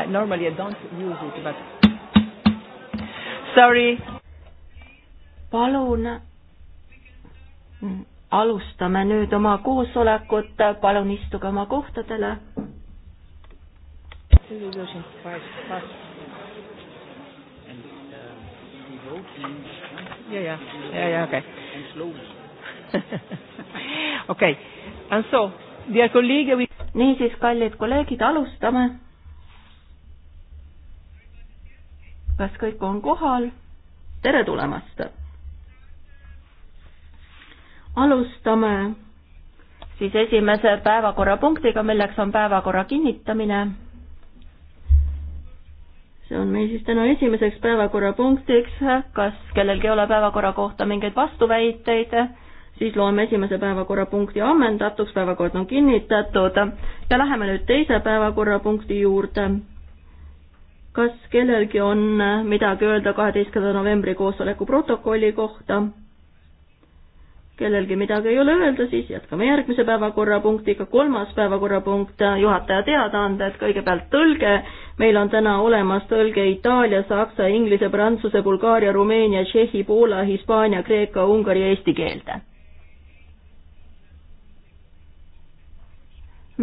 I, normally I don't use it, but sorry. palun mm, alustame nüüd oma koosolekut, palun istuge oma kohtadele. ja, ja, ja, ja okei. okei, and so, dear colleague we.... niisiis, kallid kolleegid, alustame kas kõik on kohal? tere tulemast! alustame siis esimese päevakorrapunktiga, milleks on päevakorra kinnitamine. see on meil siis täna esimeseks päevakorrapunktiks, kas kellelgi ei ole päevakorra kohta mingeid vastuväiteid, siis loeme esimese päevakorrapunkti ammendatuks, päevakord on kinnitatud ja läheme nüüd teise päevakorrapunkti juurde kas kellelgi on äh, midagi öelda kaheteistkümnenda novembri koosoleku protokolli kohta? kellelgi midagi ei ole öelda, siis jätkame järgmise päevakorrapunktiga, kolmas päevakorrapunkt, äh, juhataja teadaanded, kõigepealt tõlge. meil on täna olemas tõlge itaalia, saksa, inglise, prantsuse, Bulgaaria, Rumeenia, Tšehhi, Poola, Hispaania, Kreeka, Ungari, eesti keelde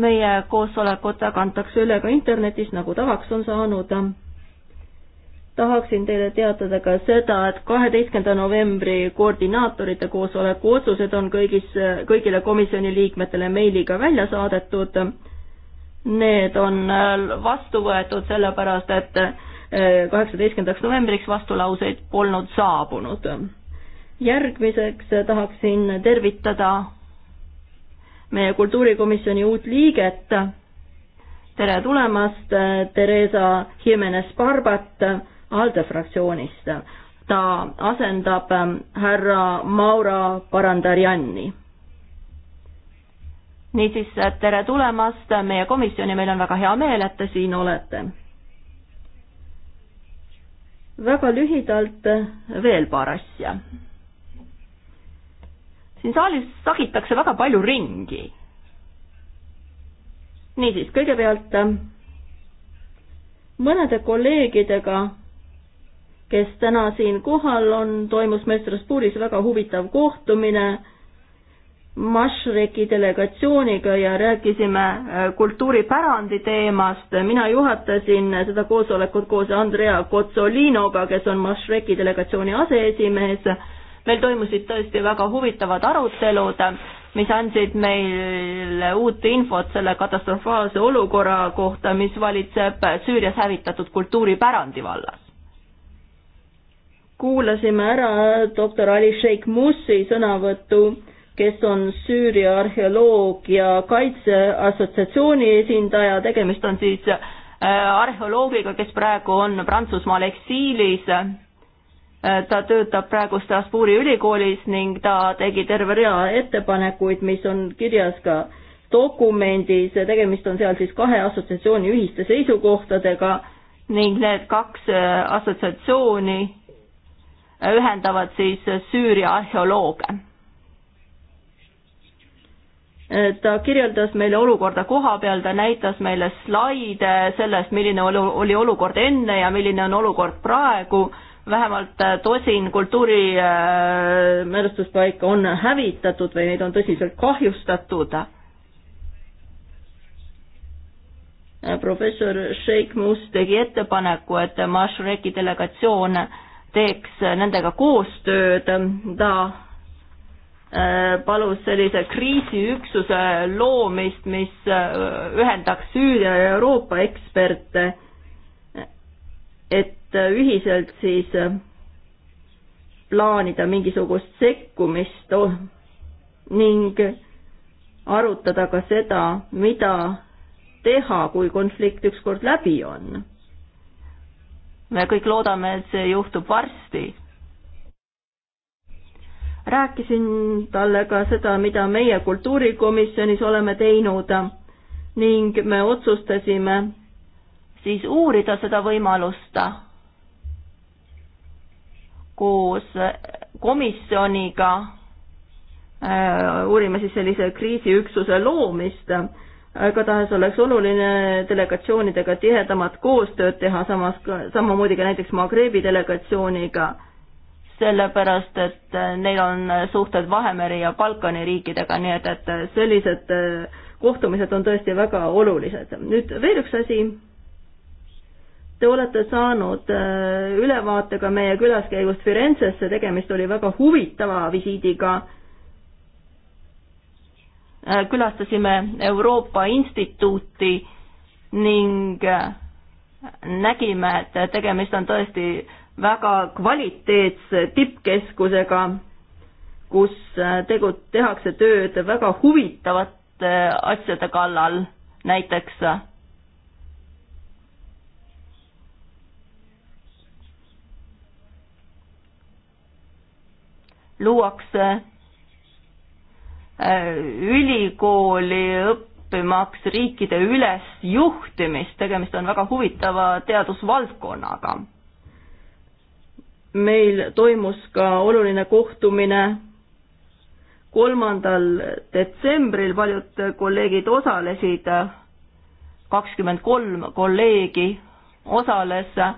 meie koosolekud kantakse üle ka internetis, nagu tavaks on saanud. tahaksin teile teatada ka seda, et kaheteistkümnenda novembri koordinaatorite koosoleku otsused on kõigis, kõigile komisjoni liikmetele meiliga välja saadetud. Need on vastu võetud sellepärast, et eh, kaheksateistkümnendaks novembriks vastulauseid polnud saabunud. järgmiseks tahaksin tervitada meie kultuurikomisjoni uut liiget. tere tulemast, Theresa Jimenez Barbat ALDE fraktsioonist. ta asendab ähm, härra Maura Parandarjanni. niisiis, tere tulemast meie komisjoni, meil on väga hea meel, et te siin olete. väga lühidalt veel paar asja siin saalis sagitakse väga palju ringi. niisiis, kõigepealt ähm, mõnede kolleegidega, kes täna siin kohal on, toimus meil Strasbourgis väga huvitav kohtumine Mašreki delegatsiooniga ja rääkisime äh, kultuuripärandi teemast. mina juhatasin seda koosolekut koos Andrea Kotsolinoga, kes on Mašreki delegatsiooni aseesimees meil toimusid tõesti väga huvitavad arutelud, mis andsid meile uut infot selle katastrofaalse olukorra kohta, mis valitseb Süürias hävitatud kultuuripärandi vallas. kuulasime ära doktor Ali Sheikh Mussi sõnavõtu, kes on Süüria arheoloogia kaitseassotsiatsiooni esindaja, tegemist on siis äh, arheoloogiga, kes praegu on Prantsusmaal eksiilis Äh, ta töötab praegu Strasbourgi ülikoolis ning ta tegi terve rea ettepanekuid, mis on kirjas ka dokumendis, tegemist on seal siis kahe assotsiatsiooni ühiste seisukohtadega ning need kaks äh, assotsiatsiooni äh, ühendavad siis Süüria arheolooge. ta kirjeldas meile olukorda koha peal, ta näitas meile slaide sellest, milline oli olukord enne ja milline on olukord praegu vähemalt äh, tosin kultuurimälestuspaika äh, on hävitatud või neid on tõsiselt kahjustatud. Äh, professor Sheikh Mus tegi ettepaneku, et Mashreki delegatsioon teeks nendega koostööd, ta palus sellise kriisiüksuse loomist, mis ühendaks Süüria ja Euroopa eksperte et äh, ühiselt siis äh, plaanida mingisugust sekkumist oh, ning arutada ka seda, mida teha, kui konflikt ükskord läbi on. me kõik loodame, et see juhtub varsti. rääkisin talle ka seda, mida meie kultuurikomisjonis oleme teinud ning me otsustasime, siis uurida seda võimalust koos äh, komisjoniga, äh, uurime siis sellise kriisiüksuse loomist, igatahes oleks oluline delegatsioonidega tihedamat koostööd teha, samas ka, samamoodi ka näiteks Magrebi delegatsiooniga, sellepärast et äh, neil on suhted Vahemere ja Balkani riikidega, nii et, et sellised kohtumised on tõesti väga olulised. nüüd veel üks asi Te olete saanud äh, ülevaate ka meie külaskäigust Firenzesse, tegemist oli väga huvitava visiidiga. Äh, külastasime Euroopa Instituuti ning äh, nägime, et tegemist on tõesti väga kvaliteetse tippkeskusega, kus tegu-, tehakse tööd väga huvitavate asjade kallal, näiteks luuakse äh, ülikooli õppimaks riikide üles juhtimist, tegemist on väga huvitava teadusvaldkonnaga. meil toimus ka oluline kohtumine kolmandal detsembril, paljud kolleegid osalesid, kakskümmend kolm kolleegi osales äh,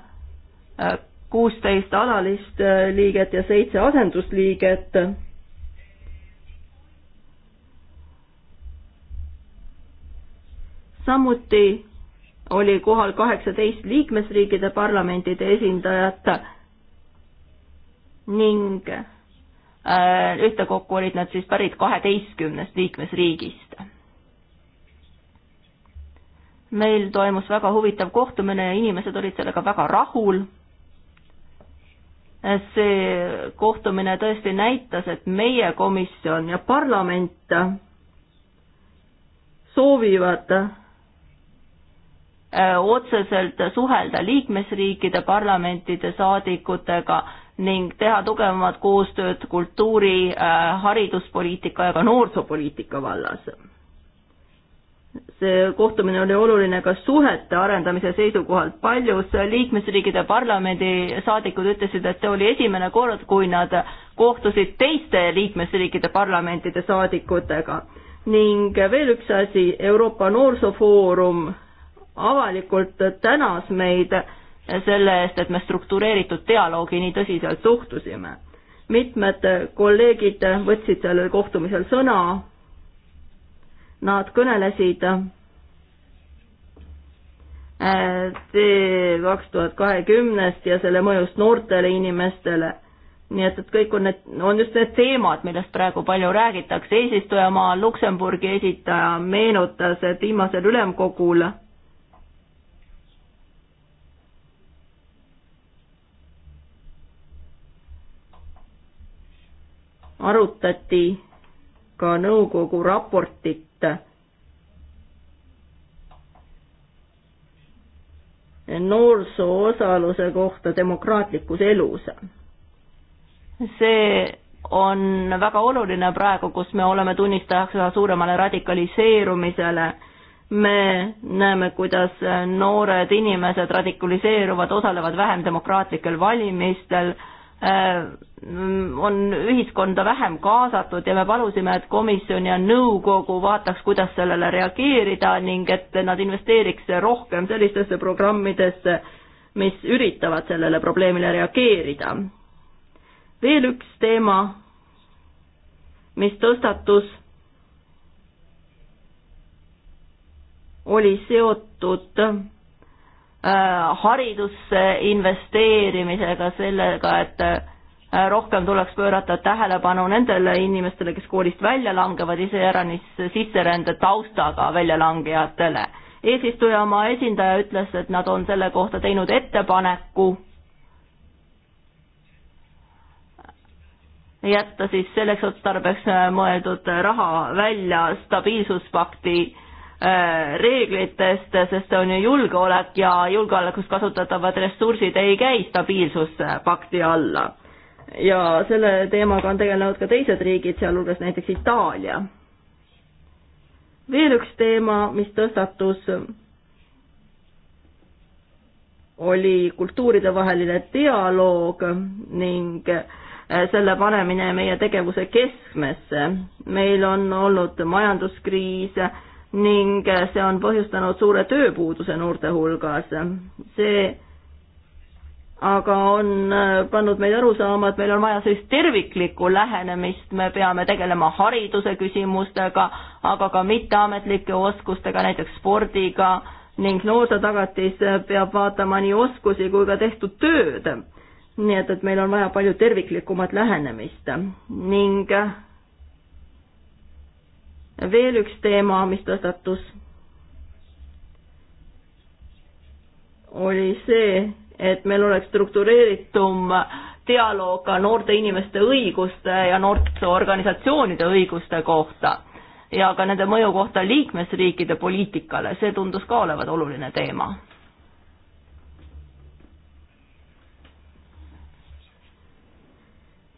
kuusteist alalist liiget ja seitse asendusliiget. samuti oli kohal kaheksateist liikmesriikide parlamentide esindajat ning äh, ühtekokku olid nad siis pärit kaheteistkümnest liikmesriigist. meil toimus väga huvitav kohtumine ja inimesed olid sellega väga rahul see kohtumine tõesti näitas, et meie komisjon ja parlament soovivad äh, otseselt suhelda liikmesriikide parlamentide saadikutega ning teha tugevamat koostööd kultuuri, äh, hariduspoliitika ja ka noorsoopoliitika vallas see eh, kohtumine oli oluline ka suhete arendamise seisukohalt. paljud liikmesriikide parlamendisaadikud ütlesid, et see oli esimene kord, kui nad kohtusid teiste liikmesriikide parlamentide saadikutega. ning veel üks asi, Euroopa Noorsoofoorum avalikult tänas meid selle eest, et me struktureeritud dialoogi nii tõsiselt suhtusime. mitmed kolleegid võtsid sellel kohtumisel sõna, Nad kõnelesid tee kaks tuhat kahekümnest ja selle mõjust noortele inimestele. nii et, et kõik on need, on just need teemad, millest praegu palju räägitakse. eesistujamaa Luksemburgi esitaja meenutas, et viimasel ülemkogul arutati ka nõukogu raportit noorsoo osaluse kohta demokraatlikus elus. see on väga oluline praegu, kus me oleme tunnistajaks üha suuremale radikaliseerumisele. me näeme, kuidas noored inimesed radikaliseeruvad, osalevad vähem demokraatlikel valimistel on ühiskonda vähem kaasatud ja me palusime, et komisjon ja nõukogu vaataks, kuidas sellele reageerida ning et nad investeeriks rohkem sellistesse programmidesse, mis üritavad sellele probleemile reageerida. veel üks teema, mis tõstatus, oli seotud äh, haridusse investeerimisega, sellega, et Äh, rohkem tuleks pöörata tähelepanu nendele inimestele, kes koolist välja langevad, iseäranis sisserände taustaga väljalangejatele. eesistuja oma esindaja ütles, et nad on selle kohta teinud ettepaneku jätta siis selleks otstarbeks äh, mõeldud raha välja stabiilsuspakti äh, reeglitest, sest see on ju julgeolek ja julgeolekus kasutatavad ressursid ei käi stabiilsuspakti alla ja selle teemaga on tegelenud ka teised riigid, sealhulgas näiteks Itaalia. veel üks teema, mis tõstatus, oli kultuuridevaheline dialoog ning äh, selle panemine meie tegevuse keskmesse. meil on olnud majanduskriis ning äh, see on põhjustanud suure tööpuuduse noorte hulgas. see aga on äh, pannud meid aru saama, et meil on vaja sellist terviklikku lähenemist, me peame tegelema hariduse küsimustega, aga ka mitteametlike oskustega, näiteks spordiga ning noortetagatis äh, peab vaatama nii oskusi kui ka tehtud tööd. nii et, et meil on vaja palju terviklikumat lähenemist ning äh, veel üks teema, mis tõstatus, oli see, et meil oleks struktureeritum dialoog ka noorte inimeste õiguste ja noorteorganisatsioonide õiguste kohta ja ka nende mõju kohta liikmesriikide poliitikale, see tundus ka olevat oluline teema.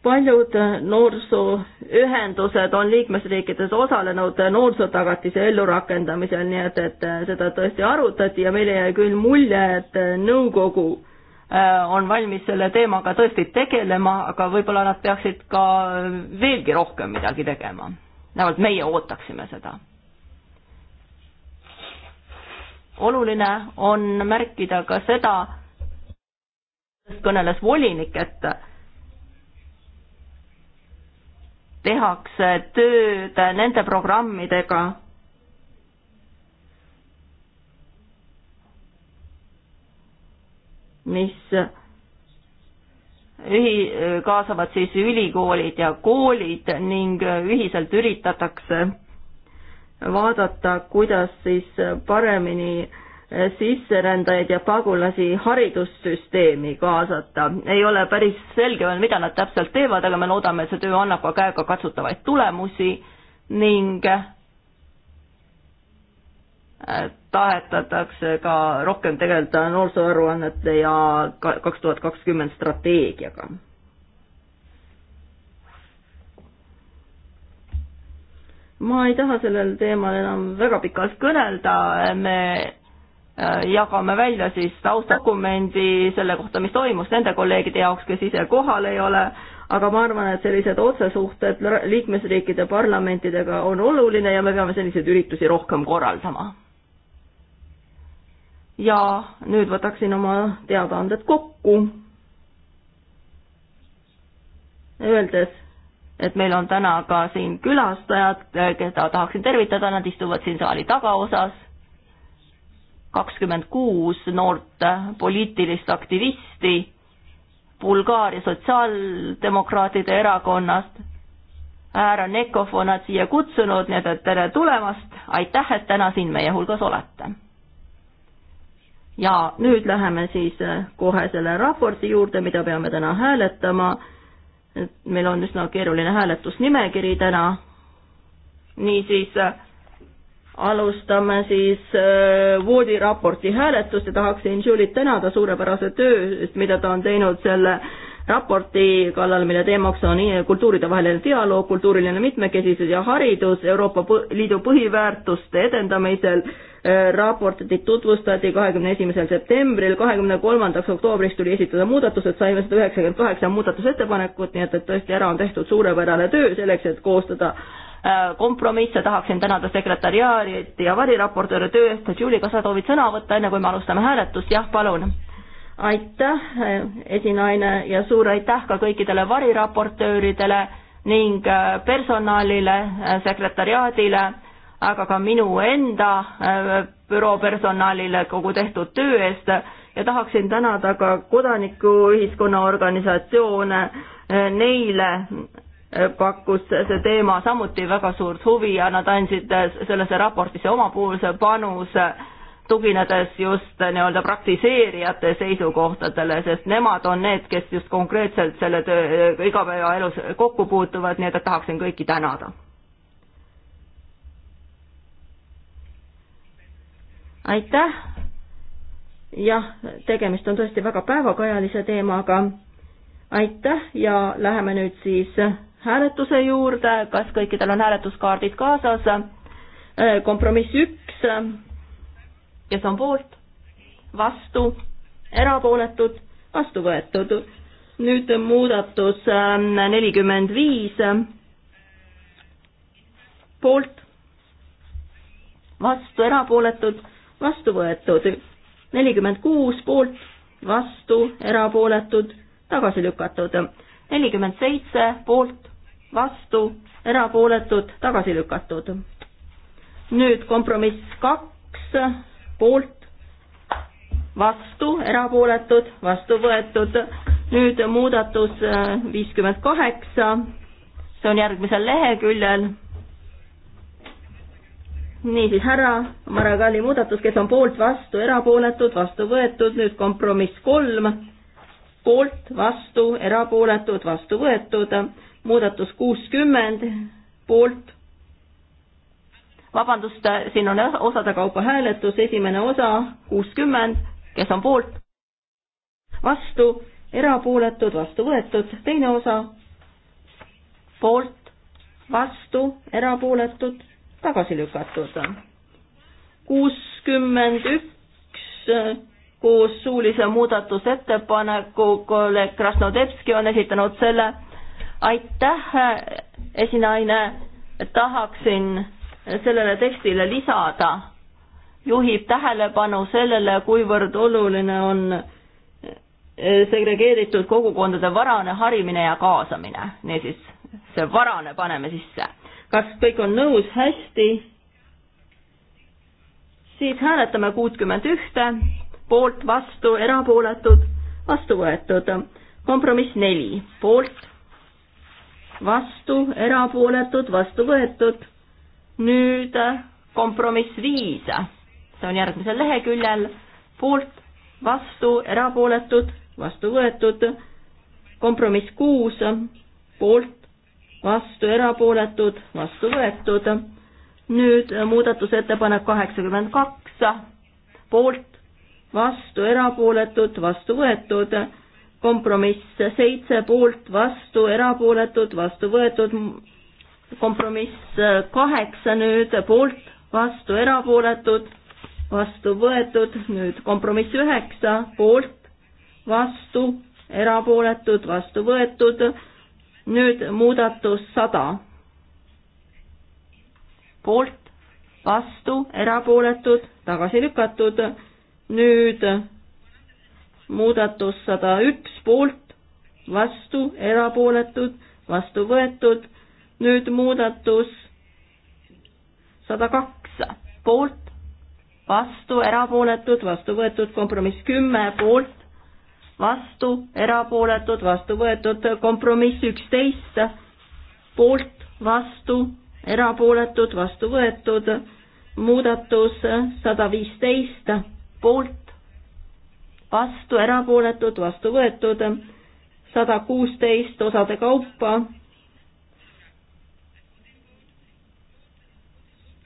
paljud noorsooühendused on liikmesriikides osalenud noorsootagatise ellurakendamisel, nii et, et seda tõesti arutati ja meile jäi küll mulje, et nõukogu Äh, on valmis selle teemaga tõesti tegelema, aga võib-olla nad peaksid ka veelgi rohkem midagi tegema. vähemalt meie ootaksime seda. oluline on märkida ka seda, kõneles volinik, et tehakse tööd nende programmidega, mis ühi-, kaasavad siis ülikoolid ja koolid ning ühiselt üritatakse vaadata, kuidas siis paremini sisserändajaid ja pagulasi haridussüsteemi kaasata. ei ole päris selge veel, mida nad täpselt teevad, aga me loodame, et see töö annab ka käegakatsutavaid tulemusi ning Äh, tahetatakse ka rohkem tegeleda noorsooaruannete ja kaks tuhat kakskümmend strateegiaga. ma ei taha sellel teemal enam väga pikalt kõnelda, me äh, jagame välja siis taustadokumendi selle kohta, mis toimus nende kolleegide jaoks, kes ise kohal ei ole, aga ma arvan, et sellised otsesuhted liikmesriikide parlamentidega on oluline ja me peame selliseid üritusi rohkem korraldama ja nüüd võtaksin oma teadaanded kokku. Öeldes, et meil on täna ka siin külastajad, keda tahaksin tervitada, nad istuvad siin saali tagaosas. kakskümmend kuus noort poliitilist aktivisti Bulgaaria Sotsiaaldemokraatide Erakonnast. härra Nekov on nad siia kutsunud, nii et tere tulemast, aitäh, et täna siin meie hulgas olete ja nüüd läheme siis äh, kohe selle raporti juurde, mida peame täna hääletama. et meil on üsna keeruline hääletusnimekiri täna. niisiis äh, alustame siis äh, Woodi raporti hääletust ja tahaksin Julie't tänada suurepärase töö eest, mida ta on teinud selle äh, raporti kallal, mille teemaks on kultuuride vaheline dialoog, kultuuriline mitmekesisus ja haridus Euroopa Liidu põhiväärtuste edendamisel. Äh, raportit tutvustati kahekümne esimesel septembril, kahekümne kolmandaks oktoobriks tuli esitada muudatused, saime sada üheksakümmend kaheksa muudatusettepanekut, nii et, et tõesti ära on tehtud suurepärane töö selleks, et koostada äh, kompromisse, tahaksin tänada sekretäriaadi ja variraportööre töö eest, et Julie, kas sa soovid sõna võtta, enne kui me alustame hääletust, jah, palun aitäh, eh, esinaine, ja suur aitäh ka kõikidele variraportööridele ning eh, personalile, eh, sekretariaadile, aga ka minu enda büroo personalile kogu tehtud töö eest ja tahaksin tänada ka kodanikuühiskonna organisatsioone, neile pakkus see teema samuti väga suurt huvi ja nad andsid sellesse raportisse omapoolse panuse tuginedes just nii-öelda praktiseerijate seisukohtadele, sest nemad on need, kes just konkreetselt selle töö igapäevaelus kokku puutuvad, nii et tahaksin kõiki tänada. aitäh. jah, tegemist on tõesti väga päevakajalise teemaga. aitäh ja läheme nüüd siis hääletuse juurde, kas kõikidel on hääletuskaardid kaasas? kompromiss üks kes on poolt, vastu, erapooletud, vastu võetud. nüüd muudatus ähm, nelikümmend viis, poolt, vastu, erapooletud, vastu võetud. nelikümmend kuus poolt, vastu, erapooletud, tagasi lükatud. nelikümmend seitse poolt, vastu, erapooletud, tagasi lükatud. nüüd kompromiss kaks poolt, vastu, erapooletud, vastu võetud. nüüd muudatus äh, viiskümmend kaheksa, see on järgmisel leheküljel. niisiis, härra Maragalli muudatus, kes on poolt, vastu, erapooletud, vastu võetud, nüüd kompromiss kolm, poolt, vastu, erapooletud, vastu võetud, muudatus kuuskümmend, poolt vabandust, siin on osade kaupa hääletus, esimene osa kuuskümmend, kes on poolt, vastu, erapooletud, vastu võetud, teine osa poolt, vastu, erapooletud, tagasi lükatud. kuuskümmend üks koos suulise muudatusettepanekuga Krasnodebski on esitanud selle. aitäh, esinaine, tahaksin sellele tekstile lisada, juhib tähelepanu sellele, kuivõrd oluline on eh, segregeeritud kogukondade varane harimine ja kaasamine, niisiis see varane paneme sisse. kas kõik on nõus, hästi? siis hääletame kuutkümmend ühte, poolt, vastu, erapooletud, vastu võetud. kompromiss neli, poolt, vastu, erapooletud, vastu võetud nüüd kompromiss viis, see on järgmisel leheküljel, poolt, vastu, erapooletud, vastu võetud, kompromiss kuus, poolt, vastu, erapooletud, vastu võetud, nüüd muudatusettepanek kaheksakümmend kaks, poolt, vastu, erapooletud, vastu võetud, kompromiss seitse, poolt, vastu, erapooletud, vastu võetud, kompromiss äh, kaheksa nüüd poolt, vastu erapooletud, vastu võetud, nüüd kompromiss üheksa poolt, vastu erapooletud, vastu võetud, nüüd muudatus sada. poolt, vastu, erapooletud, tagasi lükatud, nüüd muudatus sada üks poolt, vastu, erapooletud, vastu võetud nüüd muudatus sada kaks poolt, vastu, erapooletud, vastu võetud, kompromiss kümme poolt, vastu, erapooletud, vastu võetud, kompromiss üksteist poolt, vastu, erapooletud, vastu võetud, muudatus sada viisteist poolt, vastu, erapooletud, vastu võetud, sada kuusteist osade kaupa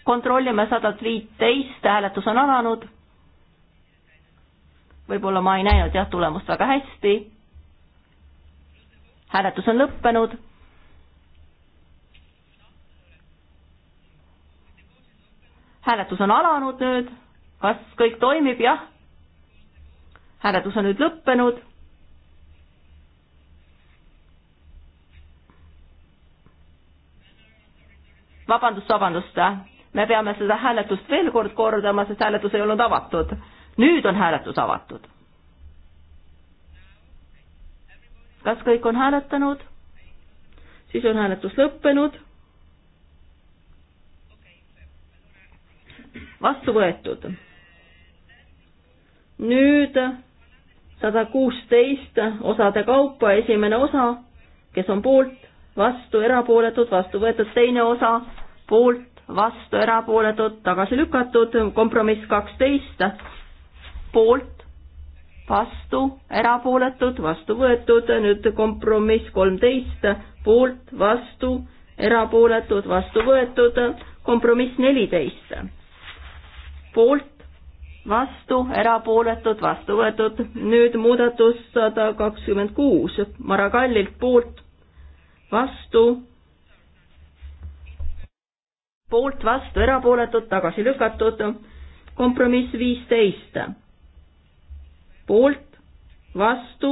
kontrollime sadat viiteist, hääletus on alanud. võib-olla ma ei näinud jah tulemust väga hästi. hääletus on lõppenud. hääletus on alanud nüüd, kas kõik toimib, jah? hääletus on nüüd lõppenud vabandust, vabandust me peame seda hääletust veel kord kordama, sest hääletus ei olnud avatud. nüüd on hääletus avatud. kas kõik on hääletanud? siis on hääletus lõppenud. vastu võetud. nüüd sada kuusteist osade kaupa, esimene osa, kes on poolt, vastu, erapooletud, vastu võetud, teine osa, poolt, vastu erapooletud, tagasi lükatud, kompromiss kaksteist, poolt, vastu, erapooletud, vastu võetud, nüüd kompromiss kolmteist, poolt, vastu, erapooletud, vastu võetud, kompromiss neliteist, poolt, vastu, erapooletud, vastu võetud, nüüd muudatus sada kakskümmend kuus, Maragallilt poolt, vastu, poolt, vastu, erapooletud, tagasi lükatud. kompromiss viisteist. poolt, vastu,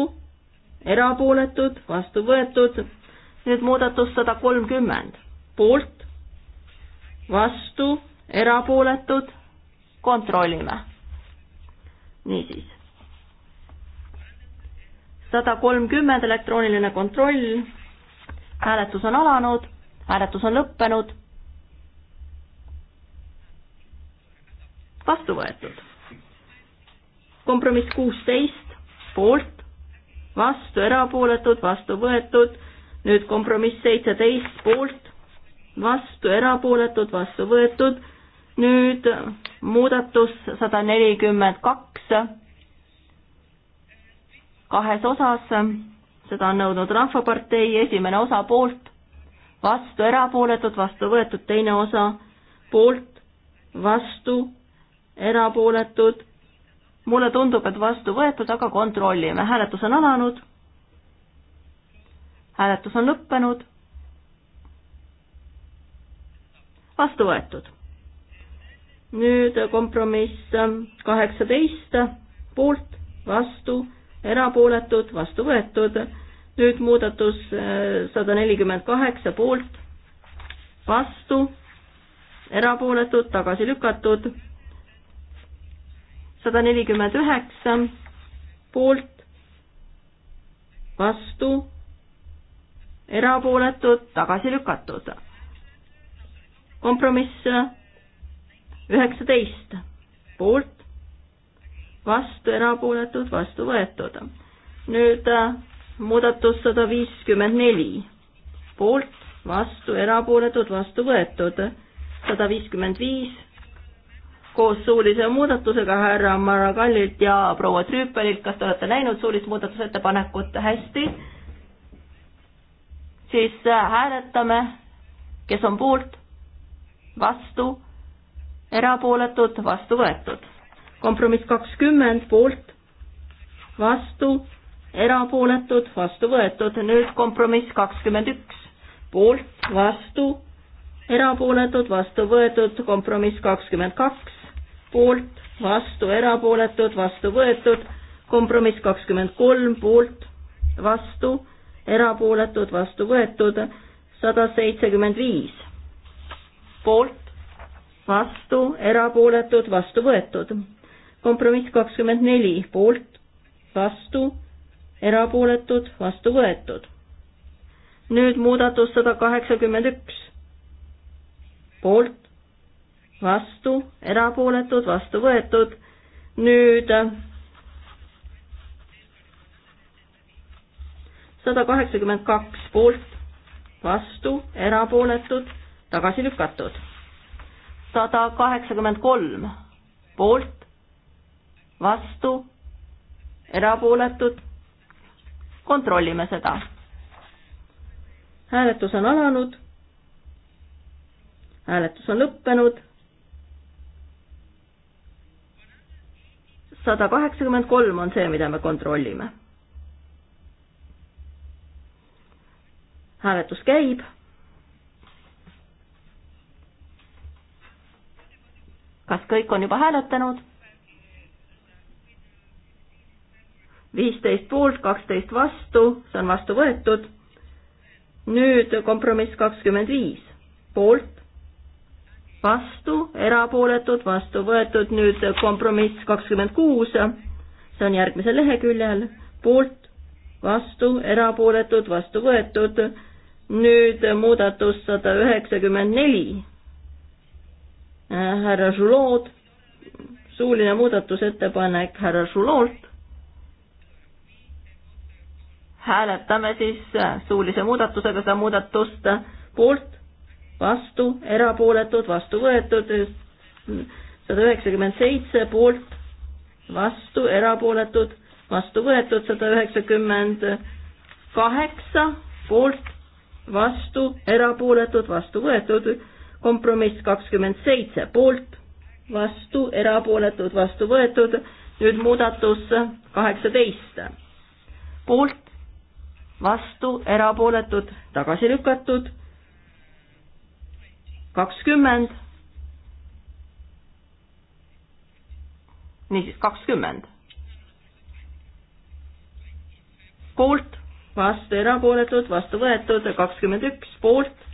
erapooletud, vastu võetud. nüüd muudatus sada kolmkümmend. poolt, vastu, erapooletud, kontrollime. niisiis. sada kolmkümmend elektrooniline kontroll. hääletus on alanud, hääletus on lõppenud vastu võetud. kompromiss kuusteist, poolt, vastu, erapooletud, vastu võetud, nüüd kompromiss seitseteist, poolt, vastu, erapooletud, vastu võetud, nüüd muudatus sada nelikümmend kaks, kahes osas, seda on nõudnud Rahvapartei, esimene osa poolt, vastu erapooletud, vastu võetud, teine osa poolt, vastu erapooletud. mulle tundub, et vastu võetud, aga kontrollime, hääletus on alanud. hääletus on lõppenud. vastu võetud. nüüd kompromiss ähm, kaheksateist, poolt, vastu, erapooletud, vastu võetud. nüüd muudatus äh, sada nelikümmend kaheksa, poolt, vastu, erapooletud, tagasi lükatud sada nelikümmend üheksa poolt, vastu, erapooletud, tagasi lükatud. kompromiss üheksateist poolt, vastu, erapooletud, vastu võetud. nüüd äh, muudatus sada viiskümmend neli poolt, vastu, erapooletud, vastu võetud. sada viiskümmend viis koos suulise muudatusega härra Maragallilt ja proua Trüüpelilt, kas te olete näinud suulist muudatusettepanekut, hästi. siis äh, hääletame, kes on poolt, vastu, erapooletud, vastu võetud. kompromiss kakskümmend poolt, vastu, erapooletud, vastu võetud, nüüd kompromiss kakskümmend üks, poolt, vastu, erapooletud, vastu võetud, kompromiss kakskümmend kaks, poolt, vastu, erapooletud, vastu võetud, kompromiss kakskümmend kolm, poolt, vastu, erapooletud, vastu võetud, sada seitsekümmend viis, poolt, vastu, erapooletud, vastu võetud. kompromiss kakskümmend neli, poolt, vastu, erapooletud, vastu võetud. nüüd muudatus sada kaheksakümmend üks, poolt, vastu, erapooletud, vastu võetud. nüüd sada kaheksakümmend kaks poolt, vastu, erapooletud, tagasi lükatud. sada kaheksakümmend kolm poolt, vastu, erapooletud. kontrollime seda. hääletus on alanud hääletus on lõppenud sada kaheksakümmend kolm on see, mida me kontrollime. hääletus käib. kas kõik on juba hääletanud? viisteist poolt, kaksteist vastu, see on vastu võetud. nüüd kompromiss kakskümmend viis poolt, vastu, erapooletud, vastu võetud, nüüd kompromiss kakskümmend kuus, see on järgmisel leheküljel, poolt, vastu, erapooletud, vastu võetud, nüüd muudatus sada üheksakümmend neli. Äh, härra Žulood, suuline muudatusettepanek härra Žulolt. hääletame siis äh, suulise muudatusega seda muudatust poolt vastu, erapooletud, vastu võetud, sada üheksakümmend seitse poolt, vastu, erapooletud, vastu võetud, sada üheksakümmend kaheksa poolt, vastu, erapooletud, vastu võetud, kompromiss kakskümmend seitse poolt, vastu, erapooletud, vastu võetud, nüüd muudatus kaheksateist poolt, vastu, erapooletud, tagasi lükatud kakskümmend. niisiis kakskümmend. poolt, vastu, erapooletud, vastu võetud, kakskümmend üks poolt,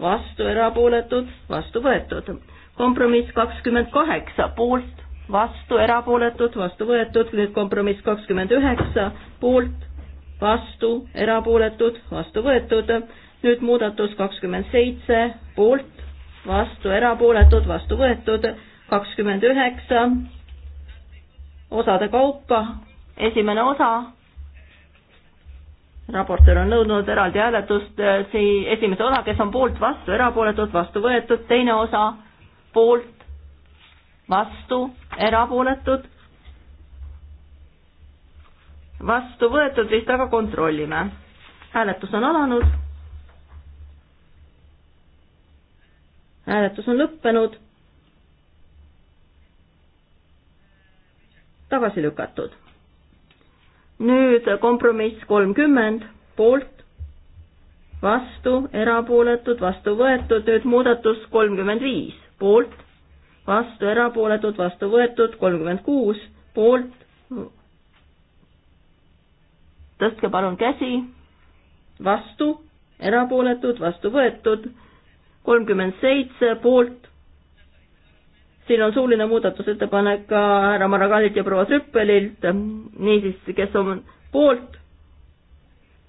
vastu, erapooletud, vastu võetud. kompromiss kakskümmend kaheksa poolt, vastu, erapooletud, vastu võetud, nüüd kompromiss kakskümmend üheksa poolt, vastu, erapooletud, vastu võetud, nüüd muudatus kakskümmend seitse poolt, vastu erapooletud, vastu võetud, kakskümmend üheksa osade kaupa, esimene osa, raportöör on nõudnud eraldi hääletust, äh, siis esimese osa, kes on poolt, vastu, erapooletud, vastu võetud, teine osa, poolt, vastu, erapooletud, vastu võetud vist, aga kontrollime. hääletus on alanud hääletus on lõppenud. tagasi lükatud. nüüd kompromiss kolmkümmend, poolt, vastu, erapooletud, vastu võetud, nüüd muudatus kolmkümmend viis, poolt, vastu, erapooletud, vastu võetud, kolmkümmend kuus, poolt. tõstke palun käsi, vastu, erapooletud, vastu võetud kolmkümmend seitse poolt. siin on suuline muudatusettepanek ka härra Maragalilt ja proua Trüppelilt, niisiis, kes on poolt,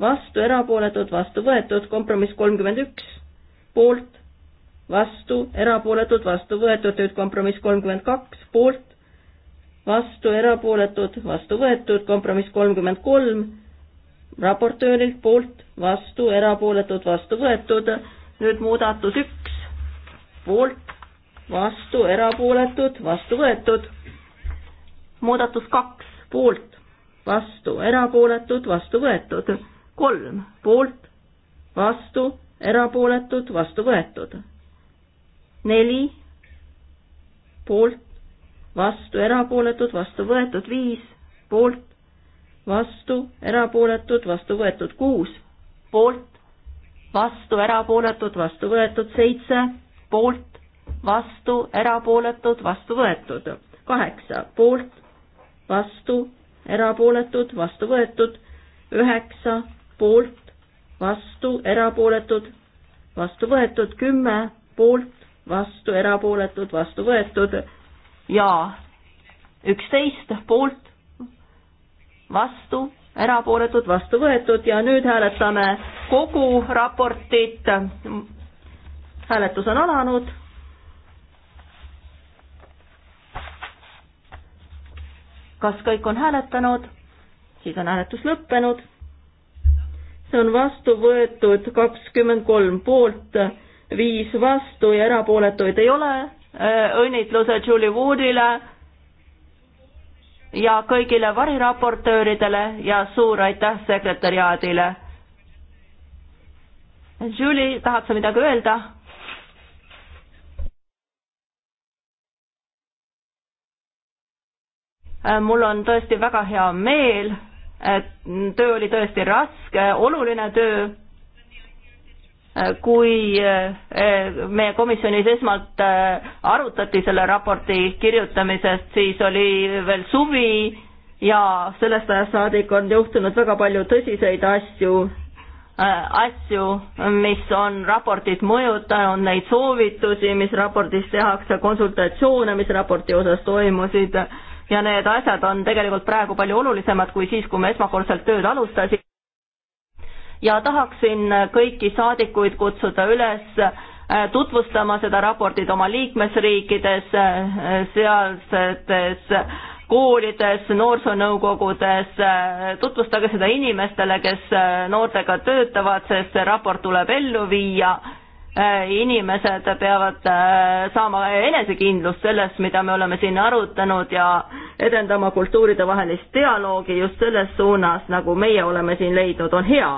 vastu, erapooletud, vastu võetud, kompromiss kolmkümmend üks, poolt, vastu, erapooletud, vastu võetud, nüüd kompromiss kolmkümmend kaks, poolt, vastu, erapooletud, vastu võetud, kompromiss kolmkümmend kolm, raportöörilt poolt, vastu, erapooletud, vastu võetud, nüüd muudatus üks, poolt, vastu, erapooletud, vastu võetud. muudatus kaks, poolt, vastu, erapooletud, vastu võetud. kolm, poolt, vastu, erapooletud, vastu võetud. neli, poolt, vastu, erapooletud, vastu võetud. viis, poolt, vastu, erapooletud, vastu võetud. kuus, poolt, vastu, erapooletud, vastu võetud, seitse poolt, vastu, erapooletud, vastu võetud, kaheksa poolt, vastu, erapooletud, vastu võetud, üheksa poolt, vastu, erapooletud, vastu võetud, kümme poolt, vastu, erapooletud, vastu võetud ja üksteist poolt, vastu, erapooletud, vastu võetud ja nüüd hääletame kogu raportit. hääletus on alanud. kas kõik on hääletanud? siis on hääletus lõppenud. see on vastu võetud kakskümmend kolm poolt, viis vastu ja erapooletuid ei ole. õnnitlused Julie Woodile ja kõigile variraportööridele ja suur aitäh sekretäriaadile. Julie, tahad sa midagi öelda? Äh, mul on tõesti väga hea meel, et töö oli tõesti raske, oluline töö Äh, kui äh, meie komisjonis esmalt äh, arutati selle raporti kirjutamisest, siis oli veel suvi ja sellest ajast saadik on juhtunud väga palju tõsiseid asju, asju, mis on raportit mõjutanud, neid soovitusi, mis raportis tehakse, konsultatsioone, mis raporti osas toimusid ja need asjad on tegelikult praegu palju olulisemad kui siis, kui me esmakordselt tööd alustasime ja tahaksin kõiki saadikuid kutsuda üles äh, tutvustama seda raportit oma liikmesriikides, äh, sealsetes koolides, noorsoonõukogudes, äh, tutvustage seda inimestele, kes noortega töötavad, sest see raport tuleb ellu viia. inimesed peavad saama enesekindlust selles, mida me oleme siin arutanud ja edendama kultuuridevahelist dialoogi just selles suunas, nagu meie oleme siin leidnud, on hea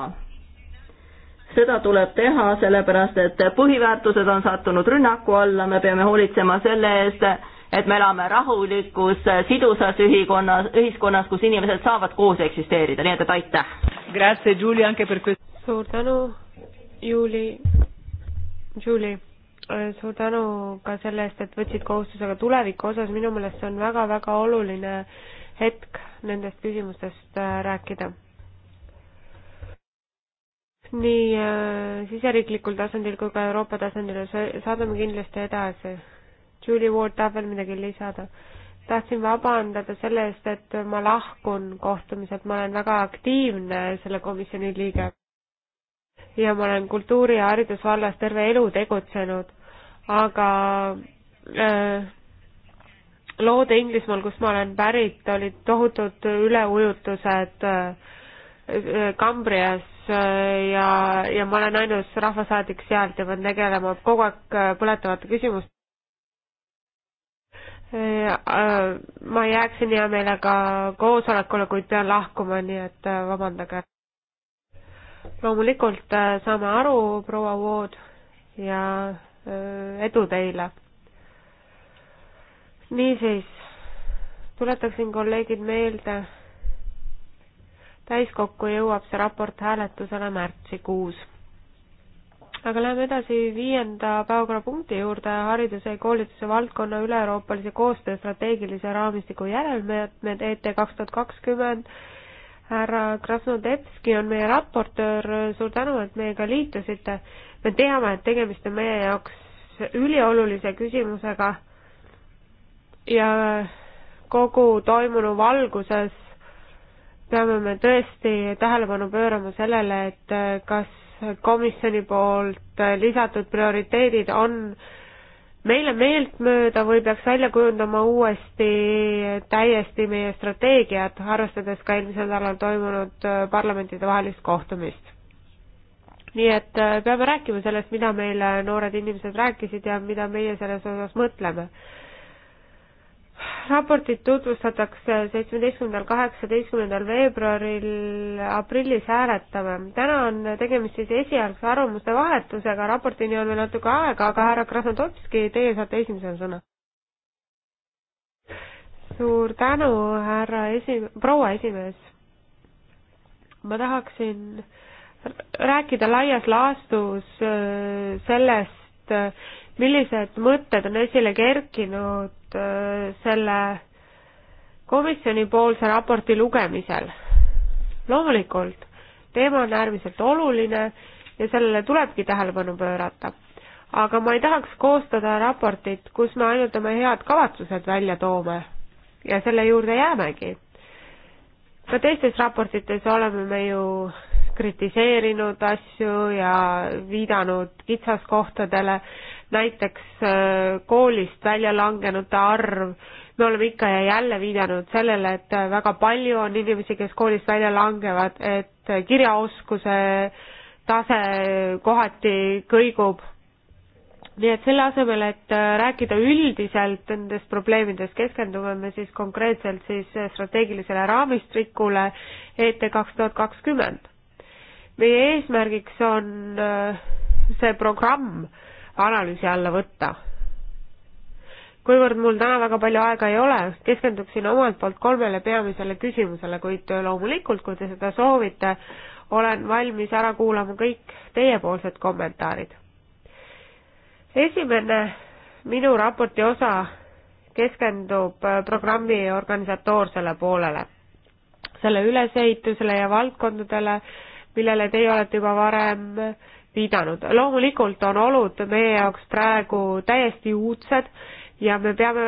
seda tuleb teha, sellepärast et põhiväärtused on sattunud rünnaku alla, me peame hoolitsema selle eest, et me elame rahulikus, sidusas ühikonnas, ühiskonnas, kus inimesed saavad koos eksisteerida, nii et, et aitäh! suur tänu, Juuli, Juuli, suur tänu ka selle eest, et võtsid kohustuse ka tuleviku osas, minu meelest see on väga-väga oluline hetk nendest küsimustest äh, rääkida nii äh, siseriiklikul tasandil kui ka Euroopa tasandil saadame kindlasti edasi. Julie Ward tahab veel midagi lisada? tahtsin vabandada selle eest, et ma lahkun kohtumiselt, ma olen väga aktiivne selle komisjoni liige. ja ma olen kultuuri ja haridusvallas terve elu tegutsenud, aga äh, loode Inglismaal, kust ma olen pärit, olid tohutud üleujutused äh, Kambrias äh, Äh, ja, ja ma olen ainus rahvasaadik sealt ja pean tegelema kogu aeg äh, põletavate küsimustega. Äh, ma jääksin hea meelega koosolekule, kuid pean lahkuma, nii et vabandage. loomulikult saame aru, proua Vood ja edu teile. niisiis, tuletaksin kolleegid meelde täiskokku jõuab see raport hääletusele märtsikuus. aga läheme edasi viienda päevakorrapunkti juurde, hariduse ja koolituse valdkonna üle-euroopalise koostöö strateegilise raamistiku järelmeetmed ET kaks tuhat kakskümmend. härra Krasnodebski on meie raportöör, suur tänu, et meiega liitusite. me teame, et tegemist on meie jaoks üliolulise küsimusega ja kogu toimunu valguses peame me tõesti tähelepanu pöörama sellele, et äh, kas komisjoni poolt äh, lisatud prioriteedid on meile meeltmööda või peaks välja kujundama uuesti täiesti meie strateegiat, arvestades ka eelmisel nädalal toimunud äh, parlamentidevahelist kohtumist. nii et peame rääkima sellest, mida meile noored inimesed rääkisid ja mida meie selles osas mõtleme raportit tutvustatakse seitsmeteistkümnendal, kaheksateistkümnendal veebruaril, aprillis hääletame. täna on tegemist siis esialgse arvamuste vahetusega, raportini on veel natuke aega, aga härra Krasnodopski, teie saate esimesena sõna. suur tänu, härra esi-, proua esimees. ma tahaksin rääkida laias laastus äh, sellest, äh, millised mõtted on esile kerkinud kogemused äh, selle komisjonipoolse raporti lugemisel. loomulikult, teema on äärmiselt oluline ja sellele tulebki tähelepanu pöörata. aga ma ei tahaks koostada raportit, kus me ainult oma head kavatsused välja toome ja selle juurde jäämegi. ka teistes raportites oleme me ju kritiseerinud asju ja viidanud kitsaskohtadele näiteks äh, koolist välja langenute arv, me oleme ikka ja jälle viidanud sellele, et väga palju on inimesi, kes koolist välja langevad, et kirjaoskuse tase kohati kõigub. nii et selle asemel, et äh, rääkida üldiselt nendest probleemidest, keskendume me siis konkreetselt siis äh, strateegilisele raamistikule ET kaks tuhat kakskümmend. meie eesmärgiks on see programm analüüsi alla võtta. kuivõrd mul täna väga palju aega ei ole, keskenduksin omalt poolt kolmele peamisele küsimusele, kuid loomulikult, kui te seda soovite, olen valmis ära kuulama kõik teiepoolsed kommentaarid. esimene minu raporti osa keskendub programmi organisatoorsele poolele, selle ülesehitusele ja valdkondadele, millele teie olete juba varem viidanud. loomulikult on olud meie jaoks praegu täiesti uudsed ja me peame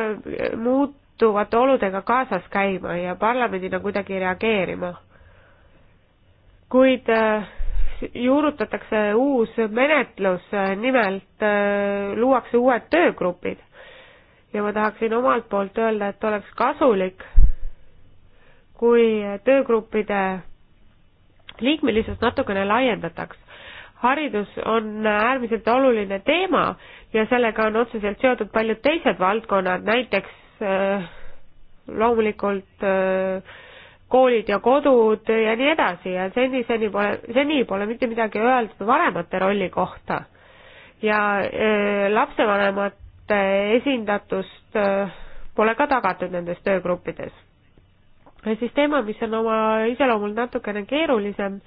muutuvate oludega kaasas käima ja parlamendina kuidagi reageerima. kuid äh, juurutatakse uus menetlus, äh, nimelt äh, luuakse uued töögrupid. ja ma tahaksin omalt poolt öelda, et oleks kasulik, kui töögruppide liikmelisust natukene laiendataks haridus on äärmiselt oluline teema ja sellega on otseselt seotud paljud teised valdkonnad, näiteks äh, loomulikult äh, koolid ja kodud ja nii edasi ja seni, seni pole, seni pole mitte midagi öeldud vanemate rolli kohta. ja öö, äh, lapsevanemate esindatust öö, pole ka tagatud nendes töögruppides. ja siis teema, mis on oma iseloomult natukene keerulisem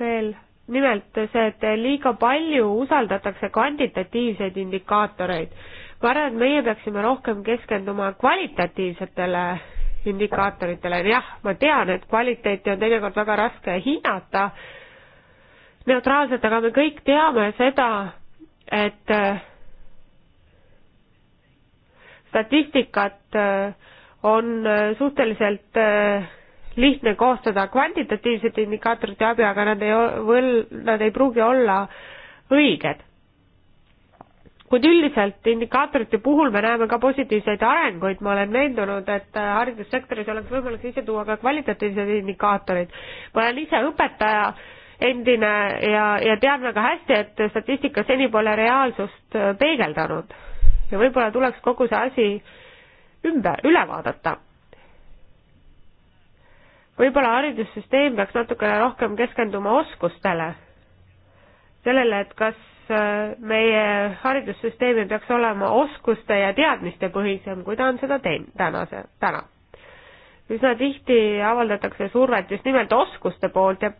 veel nimelt see, et liiga palju usaldatakse kvantitatiivseid indikaatoreid. ma arvan, et meie peaksime rohkem keskenduma kvalitatiivsetele indikaatoritele, jah, ma tean, et kvaliteeti on teinekord väga raske hinnata neutraalselt, aga me kõik teame seda, et äh, statistikat äh, on äh, suhteliselt lihtne koostada kvantitatiivsete indikaatorite abi, aga nad ei, võl-, nad ei pruugi olla õiged. kuid üldiselt indikaatorite puhul me näeme ka positiivseid arenguid, ma olen veendunud, et äh, haridussektoris oleks võimalik sisse tuua ka kvalitatiivsed indikaatorid. ma olen ise õpetaja endine ja, ja tean väga hästi, et statistika seni pole reaalsust äh, peegeldanud ja võib-olla tuleks kogu see asi ümber, üle vaadata võib-olla haridussüsteem peaks natukene rohkem keskenduma oskustele, sellele, et kas äh, meie haridussüsteem ei peaks olema oskuste ja teadmiste põhisem, kui ta on seda teinud tänase, täna. üsna tihti avaldatakse survet just nimelt oskuste poolt ja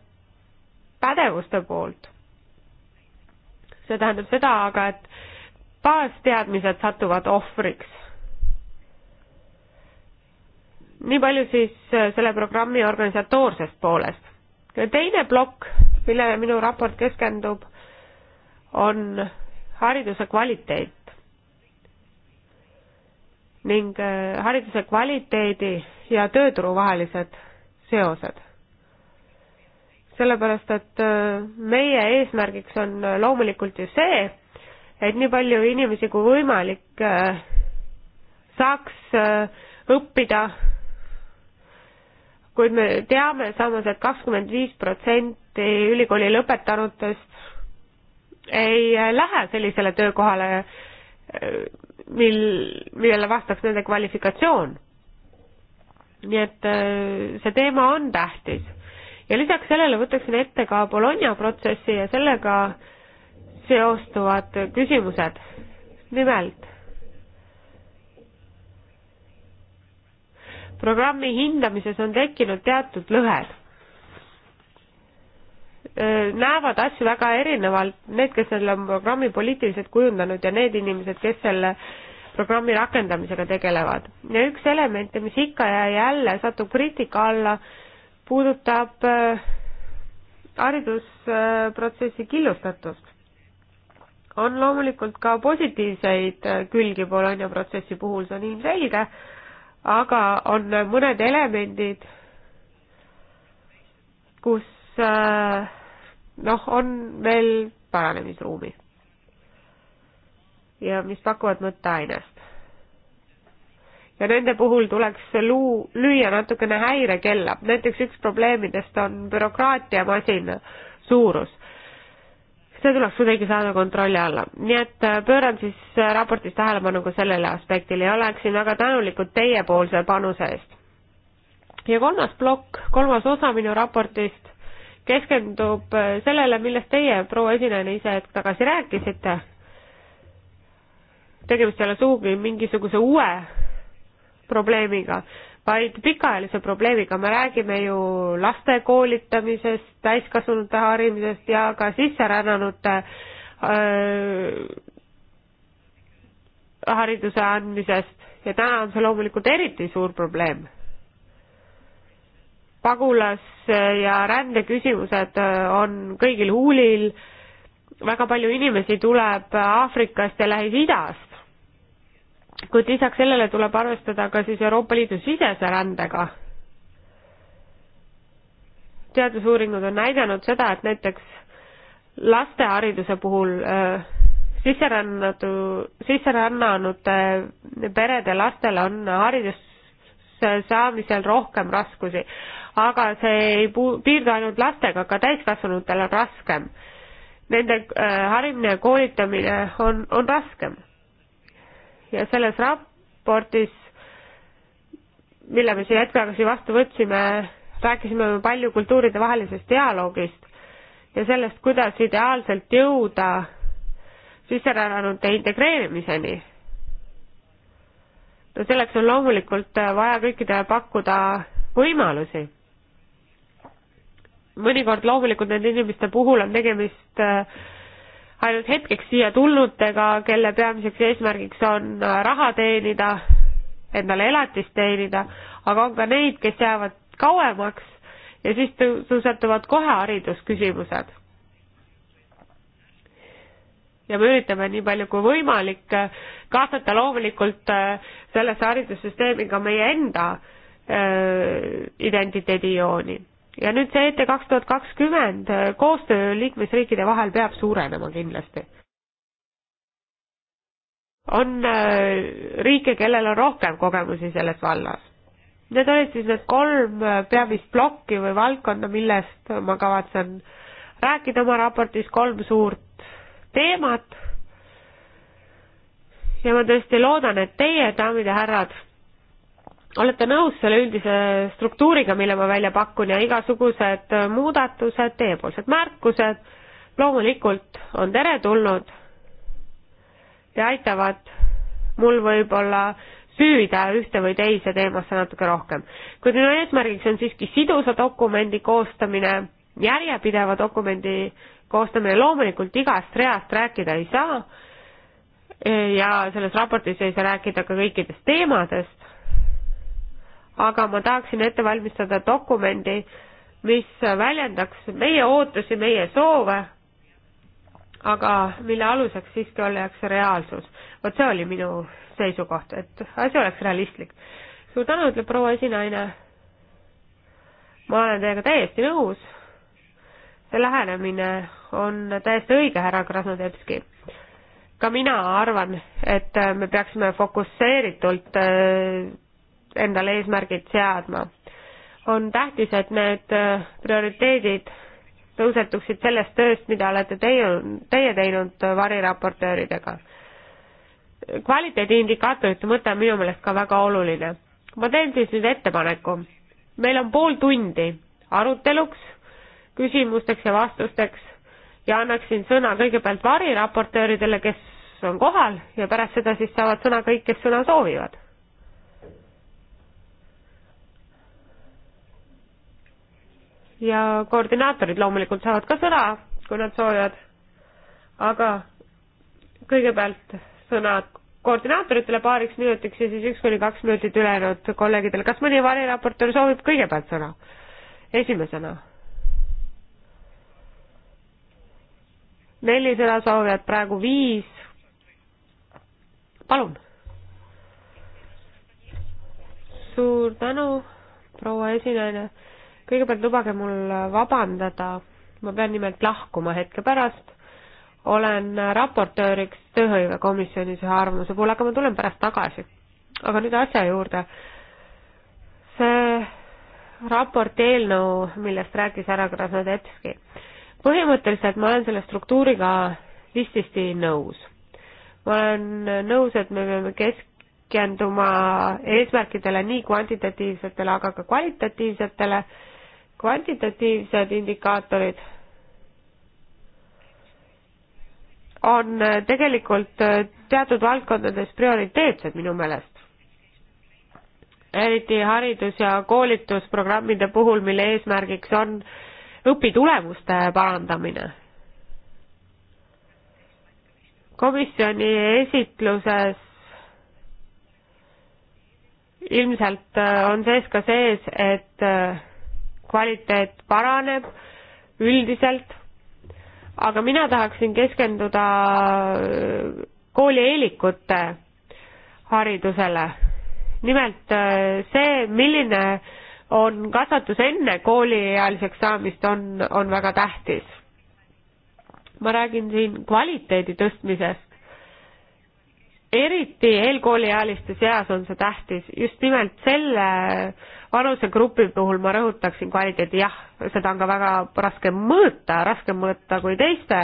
pädevuste poolt. see tähendab seda aga, et baasteadmised satuvad ohvriks nii palju siis äh, selle programmi organisatoorsest poolest. teine plokk, millele minu raport keskendub, on hariduse kvaliteet. ning äh, hariduse kvaliteedi ja tööturu vahelised seosed. sellepärast, et äh, meie eesmärgiks on loomulikult ju see, et nii palju inimesi kui võimalik saaks õppida kuid me teame samas et, et kakskümmend viis protsenti ülikooli lõpetanutest ei äh, lähe sellisele töökohale, äh, mil, millele vastaks nende kvalifikatsioon. nii et äh, see teema on tähtis ja lisaks sellele võtaksin ette ka Bologna protsessi ja sellega seostuvad küsimused. nimelt programmi hindamises on tekkinud teatud lõhed. näevad asju väga erinevalt need, kes selle programmi poliitiliselt kujundanud ja need inimesed, kes selle programmi rakendamisega tegelevad. ja üks elemente, mis ikka ja jälle satub kriitika alla, puudutab haridusprotsessi killustatust. on loomulikult ka positiivseid külgi Bologna protsessi puhul, see on ilmselge aga on mõned elemendid, kus äh, noh, on veel paranemisruumi ja mis pakuvad mõtteainest. ja nende puhul tuleks luu, lüüa natukene häirekella, näiteks üks probleemidest on bürokraatiamasin suurus see tuleks kuidagi saada kontrolli alla. nii et äh, pööran siis äh, raportis tähelepanu ka sellele aspektile ja oleksin väga tänulikud teiepoolse panuse eest. ja kolmas plokk, kolmas osa minu raportist keskendub äh, sellele, millest teie, proua esinejana ise hetk tagasi rääkisite. tegemist ei ole sugugi mingisuguse uue probleemiga, vaid pikaajalise probleemiga, me räägime ju laste koolitamisest, täiskasvanute harimisest ja ka sisserännanute öö, hariduse andmisest ja täna on see loomulikult eriti suur probleem. pagulas- ja rändeküsimused on kõigil huulil, väga palju inimesi tuleb Aafrikast ja Lähis-Idast, kuid lisaks sellele tuleb arvestada ka siis Euroopa Liidu sisese rändega. teadusuuringud on näidanud seda, et näiteks lastehariduse puhul äh, sisserännatu, sisserännanute perede lastel on haridusse saamisel rohkem raskusi, aga see ei puu-, piirdu ainult lastega, ka täiskasvanutel on raskem. Nende äh, harimine ja koolitamine on, on raskem ja selles raportis, mille me siin hetk tagasi vastu võtsime, rääkisime me palju kultuuridevahelisest dialoogist ja sellest, kuidas ideaalselt jõuda sisserännanute integreerimiseni. no selleks on loomulikult vaja kõikidele pakkuda võimalusi. mõnikord loomulikult nende inimeste puhul on tegemist äh, ainult hetkeks siia tulnutega, kelle peamiseks eesmärgiks on äh, raha teenida, endale elatist teenida, aga on ka neid, kes jäävad kauemaks ja siis tõusetuvad kohe haridusküsimused. ja me üritame nii palju kui võimalik äh, kaasata loomulikult äh, sellesse haridussüsteemi ka meie enda identiteedijooni ja nüüd see ET kaks tuhat kakskümmend, eh, koostöö liikmesriikide vahel peab suurenema kindlasti. on eh, riike, kellel on rohkem kogemusi selles vallas. Need olid siis need kolm eh, peamist plokki või valdkonda, millest ma kavatsen rääkida oma raportis, kolm suurt teemat. ja ma tõesti loodan, et teie, daamid ja härrad olete nõus selle üldise struktuuriga, mille ma välja pakun ja igasugused muudatused, teiepoolsed märkused loomulikult on teretulnud ja aitavad mul võib-olla süüda ühte või teise teemasse natuke rohkem. kuid minu eesmärgiks on siiski sidusa dokumendi koostamine, järjepideva dokumendi koostamine, loomulikult igast reast rääkida ei saa ja selles raportis ei saa rääkida ka kõikidest teemadest, aga ma tahaksin ette valmistada dokumendi, mis väljendaks meie ootusi, meie soove, aga mille aluseks siiski oleks reaalsus. vot see oli minu seisukoht, et asi oleks realistlik. suur tänu, ütleb proua esinaine. ma olen teiega täiesti nõus. see lähenemine on täiesti õige, härra Krasnodebski ka mina arvan, et me peaksime fokusseeritult äh, endale eesmärgid seadma. on tähtis, et need äh, prioriteedid tõusetuksid sellest tööst, mida olete teie, teie teinud äh, variraportööridega. kvaliteediindikaatorite mõte on minu meelest ka väga oluline. ma teen siis nüüd ettepaneku. meil on pool tundi aruteluks, küsimusteks ja vastusteks ja annaksin sõna kõigepealt variraportööridele, kes on kohal ja pärast seda siis saavad sõna kõik, kes sõna soovivad ja koordinaatorid loomulikult saavad ka sõna, kui nad soovivad. aga kõigepealt sõnad koordinaatoritele paariks minutiks ja siis üks kuni kaks minutit ülejäänud kolleegidele. kas mõni variraportöör soovib kõigepealt sõna? esimesena. neli sõna soovijat, praegu viis. palun. suur tänu, proua esinaine kõigepealt lubage mul vabandada, ma pean nimelt lahkuma hetke pärast, olen raportööriks tööhõivekomisjonis ühe arvamuse puhul, aga ma tulen pärast tagasi. aga nüüd asja juurde. see raporti eelnõu, millest rääkis härra Krasnodebski, põhimõtteliselt ma olen selle struktuuriga vististi nõus. ma olen nõus, et me peame keskenduma eesmärkidele nii kvantitatiivsetele, aga ka kvalitatiivsetele kvantitatiivsed indikaatorid on eh, tegelikult eh, teatud valdkondades prioriteetsed minu meelest. eriti haridus- ja koolitusprogrammide puhul, mille eesmärgiks on õpitulemuste parandamine. komisjoni esitluses ilmselt eh, on sees ka sees, et kvaliteet paraneb üldiselt, aga mina tahaksin keskenduda äh, koolieelikute haridusele. nimelt äh, see, milline on kasvatus enne kooliealiseks saamist, on, on väga tähtis. ma räägin siin kvaliteedi tõstmisest. eriti eelkooliealiste seas on see tähtis, just nimelt selle vanusegrupi puhul ma rõhutaksin kvaliteedi, jah, seda on ka väga raske mõõta, raskem mõõta kui teiste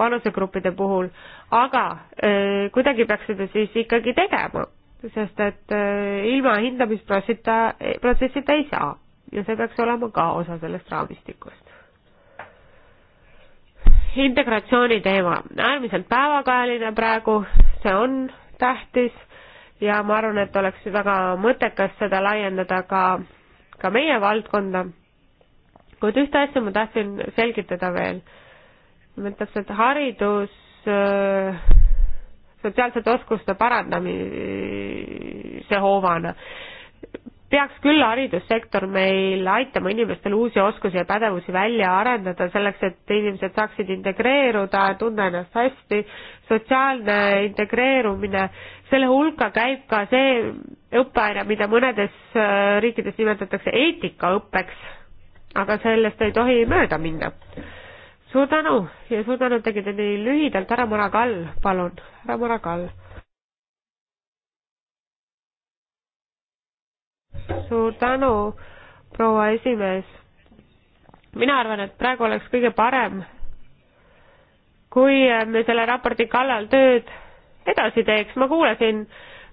vanusegruppide puhul, aga öö, äh, kuidagi peaks seda siis ikkagi tegema, sest et öö, äh, ilma hindamisprotsessita, protsessita ei saa ja see peaks olema ka osa sellest raamistikust. integratsiooni teema, äärmiselt päevakajaline praegu, see on tähtis ja ma arvan, et oleks väga mõttekas seda laiendada ka, ka meie valdkonda. kuid ühte asja ma tahtsin selgitada veel. nimelt täpselt haridus, äh, sotsiaalsete oskuste parandamise hoovana. peaks küll haridussektor meil aitama inimestel uusi oskusi ja pädevusi välja arendada selleks, et inimesed saaksid integreeruda, tunda ennast hästi, sotsiaalne integreerumine selle hulka käib ka see õppeaine, mida mõnedes äh, riikides nimetatakse eetikaõppeks, aga sellest ei tohi mööda minna. suur tänu ja suur tänu, tegite nii lühidalt, härra Murakall, palun, härra Murakall. suur tänu, proua esimees. mina arvan, et praegu oleks kõige parem, kui me selle raporti kallal tööd edasi teeks, ma kuulasin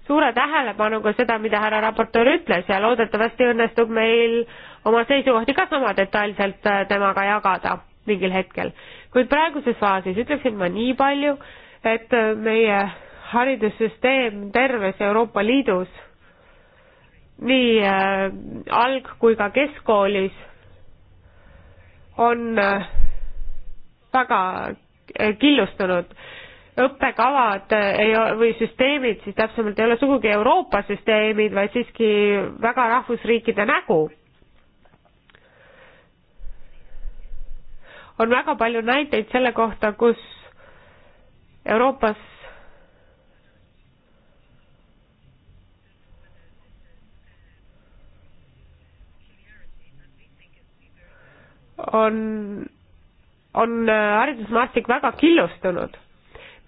suure tähelepanuga seda, mida härra raportöör ütles ja loodetavasti õnnestub meil oma seisukohti ka sama detailselt äh, temaga jagada mingil hetkel. kuid praeguses faasis ütleksin ma nii palju, et äh, meie haridussüsteem terves Euroopa Liidus, nii äh, alg- kui ka keskkoolis, on väga killustunud õppekavad eh, ei, või süsteemid siis täpsemalt ei ole sugugi Euroopa süsteemid, vaid siiski väga rahvusriikide nägu. on väga palju näiteid selle kohta, kus Euroopas on, on eh, haridusmaastik väga killustunud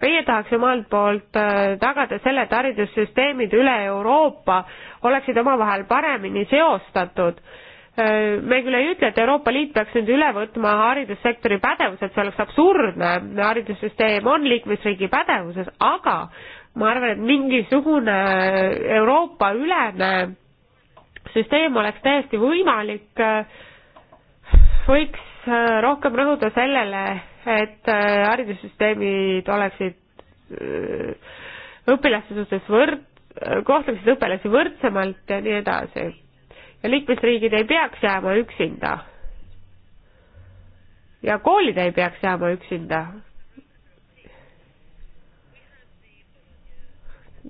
meie tahaksime omalt poolt äh, tagada selle, et haridussüsteemid üle Euroopa oleksid omavahel paremini seostatud. Äh, me küll ei ütle, et Euroopa Liit peaks nüüd üle võtma haridussektori pädevused, see oleks absurdne, haridussüsteem on liikmesriigi pädevuses, aga ma arvan, et mingisugune Euroopa-ülene süsteem oleks täiesti võimalik, äh, võiks tuleks äh, rohkem rõhuda sellele, et äh, haridussüsteemid oleksid äh, õpilaste suhtes võrd-, kohtleksid õpilasi võrdsemalt ja nii edasi. ja liikmesriigid ei peaks jääma üksinda. ja koolid ei peaks jääma üksinda.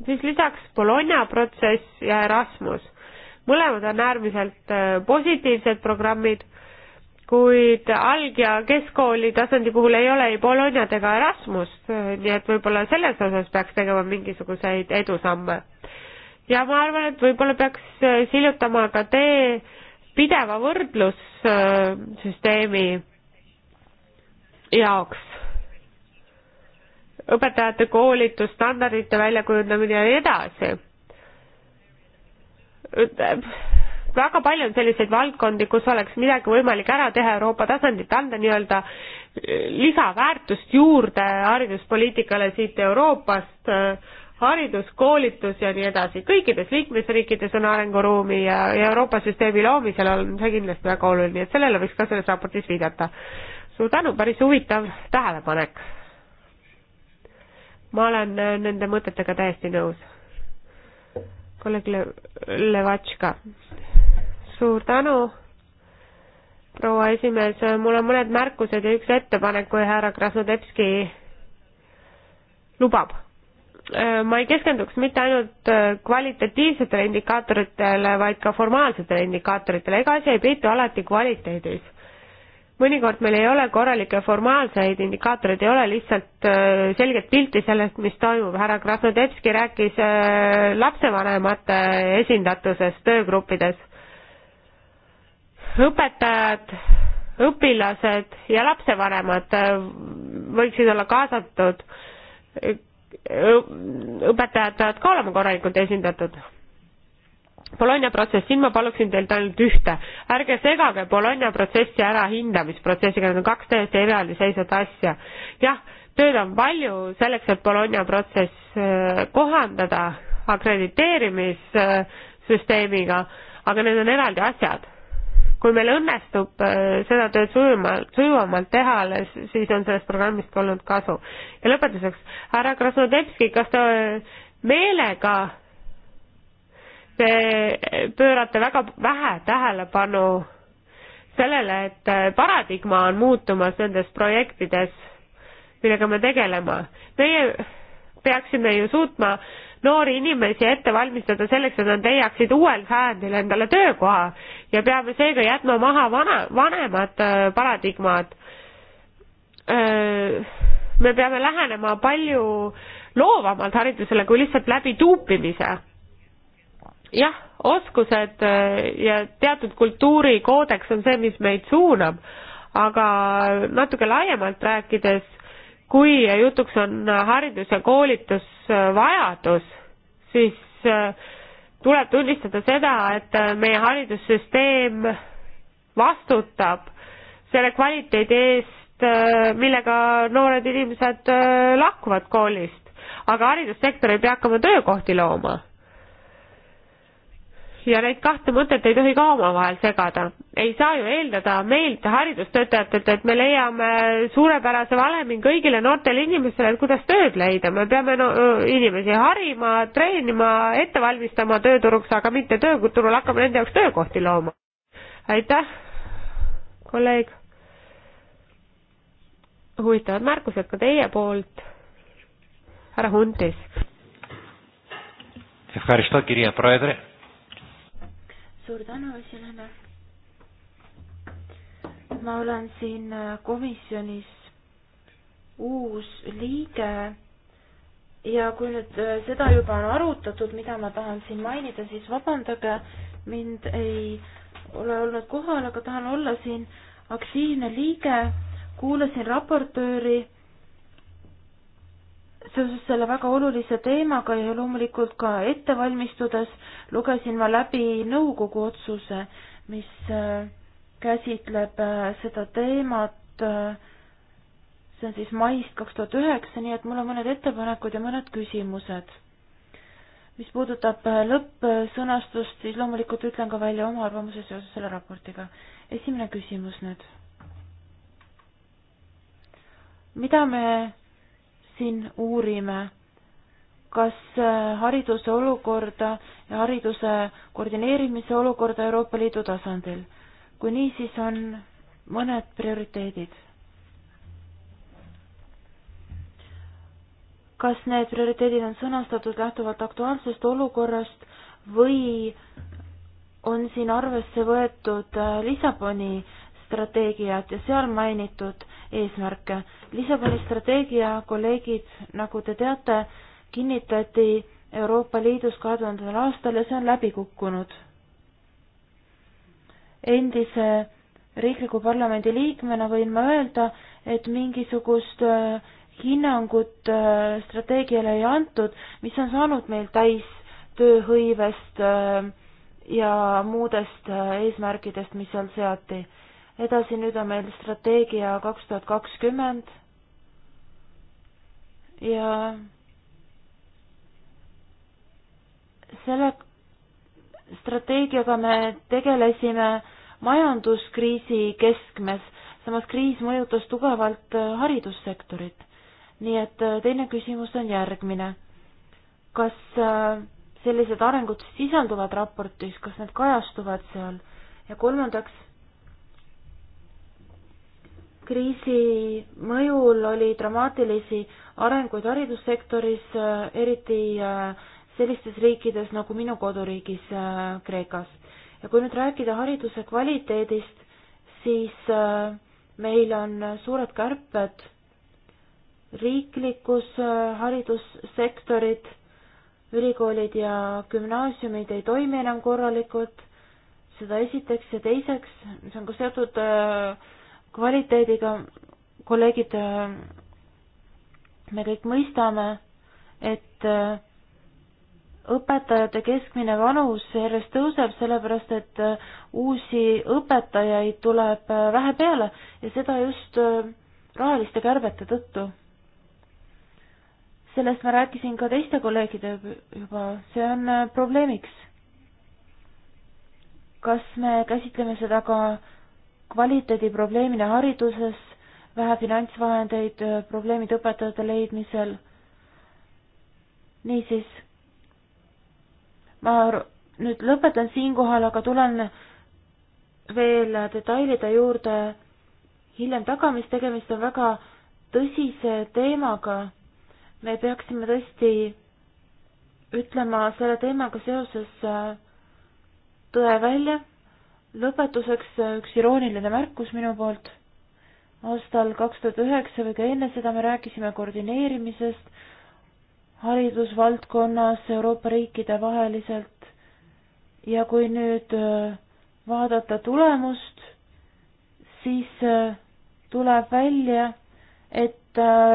siis lisaks Bologna protsess ja Erasmus. mõlemad on äärmiselt positiivsed programmid kuid alg- ja keskkooli tasandi puhul ei ole ei Bolognat ega Erasmust, nii et võib-olla selles osas peaks tegema mingisuguseid edusamme. ja ma arvan, et võib-olla peaks äh, sillutama ka tee pideva võrdlussüsteemi äh, jaoks. õpetajate koolitus, standardite väljakujundamine ja nii edasi väga palju on selliseid valdkondi, kus oleks midagi võimalik ära teha Euroopa tasandilt, anda nii-öelda eh, lisaväärtust juurde hariduspoliitikale siit Euroopast, eh, haridus, koolitus ja nii edasi. kõikides liikmesriikides on arenguruumi ja, ja Euroopa süsteemi loomisel on see kindlasti väga oluline, et sellele võiks ka selles raportis viidata. suur tänu, päris huvitav tähelepanek. ma olen eh, nende mõtetega täiesti nõus kolleeg Le-, Levatška suur tänu, proua esimees, mul on mõned märkused ja üks ettepanek, kui härra Krasnodebski lubab ma ei keskenduks mitte ainult äh, kvalitatiivsetele indikaatoritele, vaid ka formaalsetele indikaatoritele, ega asi ei peitu alati kvaliteedis. mõnikord meil ei ole korralikke formaalseid indikaatoreid, ei ole lihtsalt äh, selget pilti sellest, mis toimub, härra Krasnodebski rääkis äh, lapsevanemate esindatusest töögruppides õpetajad, õpilased ja lapsevanemad äh, võiksid olla kaasatud. õpetajad peavad ka olema korralikult esindatud. Bologna protsess, siin ma paluksin teilt ainult ühte, ärge segage Bologna protsessi ära hindamisprotsessiga, need on kaks täiesti eraldiseisvat asja. jah, tööd on palju selleks, et Bologna protsess äh, kohandada akrediteerimissüsteemiga, aga need on eraldi asjad kui meil õnnestub äh, seda tööd sujuvamalt, sujuvamalt teha, siis on sellest programmist ka olnud kasu. ja lõpetuseks, härra Krasnodebski, kas te äh, meelega te pöörate väga vähe tähelepanu sellele, et äh, paradigma on muutumas nendes projektides, millega me tegeleme. meie peaksime ju suutma äh, noori inimesi ette valmistada selleks, et nad leiaksid uuel sajandil endale töökoha ja peame seega jätma maha vana, vanemad äh, paradigmad. Äh, me peame lähenema palju loovamalt haridusele kui lihtsalt läbi tuupimise jah, oskused äh, ja teatud kultuurikoodeks on see, mis meid suunab, aga natuke laiemalt rääkides, kui jutuks on haridus ja koolitus, vajadus, siis äh, tuleb tunnistada seda, et äh, meie haridussüsteem vastutab selle kvaliteedi eest, äh, millega noored inimesed lahkuvad koolist. aga haridussektor ei pea hakkama töökohti looma ja neid kahte mõtet ei tohi ka omavahel segada. ei saa ju eeldada meilt, haridustöötajatelt, et me leiame suurepärase valemi kõigile noortele inimestele, et kuidas tööd leida. me peame no, inimesi harima, treenima, ette valmistama tööturuks, aga mitte tööturul hakkama nende jaoks töökohti looma. aitäh, kolleeg. huvitavad märkused ka teie poolt. härra Huntis. Ευχαριστώ κυρία Πρόεδρε suur tänu, esinejana. ma olen siin äh, komisjonis uus liige ja kui nüüd äh, seda juba on arutatud, mida ma tahan siin mainida, siis vabandage, mind ei ole olnud kohal, aga tahan olla siin aktiivne liige, kuulasin raportööri seoses selle väga olulise teemaga ja loomulikult ka ettevalmistudes lugesin ma läbi nõukogu otsuse, mis äh, käsitleb äh, seda teemat, äh, see on siis maist kaks tuhat üheksa, nii et mul on mõned ettepanekud ja mõned küsimused. mis puudutab lõppsõnastust, siis loomulikult ütlen ka välja oma arvamuse seoses selle raportiga. esimene küsimus nüüd. mida me siin uurime, kas äh, hariduse olukorda ja hariduse koordineerimise olukorda Euroopa Liidu tasandil. kui nii, siis on mõned prioriteedid. kas need prioriteedid on sõnastatud lähtuvalt aktuaalsest olukorrast või on siin arvesse võetud äh, Lissaboni strateegiat ja seal mainitud eesmärke. Lissaboni strateegia, kolleegid, nagu te teate, kinnitati Euroopa Liidus kahe tuhandendal aastal ja see on läbi kukkunud. endise riikliku parlamendi liikmena võin ma öelda, et mingisugust äh, hinnangut äh, strateegiale ei antud, mis on saanud meil täis tööhõivest äh, ja muudest eesmärkidest, mis seal seati edasi, nüüd on meil strateegia kaks tuhat kakskümmend ja selle strateegiaga me tegelesime majanduskriisi keskmes, samas kriis mõjutas tugevalt haridussektorit. nii et äh, teine küsimus on järgmine. kas äh, sellised arengud sisalduvad raportis, kas need kajastuvad seal? ja kolmandaks kriisi mõjul oli dramaatilisi arenguid haridussektoris, äh, eriti äh, sellistes riikides nagu minu koduriigis äh, Kreekas. ja kui nüüd rääkida hariduse kvaliteedist, siis meil on suured kärped riiklikus haridussektorid, ülikoolid ja gümnaasiumid ei toimi enam korralikult, seda esiteks ja teiseks, see on ka seotud äh, kvaliteediga, kolleegid, me kõik mõistame, et äh, õpetajate keskmine vanus järjest tõuseb, sellepärast et äh, uusi õpetajaid tuleb äh, vähe peale ja seda just rahaliste kärbete tõttu. sellest ma rääkisin ka teiste kolleegidega juba, see on probleemiks. kas me käsitleme seda ka kvaliteediprobleemile hariduses, vähe finantsvahendeid, äh, probleemid õpetajate leidmisel. niisiis, ma nüüd lõpetan siinkohal, aga tulen veel detailide juurde hiljem tagamist, tegemist on väga tõsise teemaga. me peaksime tõesti ütlema selle teemaga seoses äh, tõe välja lõpetuseks äh, üks irooniline märkus minu poolt. aastal kaks tuhat üheksa või ka enne seda me rääkisime koordineerimisest haridusvaldkonnas Euroopa riikide vaheliselt ja kui nüüd äh, vaadata tulemust, siis äh, tuleb välja, et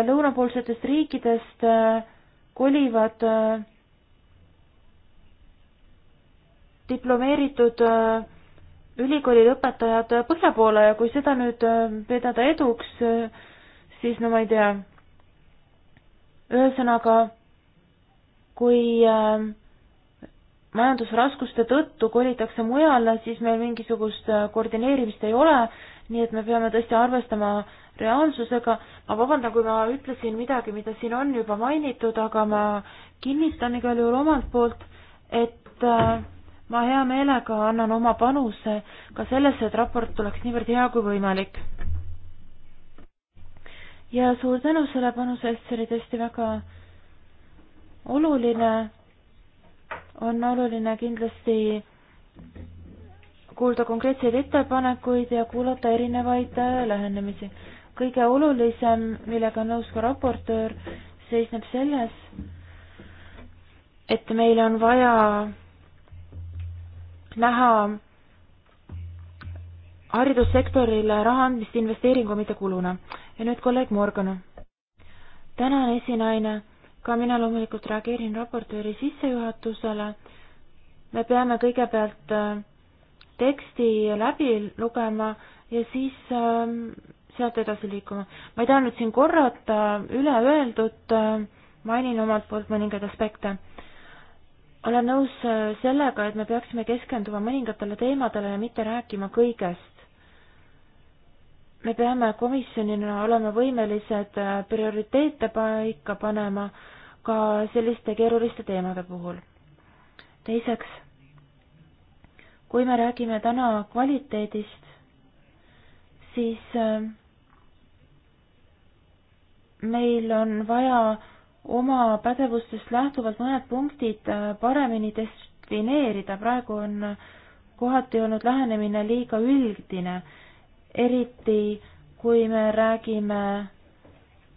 lõunapoolsetest riikidest kolivad diplomeeritud äh, ülikooli lõpetajad põhja poole ja kui seda nüüd äh, pidada eduks, äh, siis no ma ei tea. ühesõnaga, kui äh, majandusraskuste tõttu kolitakse mujale, siis meil mingisugust koordineerimist ei ole, nii et me peame tõesti arvestama reaalsusega. ma vabandan, kui ma ütlesin midagi, mida siin on juba mainitud, aga ma kinnitan igal juhul omalt poolt, et äh, ma hea meelega annan oma panuse ka sellesse, et raport oleks niivõrd hea kui võimalik. ja suur tänu selle panuse eest, see oli tõesti väga oluline. on oluline kindlasti kuulda konkreetseid ettepanekuid ja kuulata erinevaid lähenemisi. kõige olulisem, millega on nõus ka raportöör, seisneb selles, et meil on vaja näha haridussektorile raha andmist investeeringu, mitte kuluna. ja nüüd kolleeg Morgan. tänan, esinaine. ka mina loomulikult reageerin raportööri sissejuhatusele. me peame kõigepealt äh, teksti läbi lugema ja siis ähm, sealt edasi liikuma. ma ei taha nüüd siin korrata üle öeldut, äh, mainin omalt poolt mõningaid aspekte olen nõus äh, sellega, et me peaksime keskenduma mõningatele teemadele ja mitte rääkima kõigest. me peame komisjonina olema võimelised äh, prioriteete paika panema ka selliste keeruliste teemade puhul. teiseks, kui me räägime täna kvaliteedist, siis äh, meil on vaja oma pädevustest lähtuvalt mõned punktid äh, paremini defineerida, praegu on kohati olnud lähenemine liiga üldine, eriti kui me räägime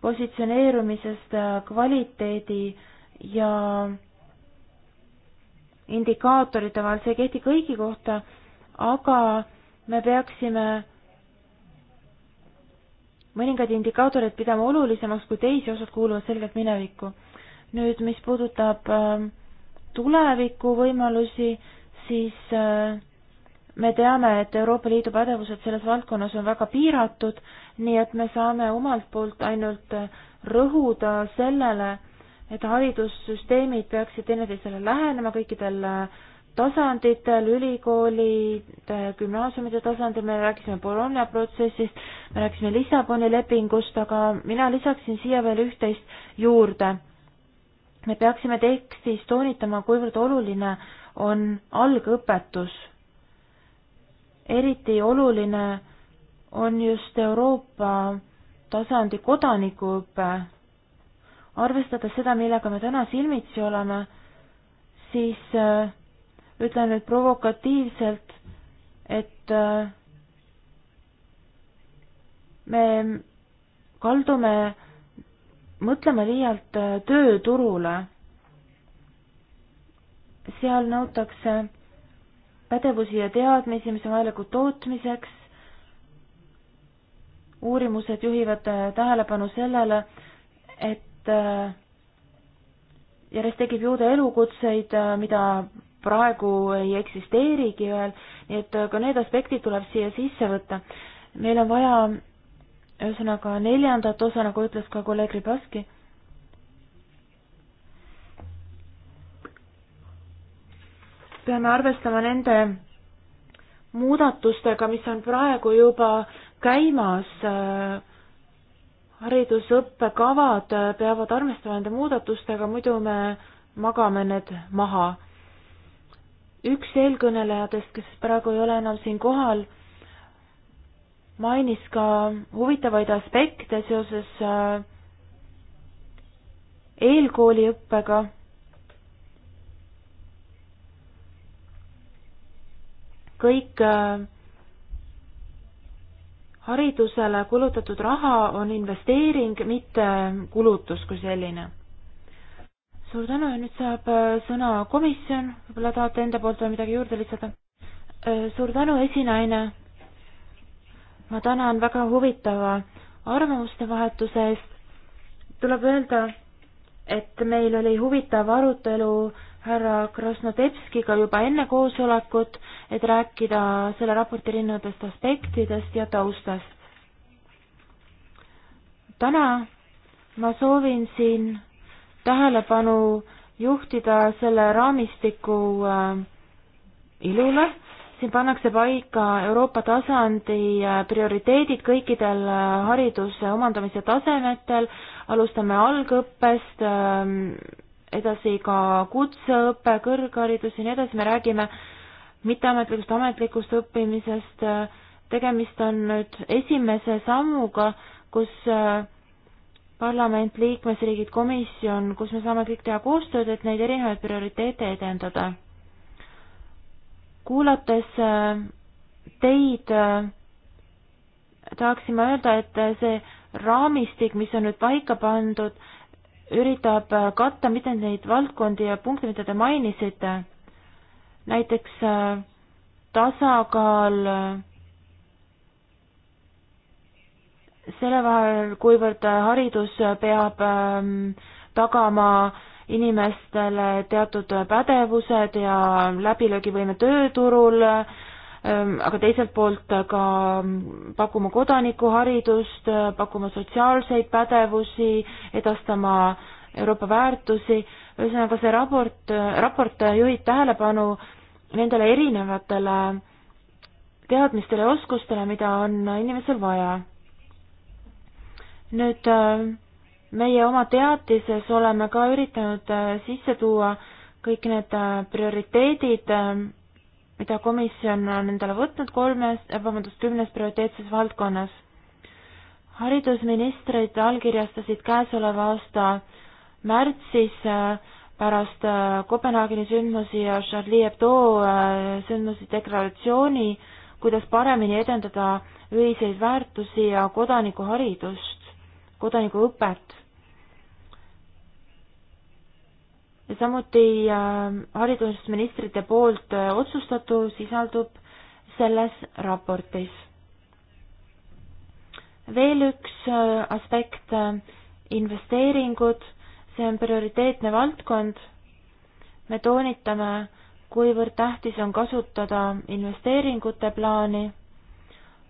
positsioneerumisest äh, kvaliteedi ja indikaatorite vahel, see ei kehti kõigi kohta, aga me peaksime mõningaid indikaatoreid pidama olulisemaks kui teisi, osad kuuluvad selgelt minevikku. nüüd, mis puudutab ähm, tulevikuvõimalusi, siis äh, me teame, et Euroopa Liidu pädevused selles valdkonnas on väga piiratud, nii et me saame omalt poolt ainult äh, rõhuda sellele, et haridussüsteemid peaksid teineteisele lähenema kõikidel äh, tasanditel, ülikoolid, gümnaasiumide tasandil, me rääkisime Bologna protsessist, me rääkisime Lissaboni lepingust, aga mina lisaksin siia veel üht-teist juurde. me peaksime tekstis toonitama, kuivõrd oluline on algõpetus. eriti oluline on just Euroopa tasandi kodanikuõpe. arvestades seda, millega me täna silmitsi oleme, siis äh, ütlen nüüd provokatiivselt, et äh, me kaldume mõtlema liialt äh, tööturule. seal nõutakse pädevusi ja teadmisi, mis on vajalikud tootmiseks. uurimused juhivad äh, tähelepanu sellele, et järjest tekib juurde elukutseid, mida praegu ei eksisteerigi veel, nii et äh, ka need aspektid tuleb siia sisse võtta. meil on vaja ühesõnaga neljandat osa, nagu ütles ka kolleeg Ribaski. peame arvestama nende muudatustega, mis on praegu juba käimas äh, haridusõppekavad äh, peavad arvestama nende muudatustega, muidu me magame need maha üks eelkõnelejatest, kes praegu ei ole enam siin kohal, mainis ka huvitavaid aspekte seoses äh, eelkooliõppega. kõik äh, haridusele kulutatud raha on investeering, mitte kulutus kui selline suur tänu ja nüüd saab äh, sõna komisjon, võib-olla tahate enda poolt veel midagi juurde lisada? Äh, suur tänu, esinaine. ma tänan väga huvitava arvamuste vahetuse eest. tuleb öelda, et meil oli huvitav arutelu härra Krasnodebskiga juba enne koosolekut, et rääkida selle raporti erinevatest aspektidest ja taustast. täna ma soovin siin tähelepanu juhtida selle raamistiku äh, ilule. siin pannakse paika Euroopa tasandi äh, prioriteedid kõikidel äh, hariduse omandamise tasemetel, alustame algõppest, ähm, edasi ka kutseõpe, kõrgharidus ja nii edasi, me räägime mitteametlikust, ametlikust õppimisest, tegemist on nüüd esimese sammuga, kus äh, parlament, liikmesriigid, komisjon, kus me saame kõik teha koostööd, et neid erinevaid prioriteete edendada. kuulates äh, teid, äh, tahaksin ma öelda, et äh, see raamistik, mis on nüüd paika pandud, üritab katta mitte neid valdkondi ja punkte, mida te mainisite, näiteks tasakaal selle vahel, kuivõrd haridus peab ähm, tagama inimestele teatud pädevused ja läbilöögivõime tööturul, ähm, aga teiselt poolt ka pakkuma kodanikuharidust, pakkuma sotsiaalseid pädevusi, edastama Euroopa väärtusi, ühesõnaga see raport, raport juhib tähelepanu nendele erinevatele teadmistele ja oskustele, mida on inimesel vaja nüüd äh, meie oma teatises oleme ka üritanud äh, sisse tuua kõik need äh, prioriteedid, mida komisjon on endale võtnud kolmes, vabandust, kümnes prioriteetses valdkonnas. haridusministrid allkirjastasid käesoleva aasta märtsis pärast Kopenhaageni sündmusi ja Charlie Hebdo sündmusi deklaratsiooni, kuidas paremini edendada ühiseid väärtusi ja kodanikuharidust kodanikuõpet. ja samuti äh, haridusministrite poolt äh, otsustatu sisaldub selles raportis. veel üks äh, aspekt, investeeringud, see on prioriteetne valdkond. me toonitame, kuivõrd tähtis on kasutada investeeringute plaani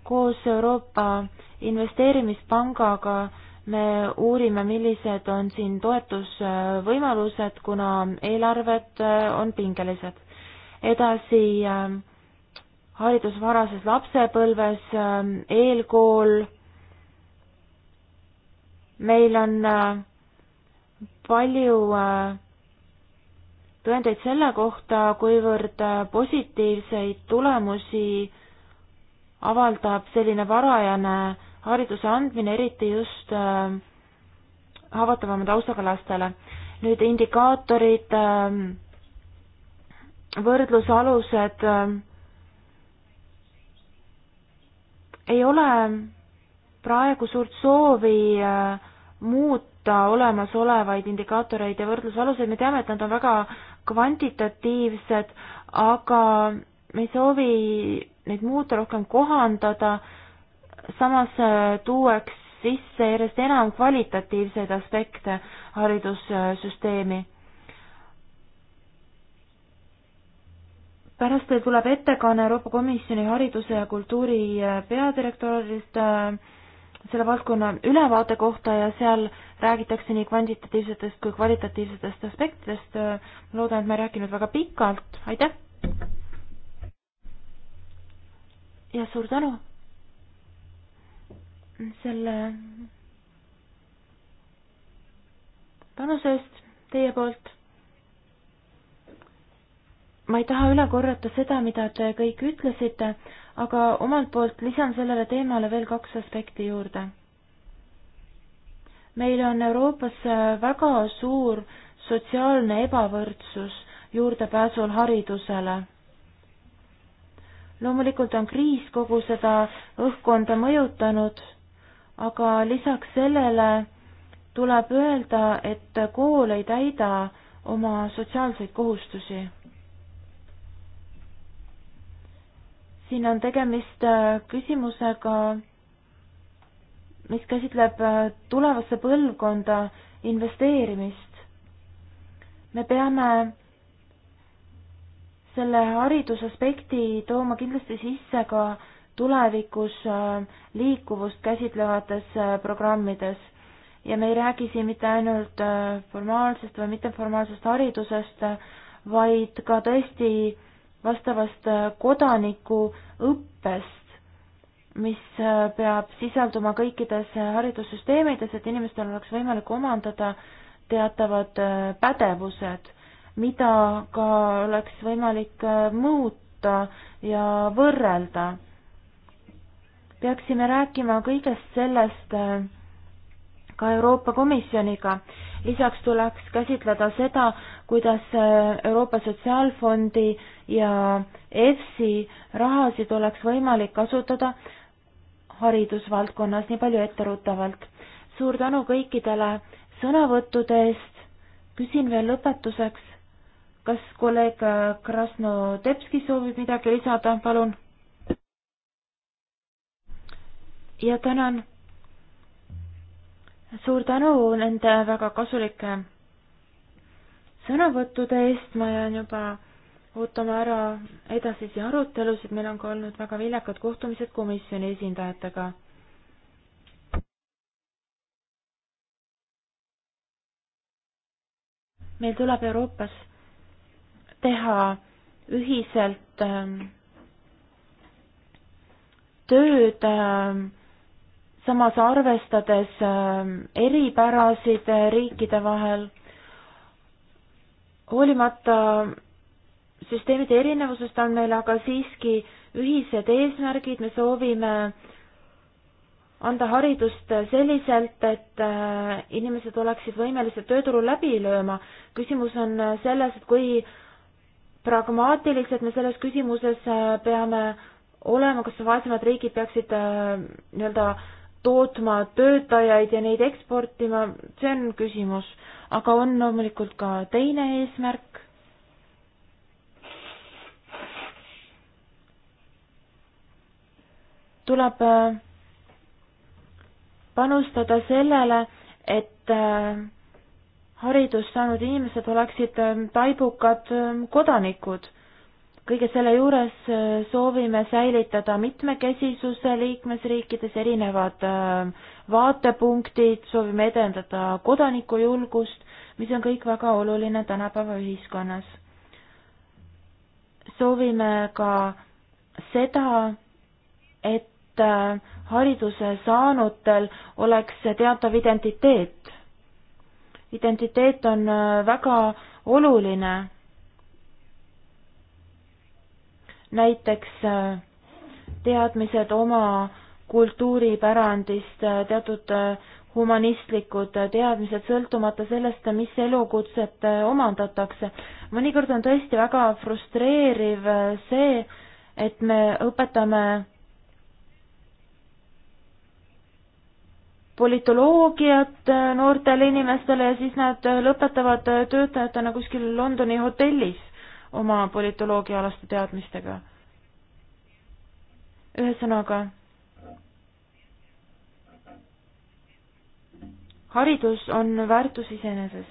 koos Euroopa Investeerimispangaga me uurime, millised on siin toetusvõimalused, kuna eelarved äh, on pingelised. edasi äh, haridus varases lapsepõlves, äh, eelkool. meil on palju tõendeid selle kohta, kuivõrd positiivseid tulemusi avaldab selline varajane hariduse andmine, eriti just äh, haavatavama taustaga lastele. nüüd indikaatorid, äh, võrdlusalused äh, ei ole praegu suurt soovi muuta olemasolevaid indikaatoreid ja võrdlusaluseid, me teame, et nad on väga kvantitatiivsed, aga me ei soovi neid muuta, rohkem kohandada samas äh, tuueks sisse järjest enam kvalitatiivseid aspekte haridussüsteemi. pärast teil tuleb ettekanne Euroopa Komisjoni hariduse ja kultuuri äh, peadirektorilt äh, selle valdkonna ülevaate kohta ja seal räägitakse nii kvantitatiivsetest kui kvalitatiivsetest aspektidest. loodan, et ma ei rääkinud väga pikalt, aitäh! ja suur tänu! selle panuse eest teie poolt. ma ei taha üle korrata seda, mida te kõik ütlesite, aga omalt poolt lisan sellele teemale veel kaks aspekti juurde. meil on Euroopas väga suur sotsiaalne ebavõrdsus juurdepääsul haridusele. loomulikult on kriis kogu seda õhkkonda mõjutanud aga lisaks sellele tuleb öelda, et kool ei täida oma sotsiaalseid kohustusi. siin on tegemist äh, küsimusega, mis käsitleb äh, tulevasse põlvkonda investeerimist. me peame selle haridusaspekti tooma kindlasti sisse ka äh, tulevikus äh, liikuvust käsitlevates äh, programmides. ja me ei räägi siin mitte ainult äh, formaalsest või mitteformaalsest haridusest, vaid ka tõesti vastavast kodanikuõppest, mis peab sisalduma kõikides haridussüsteemides, et inimestel oleks võimalik omandada teatavad pädevused, mida ka oleks võimalik muuta ja võrrelda peaksime rääkima kõigest sellest äh, ka Euroopa Komisjoniga. lisaks tuleks käsitleda seda, kuidas äh, Euroopa Sotsiaalfondi ja EFSI rahasid oleks võimalik kasutada haridusvaldkonnas, nii palju etteruttavalt. suur tänu kõikidele sõnavõttude eest, küsin veel lõpetuseks, kas kolleeg äh, Krasnodebski soovib midagi lisada, palun? ja tänan. suur tänu nende väga kasulike sõnavõttude eest, ma jään juba ootame ära edasisi arutelusid, meil on ka olnud väga viljakad kohtumised komisjoni esindajatega. meil tuleb Euroopas teha ühiselt ähm, tööd ähm, samas arvestades ähm, eripärasid äh, riikide vahel, hoolimata süsteemide erinevusest on meil aga siiski ühised eesmärgid, me soovime anda haridust selliselt, et äh, inimesed oleksid võimelised tööturul läbi lööma. küsimus on äh, selles, et kui pragmaatiliselt me selles küsimuses peame olema, kas vaesemad riigid peaksid nii-öelda äh, tootma töötajaid ja neid eksportima, see on küsimus, aga on loomulikult ka teine eesmärk. tuleb äh, panustada sellele, et äh, haridust saanud inimesed oleksid äh, taibukad kodanikud kõige selle juures äh, soovime säilitada mitmekesisuse liikmesriikides, erinevad äh, vaatepunktid, soovime edendada kodanikujulgust, mis on kõik väga oluline tänapäeva ühiskonnas. soovime ka seda, et äh, hariduse saanutel oleks teatav identiteet. identiteet on väga oluline näiteks äh, teadmised oma kultuuripärandist, äh, teatud äh, humanistlikud teadmised, sõltumata sellest, mis elukutset omandatakse. mõnikord on tõesti väga frustreeriv see, et me õpetame politoloogiat noortele inimestele ja siis nad lõpetavad töötajatena kuskil Londoni hotellis oma politoloogiaalaste teadmistega ühesõnaga, haridus on väärtus iseeneses.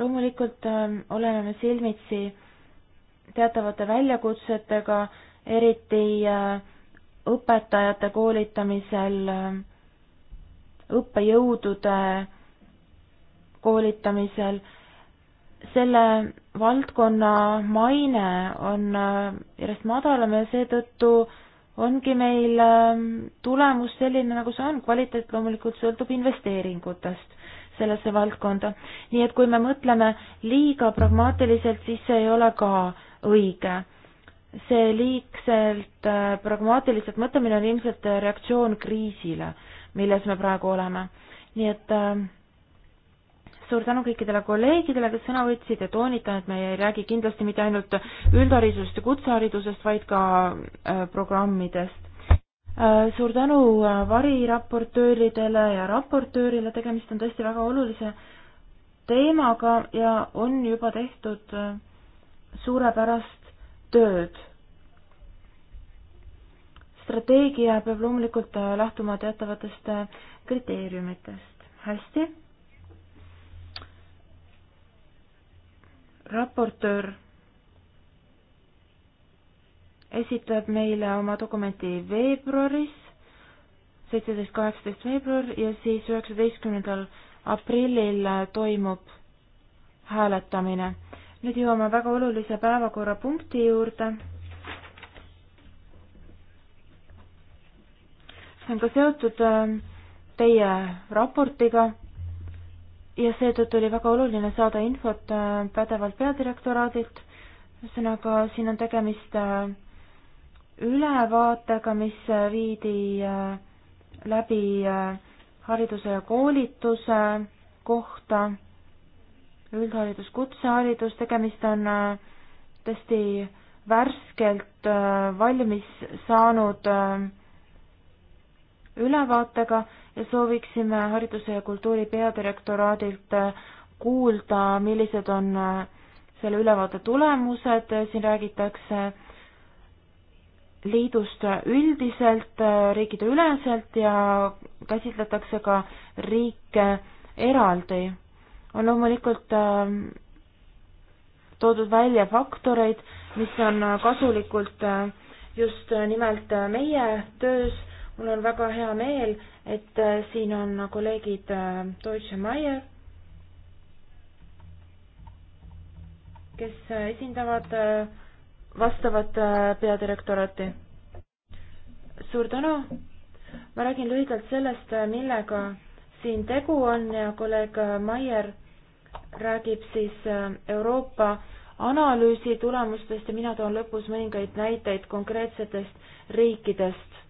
loomulikult ähm, oleme me silmitsi teatavate väljakutsetega, eriti äh, õpetajate koolitamisel, äh, õppejõudude koolitamisel. selle valdkonna maine on äh, järjest madalam ja seetõttu ongi meil ähm, tulemus selline, nagu see on, kvaliteet loomulikult sõltub investeeringutest sellesse valdkonda. nii et kui me mõtleme liiga pragmaatiliselt, siis see ei ole ka õige. see liigselt äh, pragmaatiliselt mõtlemine on ilmselt reaktsioon kriisile, milles me praegu oleme. nii et äh, suur tänu kõikidele kolleegidele, kes sõna võtsid ja toonitan, et me ei räägi kindlasti mitte ainult üldharidusest ja kutseharidusest, vaid ka äh, programmidest. Äh, suur tänu äh, variraportööridele ja raportöörile, tegemist on tõesti väga olulise teemaga ja on juba tehtud suurepärast tööd strateegia peab loomulikult lähtuma teatavatest kriteeriumitest. hästi. raportöör esitab meile oma dokumenti veebruaris, seitseteist, kaheksateist veebruar ja siis üheksateistkümnendal aprillil toimub hääletamine. nüüd jõuame väga olulise päevakorrapunkti juurde. see on ka seotud äh, teie raportiga ja seetõttu oli väga oluline saada infot äh, pädevalt peadirektoraadilt. ühesõnaga, siin on tegemist äh, ülevaatega, mis äh, viidi läbi hariduse ja koolituse kohta, üldharidus, kutseharidus, tegemist on tõesti värskelt valmis saanud äh, ülevaatega ja sooviksime Hariduse ja Kultuuri peadirektoraadilt kuulda, millised on äh, selle ülevaate tulemused, siin räägitakse liidust üldiselt, äh, riikide üleselt ja käsitletakse ka riike eraldi. on loomulikult äh, toodud välja faktoreid, mis on kasulikult just nimelt meie töös mul on väga hea meel, et äh, siin on kolleegid äh, Deutsche Meier, kes äh, esindavad vastavat peadirektorati. suur tänu. ma räägin lühidalt sellest, millega siin tegu on ja kolleeg Maier räägib siis Euroopa analüüsi tulemustest ja mina toon lõpus mõningaid näiteid konkreetsetest riikidest.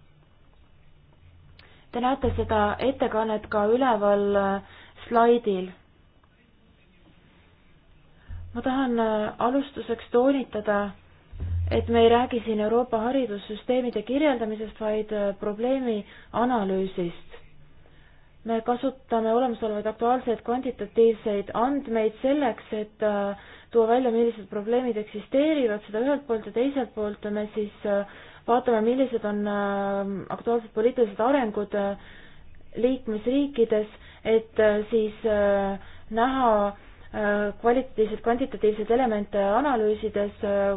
Te näete seda ettekannet ka üleval äh, slaidil. ma tahan äh, alustuseks toonitada, et me ei räägi siin Euroopa haridussüsteemide kirjeldamisest, vaid äh, probleemi analüüsist. me kasutame olemasolevaid aktuaalseid kvantitatiivseid andmeid selleks, et tuua välja, millised probleemid eksisteerivad, seda ühelt poolt ja teiselt poolt me siis äh, vaatame, millised on ähm, aktuaalsed poliitilised arengud äh, liikmesriikides, et äh, siis äh, näha kvalitatiivseid, kvantitatiivseid elemente analüüsides,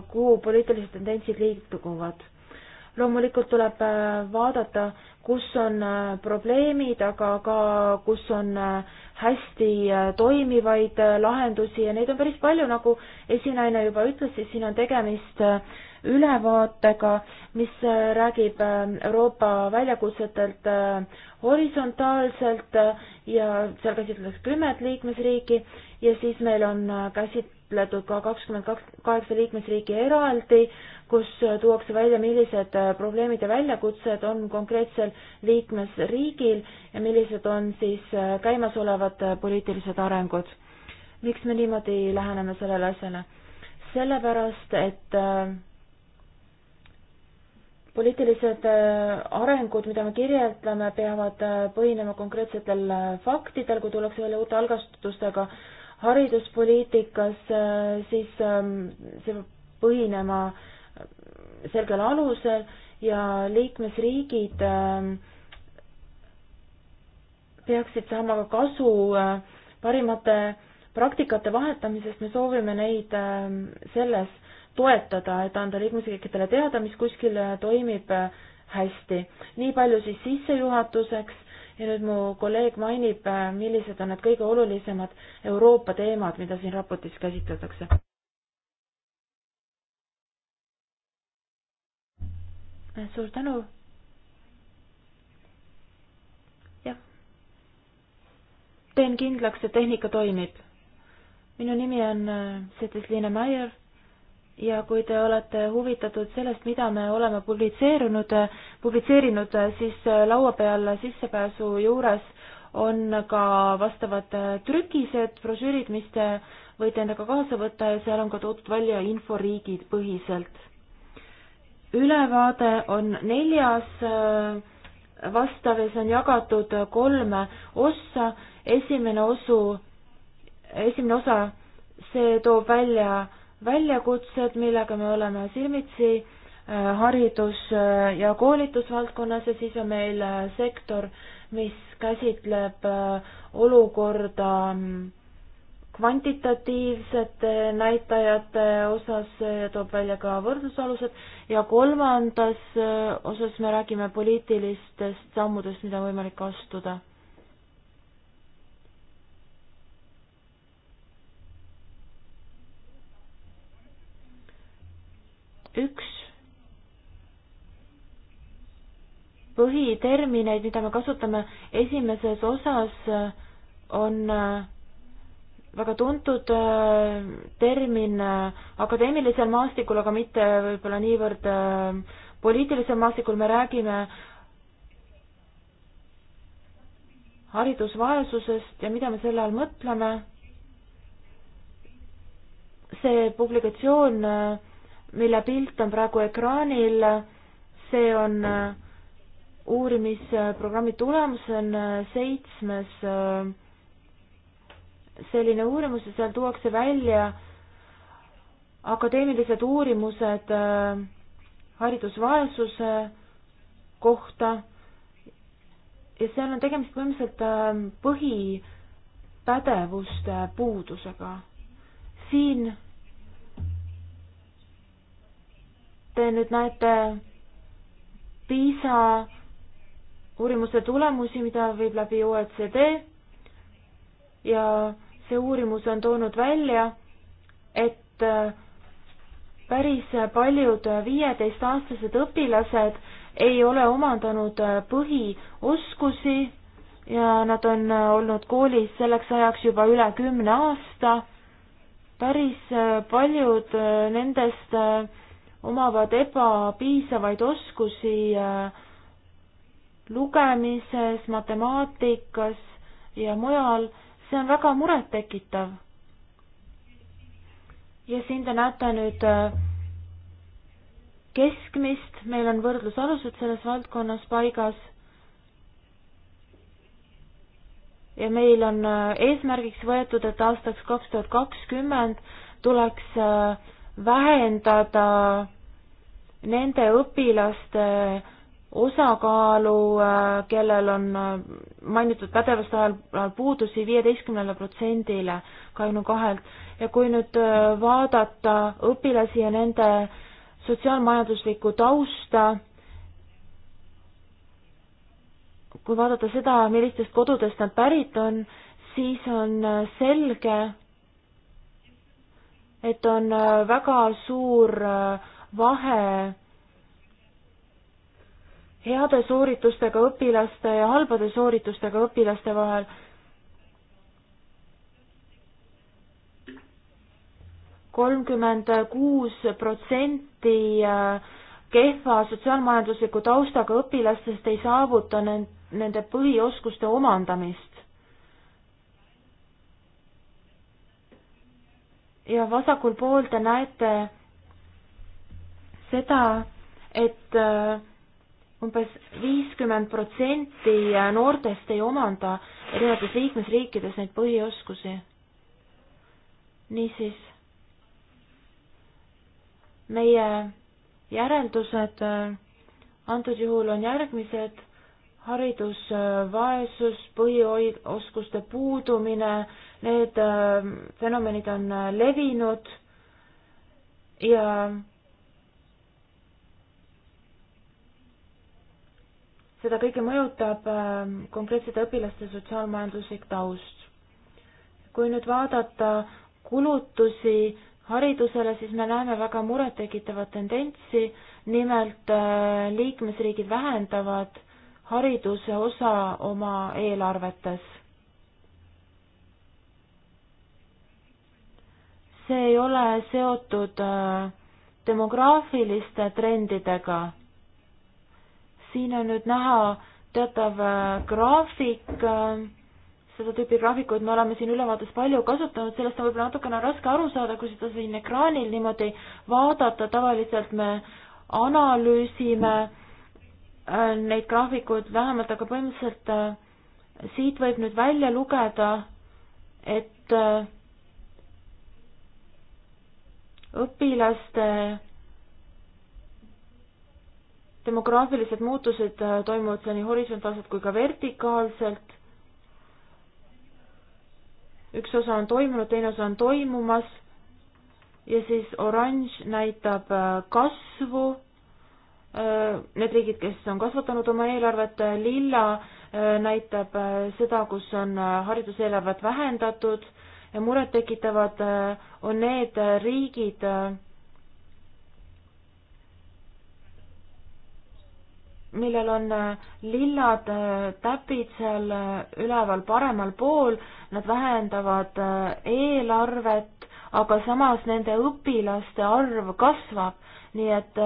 kuhu poliitilised tendentsid liikuvad loomulikult tuleb vaadata, kus on probleemid, aga ka kus on hästi toimivaid lahendusi ja neid on päris palju, nagu esinaine juba ütles, siis siin on tegemist ülevaatega, mis äh, räägib äh, Euroopa väljakutsetelt äh, horisontaalselt ja seal käsitletakse kümmet liikmesriiki ja siis meil on käsitletud ka kakskümmend kaks, kaheksa liikmesriiki eraldi, kus tuuakse välja, millised probleemid ja väljakutsed on konkreetsel liikmesriigil ja millised on siis käimasolevad poliitilised arengud. miks me niimoodi läheneme sellele asjale? sellepärast, et poliitilised äh, arengud, mida me kirjeldame, peavad äh, põhinema konkreetsetel äh, faktidel, kui tullakse välja uute algastustega hariduspoliitikas, siis ähm, see peab põhinema selgel alusel ja liikmesriigid ähm, peaksid saama ka kasu parimate praktikate vahetamisest, me soovime neid ähm, selles toetada, et anda liikmesriikidele teada, mis kuskil äh, toimib äh, hästi. nii palju siis sissejuhatuseks ja nüüd mu kolleeg mainib, äh, millised on need kõige olulisemad Euroopa teemad, mida siin raportis käsitletakse. suur tänu. jah. teen kindlaks, et tehnika toimib. minu nimi on Setis Liina Maier ja kui te olete huvitatud sellest, mida me oleme publitseerunud, publitseerinud, siis äh, laua peal sissepääsu juures on ka vastavad äh, trükised, brošüürid, mis te võite endaga kaasa võtta ja seal on ka toodud välja inforiigid põhiselt. ülevaade on neljas äh, vastav ja see on jagatud kolme ossa. esimene osu, esimene osa, see toob välja väljakutsed, millega me oleme silmitsi äh, haridus- ja koolitusvaldkonnas ja siis on meil äh, sektor, mis käsitleb äh, olukorda mm, kvantitatiivsete näitajate osas ja toob välja ka võrdlusalused ja kolmandas osas me räägime poliitilistest sammudest, mida on võimalik astuda. üks põhitermineid, mida me kasutame esimeses osas, on äh, väga tuntud äh, termin äh, akadeemilisel maastikul, aga mitte võib-olla niivõrd poliitilisel maastikul, me räägime haridusvaesusest ja mida me selle all mõtleme. see publikatsioon äh, mille pilt on praegu ekraanil, see on äh, uurimisprogrammi tulemus, see on äh, seitsmes äh, selline uurimus ja seal tuuakse välja akadeemilised uurimused haridusvaesuse kohta ja seal on tegemist põhimõtteliselt põhipädevuste puudusega. siin te nüüd näete PISA uurimuste tulemusi, mida viib läbi OECD ja see uurimus on toonud välja, et päris paljud viieteistaastased õpilased ei ole omandanud põhioskusi ja nad on olnud koolis selleks ajaks juba üle kümne aasta. päris paljud nendest omavad ebapiisavaid oskusi äh, lugemises, matemaatikas ja mujal, see on väga murettekitav. ja siin te näete nüüd äh, keskmist, meil on võrdlusalused selles valdkonnas paigas. ja meil on äh, eesmärgiks võetud, et aastaks kaks tuhat kakskümmend tuleks vähendada nende õpilaste osakaalu, äh, kellel on äh, mainitud pädevuste ajal puudusi viieteistkümnele protsendile kahekümne kahelt ja kui nüüd äh, vaadata õpilasi ja nende sotsiaalmajanduslikku tausta, kui vaadata seda, millistest kodudest nad pärit on, siis on selge, et on äh, väga suur äh, vahe heade sooritustega õpilaste ja halbade sooritustega õpilaste vahel. kolmkümmend kuus protsenti äh, kehva sotsiaalmajandusliku taustaga õpilastest ei saavuta nende põhioskuste omandamist. ja vasakul pool te näete seda, et äh, umbes viiskümmend protsenti noortest ei omanda erinevates liikmesriikides neid põhioskusi. niisiis, meie järeldused äh, antud juhul on järgmised, haridusvaesus, äh, põhioskuste puudumine, Need äh, fenomenid on äh, levinud ja seda kõike mõjutab äh, konkreetsete õpilaste sotsiaalmajanduslik taust. kui nüüd vaadata kulutusi haridusele, siis me näeme väga murettekitavat tendentsi, nimelt liikmesriigid vähendavad hariduse osa oma eelarvetes. see ei ole seotud äh, demograafiliste trendidega. siin on nüüd näha teatav äh, graafik, äh, seda tüüpi graafikuid me oleme siin ülevaates palju kasutanud, sellest on võib-olla natukene raske aru saada, kui seda siin ekraanil niimoodi vaadata, tavaliselt me analüüsime neid graafikuid vähemalt, aga põhimõtteliselt siit võib nüüd välja lugeda, et õpilaste demograafilised muutused äh, toimuvad seal nii horisontaalselt kui ka vertikaalselt. üks osa on toimunud, teine osa on toimumas ja siis oranž näitab äh, kasvu. Äh, need riigid, kes on kasvatanud oma eelarvet, lilla näitab seda, kus on hariduseelarvet vähendatud murettekitavad äh, on need äh, riigid, äh, millel on lillad täpid seal üleval paremal pool, nad vähendavad eelarvet, aga samas nende õpilaste arv kasvab, nii et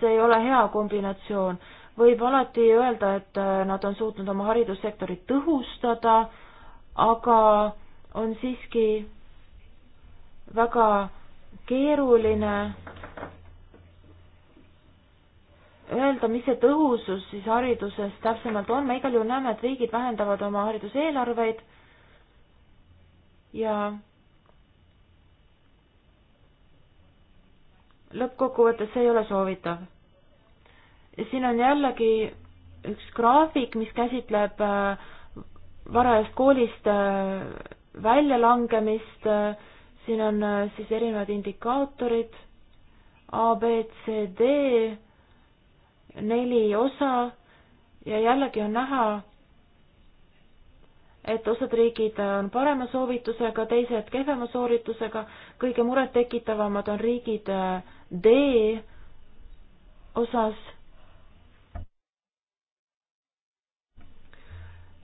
see ei ole hea kombinatsioon. võib alati öelda, et nad on suutnud oma haridussektorit tõhustada, aga on siiski väga keeruline öelda, mis see tõhusus siis hariduses täpsemalt on, me igal juhul näeme, et riigid vähendavad oma hariduseelarveid ja lõppkokkuvõttes see ei ole soovitav. siin on jällegi üks graafik, mis käsitleb äh, varajast koolist äh, väljalangemist, siin on äh, siis erinevad indikaatorid, A, B, C, D, neli osa ja jällegi on näha, et osad riigid on parema soovitusega, teised kehvema sooritusega, kõige murettekitavamad on riigid äh, D osas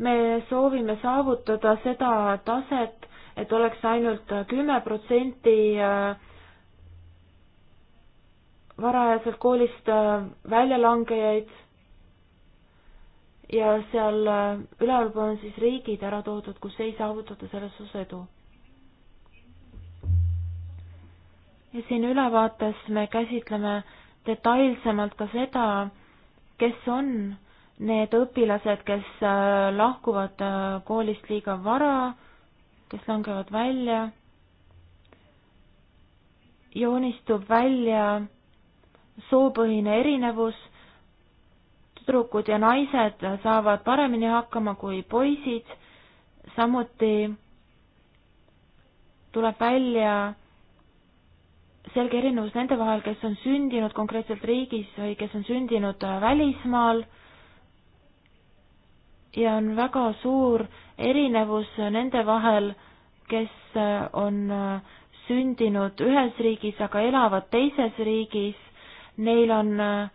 me soovime saavutada seda taset, et oleks ainult kümme protsenti äh, varajaselt koolist äh, väljalangejaid ja seal äh, ülevalpool on siis riigid ära toodud, kus ei saavutata selles osas edu. ja siin ülevaates me käsitleme detailsemalt ka seda, kes on need õpilased, kes äh, lahkuvad äh, koolist liiga vara, kes langevad välja, joonistub välja soopõhine erinevus, tüdrukud ja naised saavad paremini hakkama kui poisid, samuti tuleb välja selge erinevus nende vahel, kes on sündinud konkreetselt riigis või kes on sündinud äh, välismaal ja on väga suur erinevus nende vahel, kes äh, on äh, sündinud ühes riigis, aga elavad teises riigis, neil on äh,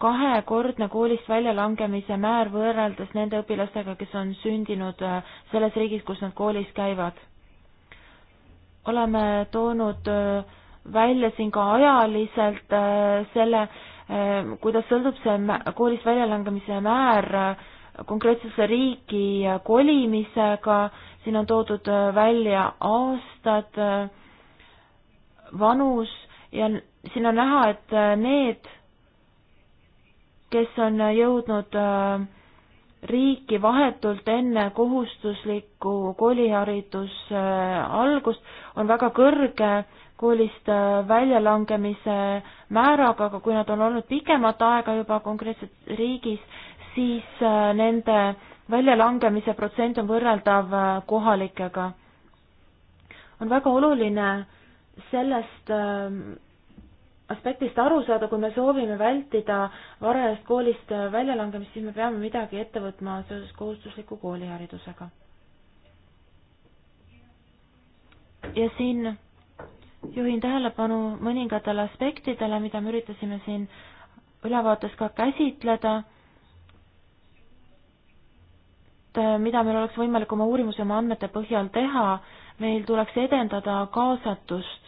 kahekordne koolist väljalangemise määr võrreldes nende õpilastega, kes on sündinud selles riigis, kus nad koolis käivad. oleme toonud välja siin ka ajaliselt selle, kuidas sõltub see koolist väljalangemise määr konkreetsesse riiki kolimisega, siin on toodud välja aastad, vanus ja siin on näha, et need, kes on jõudnud äh, riiki vahetult enne kohustuslikku koolihariduse äh, algust, on väga kõrge koolist äh, väljalangemise määraga, aga kui nad on olnud pikemat aega juba konkreetses riigis, siis äh, nende väljalangemise protsent on võrreldav äh, kohalikega. on väga oluline sellest ähm, aspektist aru saada, kui me soovime vältida varajast koolist äh, väljalangemist, siis me peame midagi ette võtma seoses kohustusliku kooliharidusega. ja siin juhin tähelepanu mõningatele aspektidele, mida me üritasime siin ülevaates ka käsitleda Äh, mida meil oleks võimalik oma uurimuse, oma andmete põhjal teha, meil tuleks edendada kaasatust.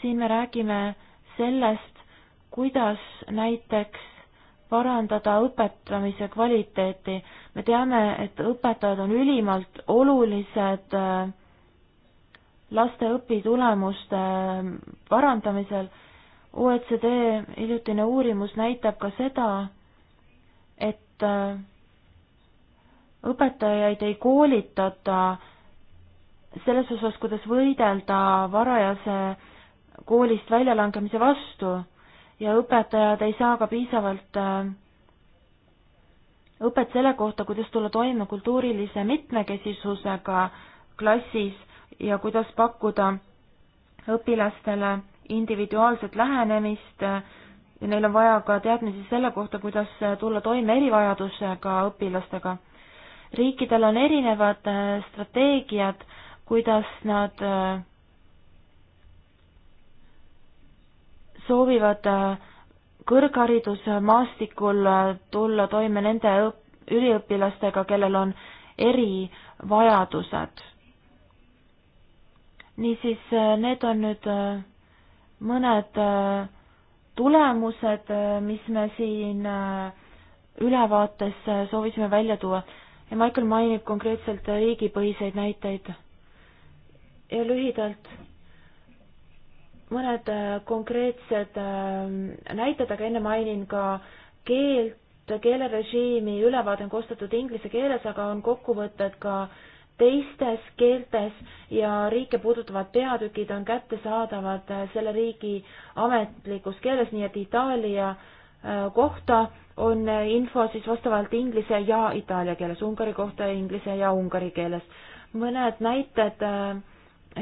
siin me räägime sellest, kuidas näiteks parandada õpetamise kvaliteeti. me teame, et õpetajad on ülimalt olulised äh, laste õpitulemuste äh, parandamisel. OECD hiljutine uurimus näitab ka seda, et õpetajaid ei koolitata selles osas, kuidas võidelda varajase koolist väljalangemise vastu ja õpetajad ei saa ka piisavalt äh, õpet selle kohta, kuidas tulla toime kultuurilise mitmekesisusega klassis ja kuidas pakkuda õpilastele individuaalset lähenemist ja neil on vaja ka teadmisi selle kohta, kuidas tulla toime erivajadusega õpilastega riikidel on erinevad äh, strateegiad, kuidas nad äh, soovivad äh, kõrgharidusmaastikul tulla toime nende üliõpilastega, kellel on erivajadused. niisiis, need on nüüd mõned tulemused, mis me siin ülevaates soovisime välja tuua ja Michael mainib konkreetselt riigipõhiseid näiteid. ja lühidalt mõned äh, konkreetsed äh, näited, aga enne mainin ka keelt, keelerežiimi, ülevaade on koostatud inglise keeles, aga on kokkuvõtted ka teistes keeltes ja riike puudutavad peatükid on kättesaadavad äh, selle riigi ametlikus keeles, nii et Itaalia äh, kohta on info siis vastavalt inglise ja itaalia keeles, Ungari kohta inglise ja ungari keeles. mõned näited äh,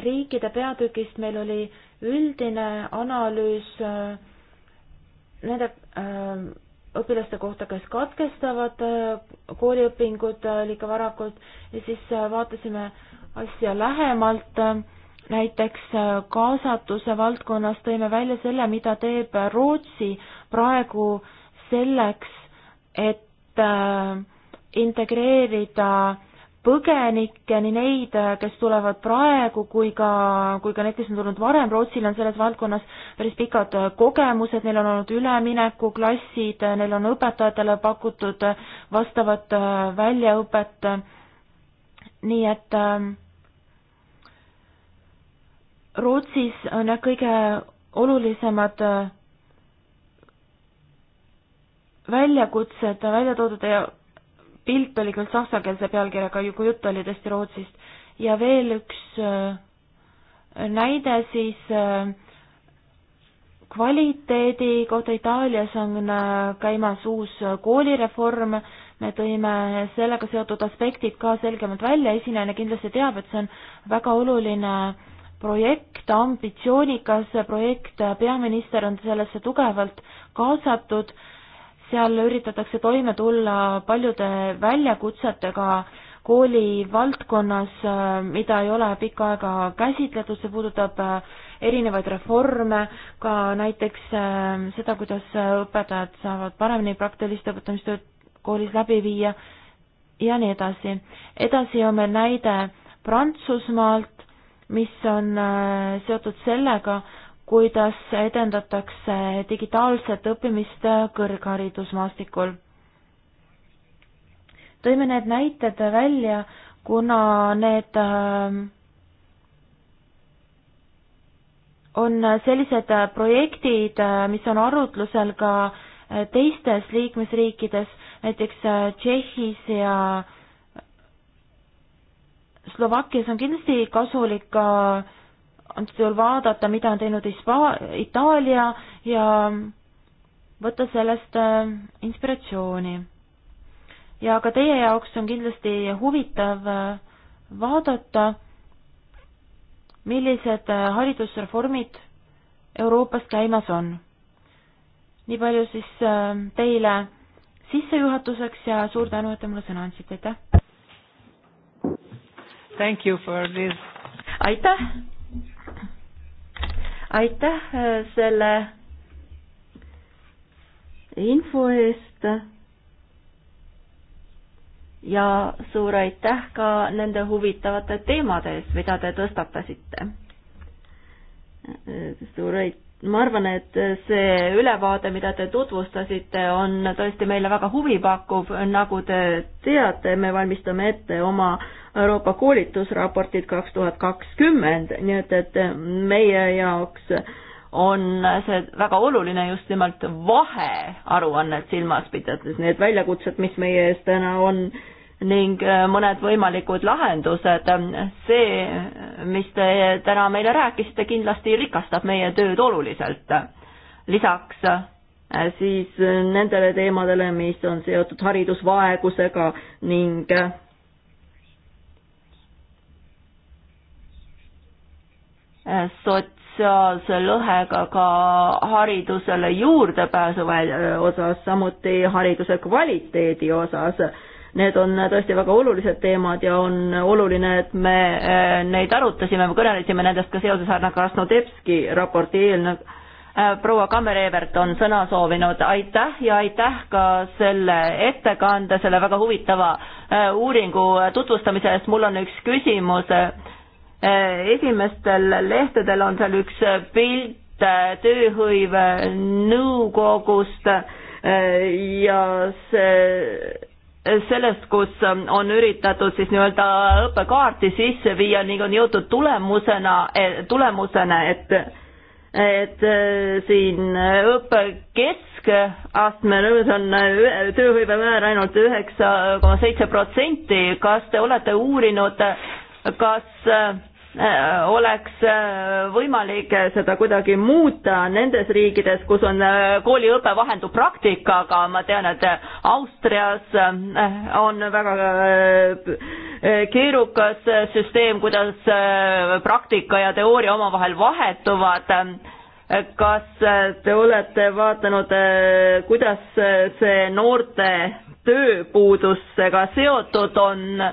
riikide peatükist, meil oli üldine analüüs äh, nende äh, õpilaste kohta, kes katkestavad kooliõpingud liiga varakult ja siis vaatasime asja lähemalt. näiteks kaasatuse valdkonnas tõime välja selle, mida teeb Rootsi praegu selleks, et äh, integreerida põgenikke, nii neid, äh, kes tulevad praegu, kui ka, kui ka need, kes on tulnud varem, Rootsil on selles valdkonnas päris pikad äh, kogemused, neil on olnud üleminekuklassid, neil on õpetajatele pakutud vastavat väljaõpet, nii et Rootsis on jah, kõige olulisemad väljakutsed välja toodud ja pilt oli küll saksakeelse pealkirjaga, kui jutt oli tõesti Rootsist. ja veel üks äh, näide siis äh, kvaliteedi kohta Itaalias on äh, käimas uus koolireform, me tõime sellega seotud aspektid ka selgemalt välja, esinejana kindlasti teab, et see on väga oluline projekt, ambitsioonikas projekt, peaminister on sellesse tugevalt kaasatud seal üritatakse toime tulla paljude väljakutsetega kooli valdkonnas, mida ei ole pikka aega käsitletud, see puudutab äh, erinevaid reforme, ka näiteks äh, seda, kuidas äh, õpetajad saavad paremini praktilist õpetamistööd koolis läbi viia ja nii edasi. edasi on meil näide Prantsusmaalt, mis on seotud sellega, kuidas edendatakse digitaalset õppimist kõrgharidusmaastikul. tõime need näited välja, kuna need ähm, on sellised projektid, äh, mis on arutlusel ka äh, teistes liikmesriikides, näiteks äh, Tšehhis ja Slovakkias on kindlasti kasulik ka äh, antud juhul vaadata, mida on teinud Hispa-, Itaalia ja võtta sellest äh, inspiratsiooni. ja ka teie jaoks on kindlasti huvitav äh, vaadata, millised äh, haridusreformid Euroopas käimas on. nii palju siis teile sissejuhatuseks ja suur tänu, et te mulle sõna andsite, aitäh! Thank you for this. aitäh! aitäh äh, selle info eest ja suur aitäh ka nende huvitavate teemade eest, mida te tõstatasite. Äh, suur aitäh ma arvan, et see ülevaade, mida te tutvustasite, on tõesti meile väga huvipakkuv, nagu te teate, me valmistame ette oma Euroopa koolitusraportid kaks tuhat kakskümmend, nii et, et meie jaoks on see väga oluline just nimelt vahearuannet silmas pidades, need väljakutsed, mis meie ees täna on, ning äh, mõned võimalikud lahendused. see, mis te täna meile rääkisite, kindlasti rikastab meie tööd oluliselt. lisaks äh, siis äh, nendele teemadele, mis on seotud haridusvaegusega ning sotsiaalse lõhega ka haridusele juurdepääsu osas, samuti hariduse kvaliteedi osas Need on tõesti väga olulised teemad ja on oluline, et me äh, neid arutasime, me kõnelesime nendest ka seoses härra Krasnodebski raporti eelnõuga äh, proua Kammer-Evert on sõna soovinud, aitäh ja aitäh ka selle ettekande, selle väga huvitava äh, uuringu tutvustamise eest, mul on üks küsimus. esimestel lehtedel on seal üks pilt tööhõive nõukogust ja see sellest, kus ähm, on üritatud siis nii-öelda õppekaarti sisse viia, nii on jõutud tulemusena, e, tulemusena, et et äh, siin õppe keskastmel on äh, tööhõive määr ainult üheksa koma seitse protsenti, kas te olete uurinud, kas äh, Äh, oleks äh, võimalik seda kuidagi muuta nendes riikides, kus on äh, kooliõpe vahendu praktikaga, ma tean, et Austrias on väga keerukas süsteem, kuidas praktika ja teooria omavahel vahetuvad. kas te olete vaadanud, kuidas see noorte tööpuudusega seotud on?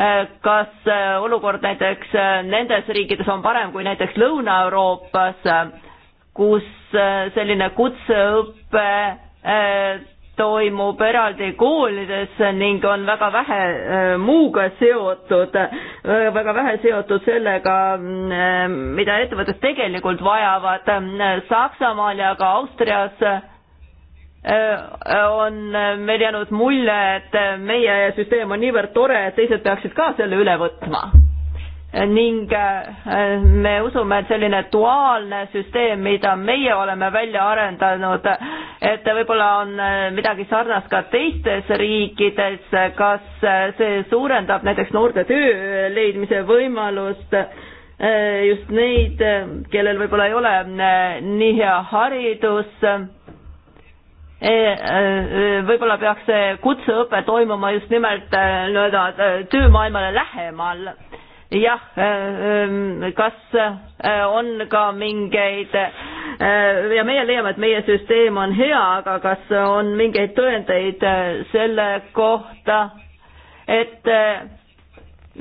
Äh, kas äh, olukord näiteks äh, nendes riikides on parem kui näiteks Lõuna-Euroopas, kus selline kutseõpe toimub eraldi koolides ning on väga vähe muuga seotud, väga vähe seotud sellega, mm, mida ettevõtted tegelikult vajavad. Saksamaal ja ka Austrias Äh, on äh, meil jäänud mulje, et äh, meie süsteem on niivõrd tore, et teised peaksid ka selle üle võtma. ning me usume, et selline duaalne süsteem, mida meie oleme välja arendanud, et võib-olla on midagi sarnast ka teistes riikides, kas see suurendab näiteks noorte töö leidmise võimalust just neid, kellel võib-olla ei ole nii hea haridus E, e, e, võib-olla peaks see kutseõpe toimuma just nimelt nii-öelda töömaailmale lähemal. jah, kas on ka mingeid ja meie leiame, et meie süsteem on hea, aga kas on mingeid tõendeid selle kohta, et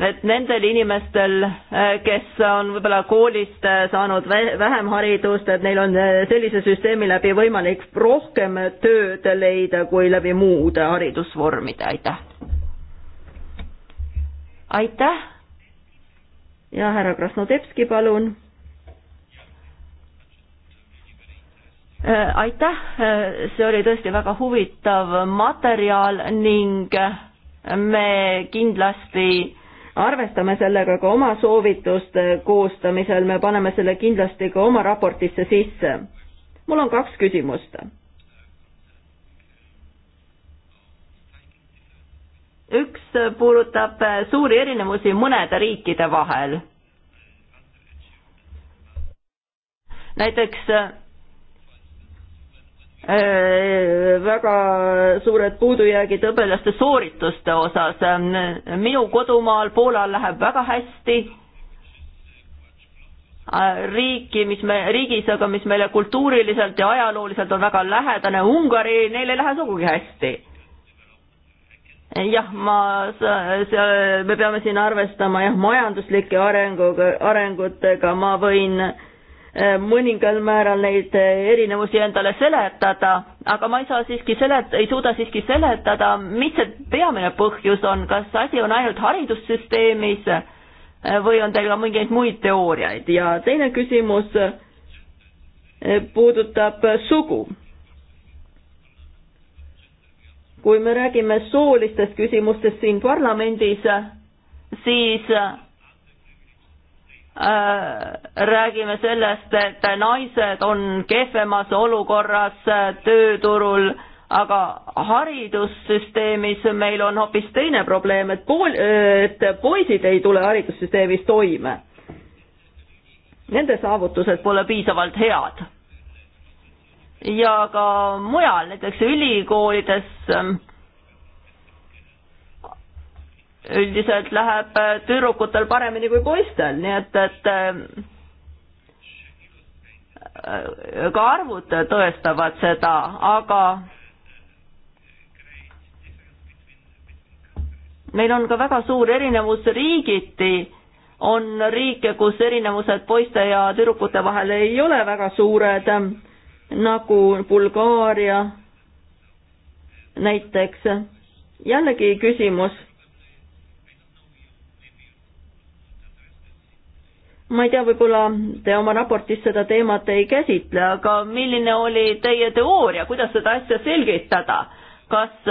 et nendel inimestel, eh, kes on võib-olla koolist eh, saanud vähem haridust, et neil on eh, sellise süsteemi läbi võimalik rohkem tööd leida kui läbi muude haridusvormide, aitäh. aitäh. ja härra Krasnodebski, palun. aitäh, see oli tõesti väga huvitav materjal ning me kindlasti arvestame sellega ka oma soovituste koostamisel, me paneme selle kindlasti ka oma raportisse sisse. mul on kaks küsimust. üks puudutab suuri erinevusi mõnede riikide vahel. näiteks Äh, väga suured puudujäägid õpilaste soorituste osas. Ähm, minu kodumaal Poolal läheb väga hästi. Äh, riiki, mis me, riigis, aga mis meile kultuuriliselt ja ajalooliselt on väga lähedane, Ungari, neil ei lähe sugugi hästi. jah, ma, me peame siin arvestama jah, majanduslike arenguga, arengutega, ma võin äh, Äh, mõningal määral neid äh, erinevusi endale seletada, aga ma ei saa siiski selet-, ei suuda siiski seletada, mis see peamine põhjus on, kas asi on ainult haridussüsteemis äh, või on teil ka mingeid muid teooriaid ja teine küsimus puudutab sugu. kui me räägime soolistest küsimustest siin parlamendis, siis Äh, räägime sellest, et naised on kehvemas olukorras äh, tööturul, aga haridussüsteemis meil on hoopis teine probleem, et pool, äh, et poisid ei tule haridussüsteemis toime. Nende saavutused pole piisavalt head. ja ka mujal, näiteks ülikoolides üldiselt läheb äh, tüdrukutel paremini kui poistel, nii et, et äh, äh, ka arvud tõestavad seda, aga meil on ka väga suur erinevus riigiti, on riike, kus erinevused poiste ja tüdrukute vahel ei ole väga suured, nagu Bulgaaria näiteks. jällegi küsimus ma ei tea, võib-olla te oma raportis seda teemat ei käsitle, aga milline oli teie teooria, kuidas seda asja selgitada? kas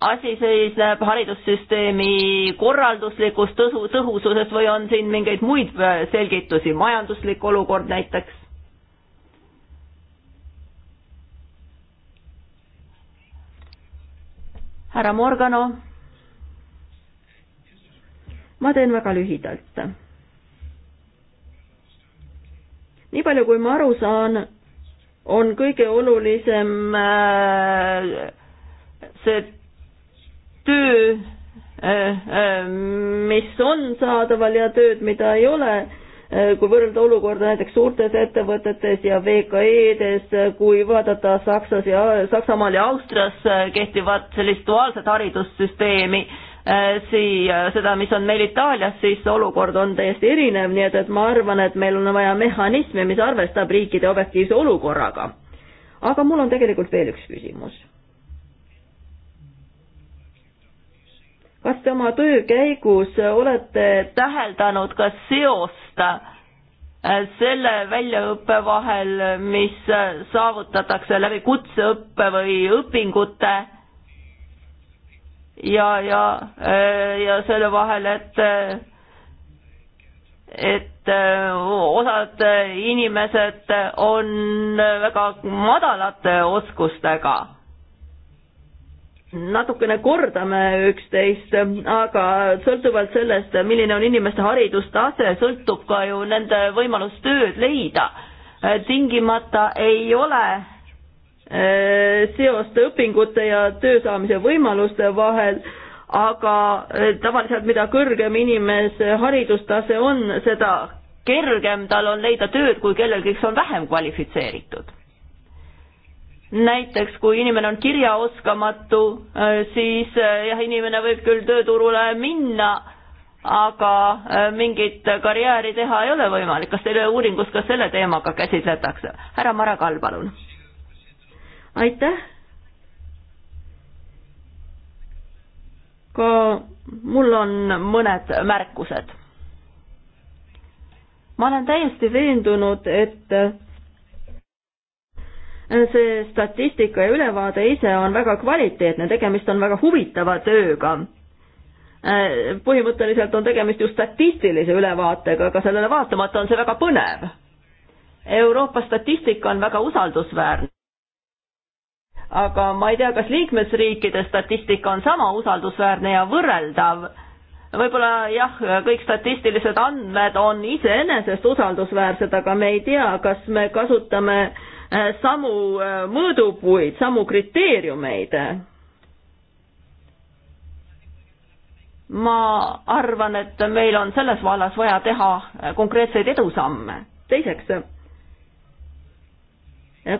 asi seisneb haridussüsteemi korralduslikus tõhu, tõhususes või on siin mingeid muid äh, selgitusi, majanduslik olukord näiteks? härra Morgano? ma teen väga lühidalt nii palju, kui ma aru saan, on kõige olulisem äh, see töö, äh, äh, mis on saadaval ja tööd, mida ei ole, kui võrrelda olukorda näiteks suurtes ettevõtetes ja VKE-des, kui vaadata Saksas ja Saksamaal ja Austrias kehtivat sellist duaalset haridussüsteemi Äh, siia seda, mis on meil Itaalias, siis olukord on täiesti erinev, nii et, et ma arvan, et meil on vaja mehhanisme, mis arvestab riikide objektiivse olukorraga. aga mul on tegelikult veel üks küsimus. kas te oma töö käigus olete täheldanud ka seost äh, selle väljaõppe vahel, mis äh, saavutatakse läbi kutseõppe või õpingute ja, ja, äh, ja selle vahel, et et äh, osad inimesed on väga madalate oskustega. natukene kordame üksteist, aga sõltuvalt sellest, milline on inimeste haridustase, sõltub ka ju nende võimalus tööd leida. tingimata ei ole Äh, seost õpingute ja töö saamise võimaluste vahel, aga äh, tavaliselt, mida kõrgem inimese haridustase on, seda kergem tal on leida tööd kui kellelgi, kes on vähem kvalifitseeritud. näiteks kui inimene on kirjaoskamatu, äh, siis jah, inimene võib küll tööturule minna, aga mingit karjääri teha ei ole võimalik. kas teil uuringus ka selle teemaga käsitletakse? härra Mara Kall, palun aitäh. ka mul on mõned märkused. ma olen täiesti veendunud, et see statistika ja ülevaade ise on väga kvaliteetne, tegemist on väga huvitava tööga põhimõtteliselt on tegemist ju statistilise ülevaatega, aga sellele vaatamata on see väga põnev. Euroopa statistika on väga usaldusväärne aga ma ei tea, kas liikmesriikide statistika on sama usaldusväärne ja võrreldav. võib-olla jah, kõik statistilised andmed on iseenesest usaldusväärsed, aga me ei tea, kas me kasutame äh, samu äh, mõõdupuid, samu kriteeriumeid. ma arvan, et meil on selles vallas vaja teha konkreetseid edusamme. teiseks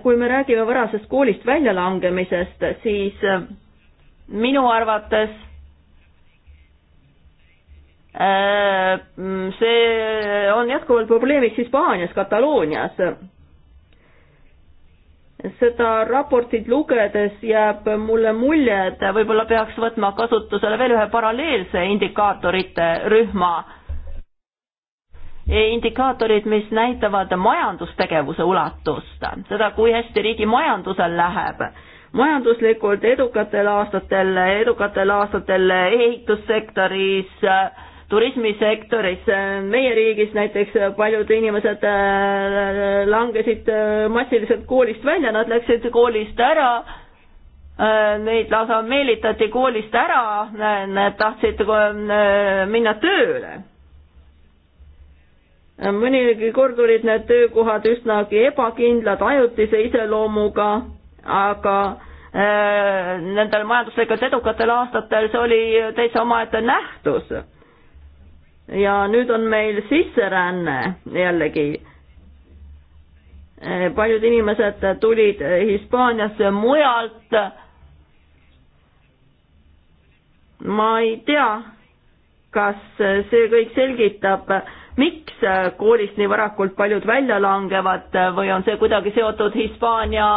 kui me räägime varasest koolist väljalangemisest, siis äh, minu arvates äh, see on jätkuvalt probleemiks Hispaanias, Kataloonias. seda raportit lugedes jääb mulle mulje, et võib-olla peaks võtma kasutusele veel ühe paralleelse indikaatorite rühma indikaatorid, mis näitavad majandustegevuse ulatust, seda, kui hästi riigi majandusel läheb. majanduslikult edukatel aastatel, edukatel aastatel ehitussektoris, turismisektoris, meie riigis näiteks paljud inimesed äh, langesid äh, massiliselt koolist välja, nad läksid koolist ära äh, neid lausa meelitati koolist ära, nad tahtsid minna tööle mõnigi kord olid need töökohad üsnagi ebakindlad, ajutise iseloomuga, aga äh, nendel majanduslikult edukatel aastatel see oli täitsa omaette nähtus. ja nüüd on meil sisseränne jällegi. Äh, paljud inimesed tulid Hispaaniasse mujalt. ma ei tea, kas see kõik selgitab miks äh, koolist nii varakult paljud välja langevad äh, või on see kuidagi seotud Hispaania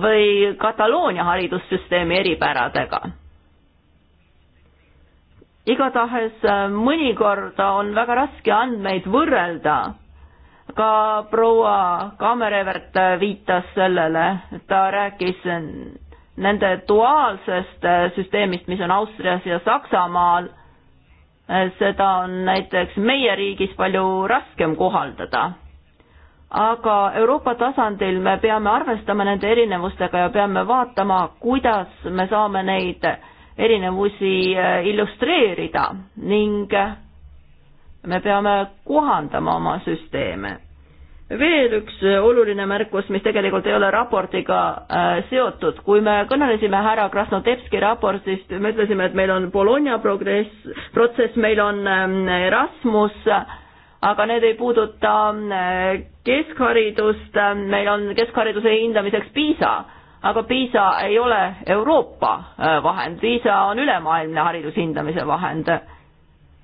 või Kataloonia haridussüsteemi eripäradega? igatahes äh, mõnikord on väga raske andmeid võrrelda. ka proua Kaamerevert viitas sellele, ta rääkis nende duaalsest süsteemist, mis on Austrias ja Saksamaal seda on näiteks meie riigis palju raskem kohaldada. aga Euroopa tasandil me peame arvestama nende erinevustega ja peame vaatama, kuidas me saame neid erinevusi äh, illustreerida ning me peame kohandama oma süsteeme veel üks äh, oluline märkus, mis tegelikult ei ole raportiga äh, seotud, kui me kõnelesime härra Krasnodebski raportist, me ütlesime, et meil on Bologna progress, protsess, meil on ähm, Erasmus, aga need ei puuduta äh, keskharidust, meil on keskhariduse hindamiseks PISA, aga PISA ei ole Euroopa vahend, PISA on ülemaailmne hariduse hindamise vahend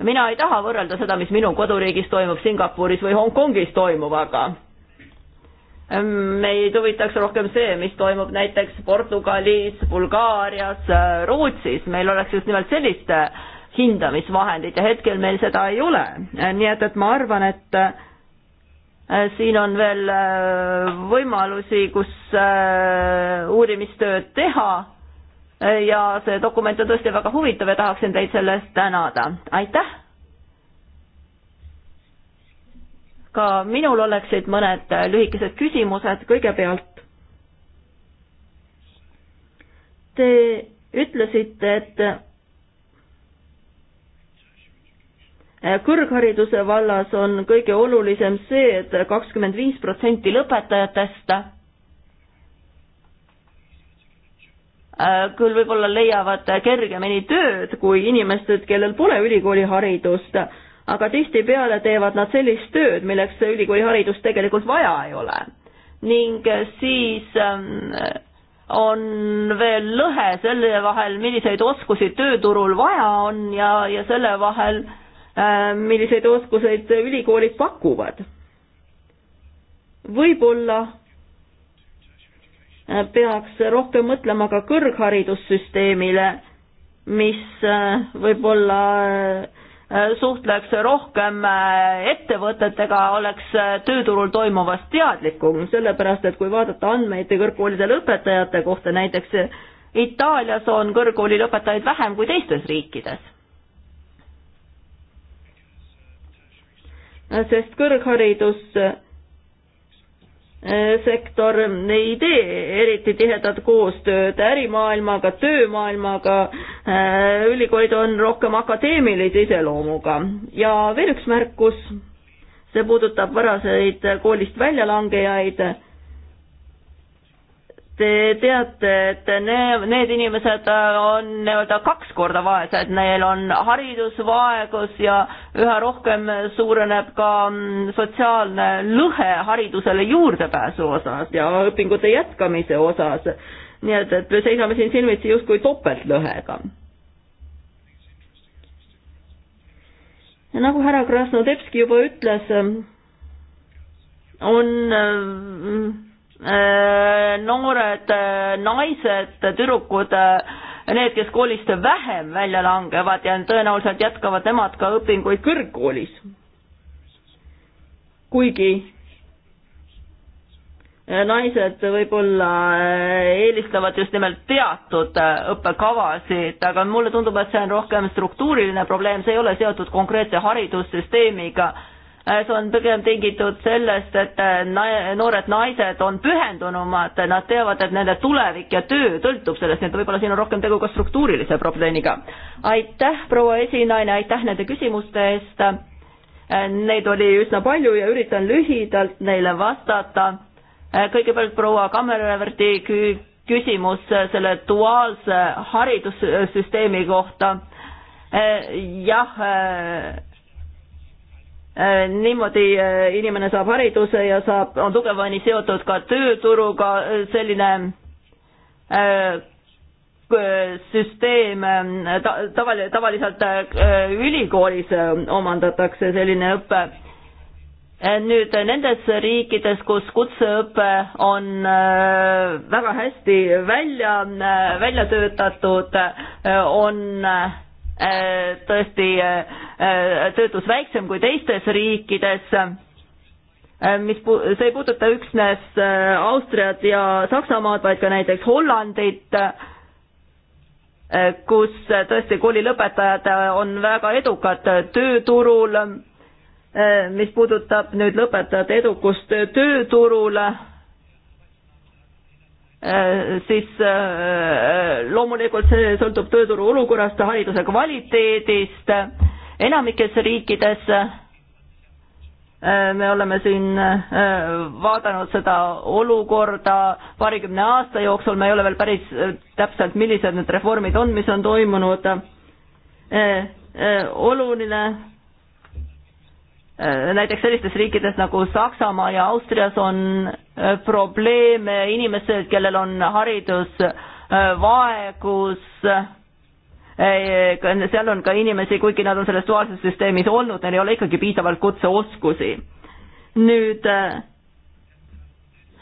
mina ei taha võrrelda seda, mis minu koduriigis toimub Singapuris või Hongkongis toimuvaga. Ehm, meid huvitaks rohkem see, mis toimub näiteks Portugalis, Bulgaarias, äh, Rootsis, meil oleks just nimelt sellist äh, hindamisvahendit ja hetkel meil seda ei ole, äh, nii et, et ma arvan, et siin on veel võimalusi, kus uurimistööd teha ja see dokument on tõesti väga huvitav ja tahaksin teid selle eest tänada. aitäh! ka minul oleksid mõned lühikesed küsimused, kõigepealt te ütlesite, et kõrghariduse vallas on kõige olulisem see et, et kakskümmend viis protsenti lõpetajatest Äh, küll võib-olla leiavad kergemini tööd kui inimesed, kellel pole ülikooliharidust, aga tihtipeale teevad nad sellist tööd, milleks ülikooliharidust tegelikult vaja ei ole. ning siis ähm, on veel lõhe selle vahel, milliseid oskusi tööturul vaja on ja, ja selle vahel, äh, milliseid oskuseid ülikoolid pakuvad. võib-olla peaks rohkem mõtlema ka kõrgharidussüsteemile, mis äh, võib-olla äh, suhtleks rohkem äh, ettevõtetega, oleks tööturul toimuvast teadlikum, sellepärast et kui vaadata andmeid kõrgkoolide lõpetajate kohta, näiteks Itaalias on kõrgkooli lõpetajaid vähem kui teistes riikides. sest kõrgharidus Eh, sektor ei tee eriti tihedat koostööd ärimaailmaga, töömaailmaga, eh, ülikoolid on rohkem akadeemilise iseloomuga ja veel üks märkus, see puudutab varaseid koolist väljalangejaid Te teate, et ne-, need inimesed on nii-öelda kaks korda vaesed, neil on haridusvaegus ja üha rohkem suureneb ka mm, sotsiaalne lõhe haridusele juurdepääsu osas ja õpingute jätkamise osas. nii et, et me seisame siin silmitsi justkui topeltlõhega. nagu härra Krasnodebski juba ütles, on mm, Äh, noored äh, naised, tüdrukud, äh, need, kes koolist vähem välja langevad ja tõenäoliselt jätkavad nemad ka õpinguid kõrgkoolis. kuigi naised võib-olla eelistavad just nimelt teatud õppekavasid, aga mulle tundub, et see on rohkem struktuuriline probleem, see ei ole seotud konkreetse haridussüsteemiga Äh, see on pigem tingitud sellest, et äh, noored naised on pühendunumad, nad teavad, et nende tulevik ja töö sõltub sellest, nii et võib-olla siin on rohkem tegu ka struktuurilise probleemiga. aitäh, proua esinaine, aitäh nende küsimuste eest. Äh, neid oli üsna palju ja üritan lühidalt neile vastata. kõigepealt proua Kammerverdi küsimus selle duaalse haridussüsteemi kohta. jah Äh, niimoodi äh, inimene saab hariduse ja saab, on tugevani seotud ka tööturuga, äh, selline süsteem ta,, tavali-, tavaliselt ülikoolis omandatakse selline õpe. nüüd nendes riikides, kus kutseõpe on väga hästi välja, välja töötatud, on Äh, tõesti äh, äh, töötus väiksem kui teistes riikides mis pu-, see ei puuduta üksnes Austriat ja Saksamaad, vaid ka näiteks Hollandit, kus tõesti koolilõpetajad on väga edukad tööturul, mis puudutab nüüd lõpetajate edukust tööturul Äh, siis äh, äh, loomulikult see sõltub tööturu olukorrast, hariduse kvaliteedist, enamikes riikides me oleme siin vaadanud seda olukorda paarikümne aasta jooksul, me ei ole veel päris täpselt, millised need reformid on, mis on toimunud. oluline Äh, näiteks sellistes riikides nagu Saksamaa ja Austrias on äh, probleeme inimesed, kellel on haridusvaegus, äh, seal on ka inimesi, kuigi nad on selles duaalses süsteemis olnud, neil ei ole ikkagi piisavalt kutseoskusi. nüüd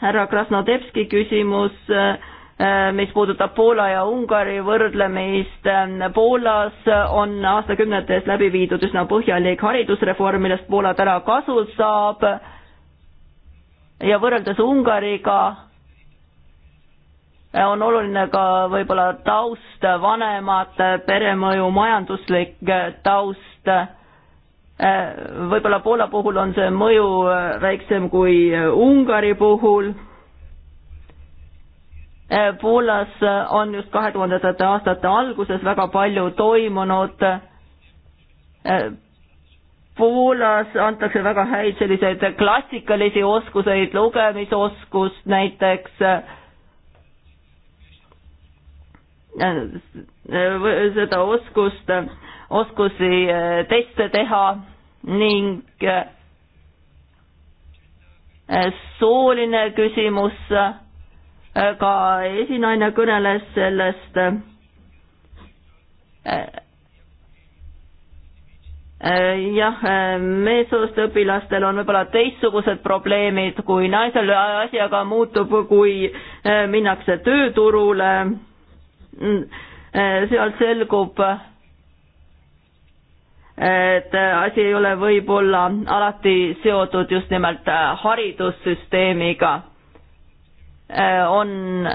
härra Krasnodebski küsimus äh, Äh, mis puudutab Poola ja Ungari võrdlemist. Äh, Poolas on aastakümnete eest läbi viidud üsna põhjalik haridusreform, millest Poola täna kasu saab. ja võrreldes Ungariga äh, on oluline ka võib-olla taust, vanemad, peremõju, majanduslik taust. võib-olla Poola puhul on see mõju väiksem kui Ungari puhul Eh, Poolas eh, on just kahe tuhandendate aastate alguses väga palju toimunud. Eh, Poolas antakse väga häid selliseid klassikalisi oskuseid, lugemisoskust näiteks. seda oskust, oskusi teste teha ning sooline küsimus ka esinaine kõneles sellest äh, äh, jah, äh, meessoost õpilastel on võib-olla teistsugused probleemid kui naisel, asi aga muutub, kui minnakse tööturule. sealt selgub, et asi ei ole võib-olla alati seotud just nimelt haridussüsteemiga Äh, on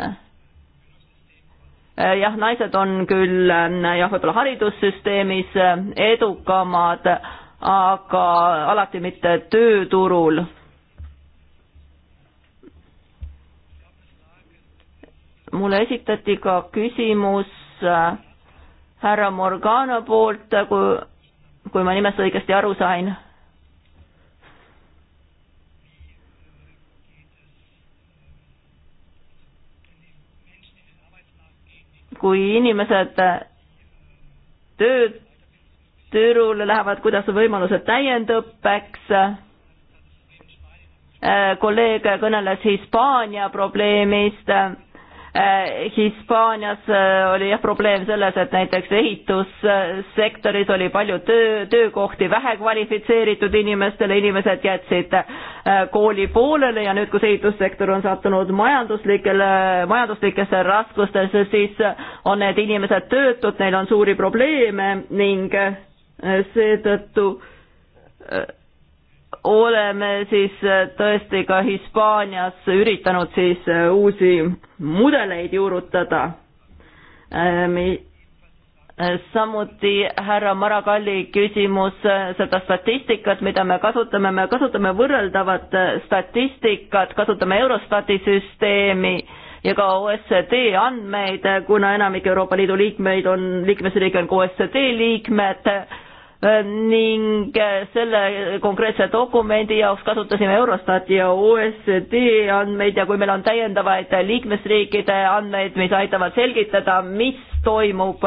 äh, jah, naised on küll äh, jah, võib-olla haridussüsteemis edukamad, aga alati mitte tööturul. mulle esitati ka küsimus härra Morgana poolt, kui, kui ma nimest õigesti aru sain kui inimesed tööd, tööle lähevad, kuidas on võimalused täiendõppeks, kolleeg kõneles Hispaania probleemist Äh, Hispaanias äh, oli jah probleem selles, et näiteks ehitussektoris oli palju töö, töökohti vähekvalifitseeritud inimestele, inimesed jätsid äh, kooli pooleli ja nüüd, kus ehitussektor on sattunud majanduslikele, majanduslikesse raskustesse, siis on need inimesed töötud, neil on suuri probleeme ning seetõttu oleme siis äh, tõesti ka Hispaanias üritanud siis äh, uusi mudeleid juurutada. Äh, samuti härra Marakalli küsimus, seda statistikat, mida me kasutame, me kasutame võrreldavat statistikat, kasutame Eurostati süsteemi ja ka OSCD andmeid, kuna enamik Euroopa Liidu liikmeid on, liikmesriike on ka OSCD liikmed ning eh, selle konkreetse dokumendi jaoks kasutasime Eurostati ja OSCD andmeid ja kui meil on täiendavaid liikmesriikide andmeid, mis aitavad selgitada, mis toimub,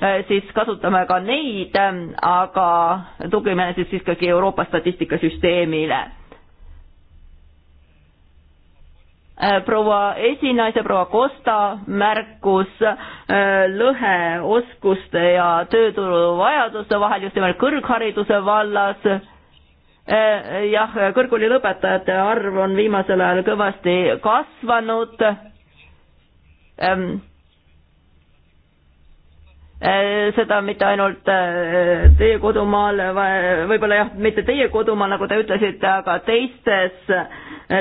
eh, siis kasutame ka neid, eh, aga tugineme siis ikkagi Euroopa statistikasüsteemile Äh, proua esinaise, proua Kosta märkus äh, lõhe oskuste ja tööturu vajaduste vahel just nimelt kõrghariduse vallas. Äh, jah, kõrgkooli lõpetajate arv on viimasel ajal kõvasti kasvanud ähm, Äh, seda mitte ainult äh, teie kodumaal, võib-olla jah, mitte teie kodumaal, nagu te ütlesite, aga teistes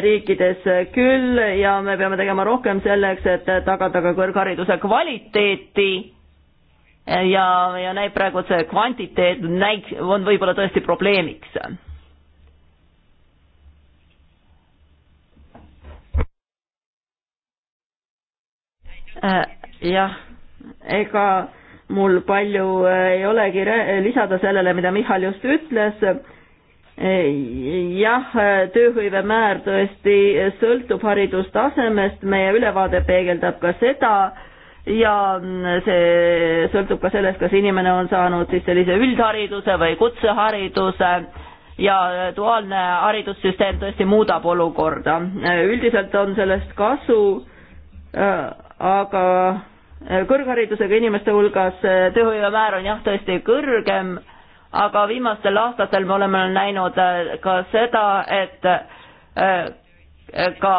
riikides küll ja me peame tegema rohkem selleks, et tagada ka kõrghariduse kvaliteeti ja, ja näib praegu, et see kvantiteet näik-, on võib-olla tõesti probleemiks. Äh, jah ega mul palju äh, ei olegi lisada sellele, mida Michal just ütles. jah, tööhõive määr tõesti sõltub haridustasemest, meie ülevaade peegeldab ka seda ja see sõltub ka sellest, kas inimene on saanud siis sellise üldhariduse või kutsehariduse ja duaalne haridussüsteem tõesti muudab olukorda. üldiselt on sellest kasu, äh, aga Äh, kõrgharidusega inimeste hulgas äh, tööhõivemäär on jah, tõesti kõrgem, aga viimastel aastatel me oleme näinud äh, ka seda, et ka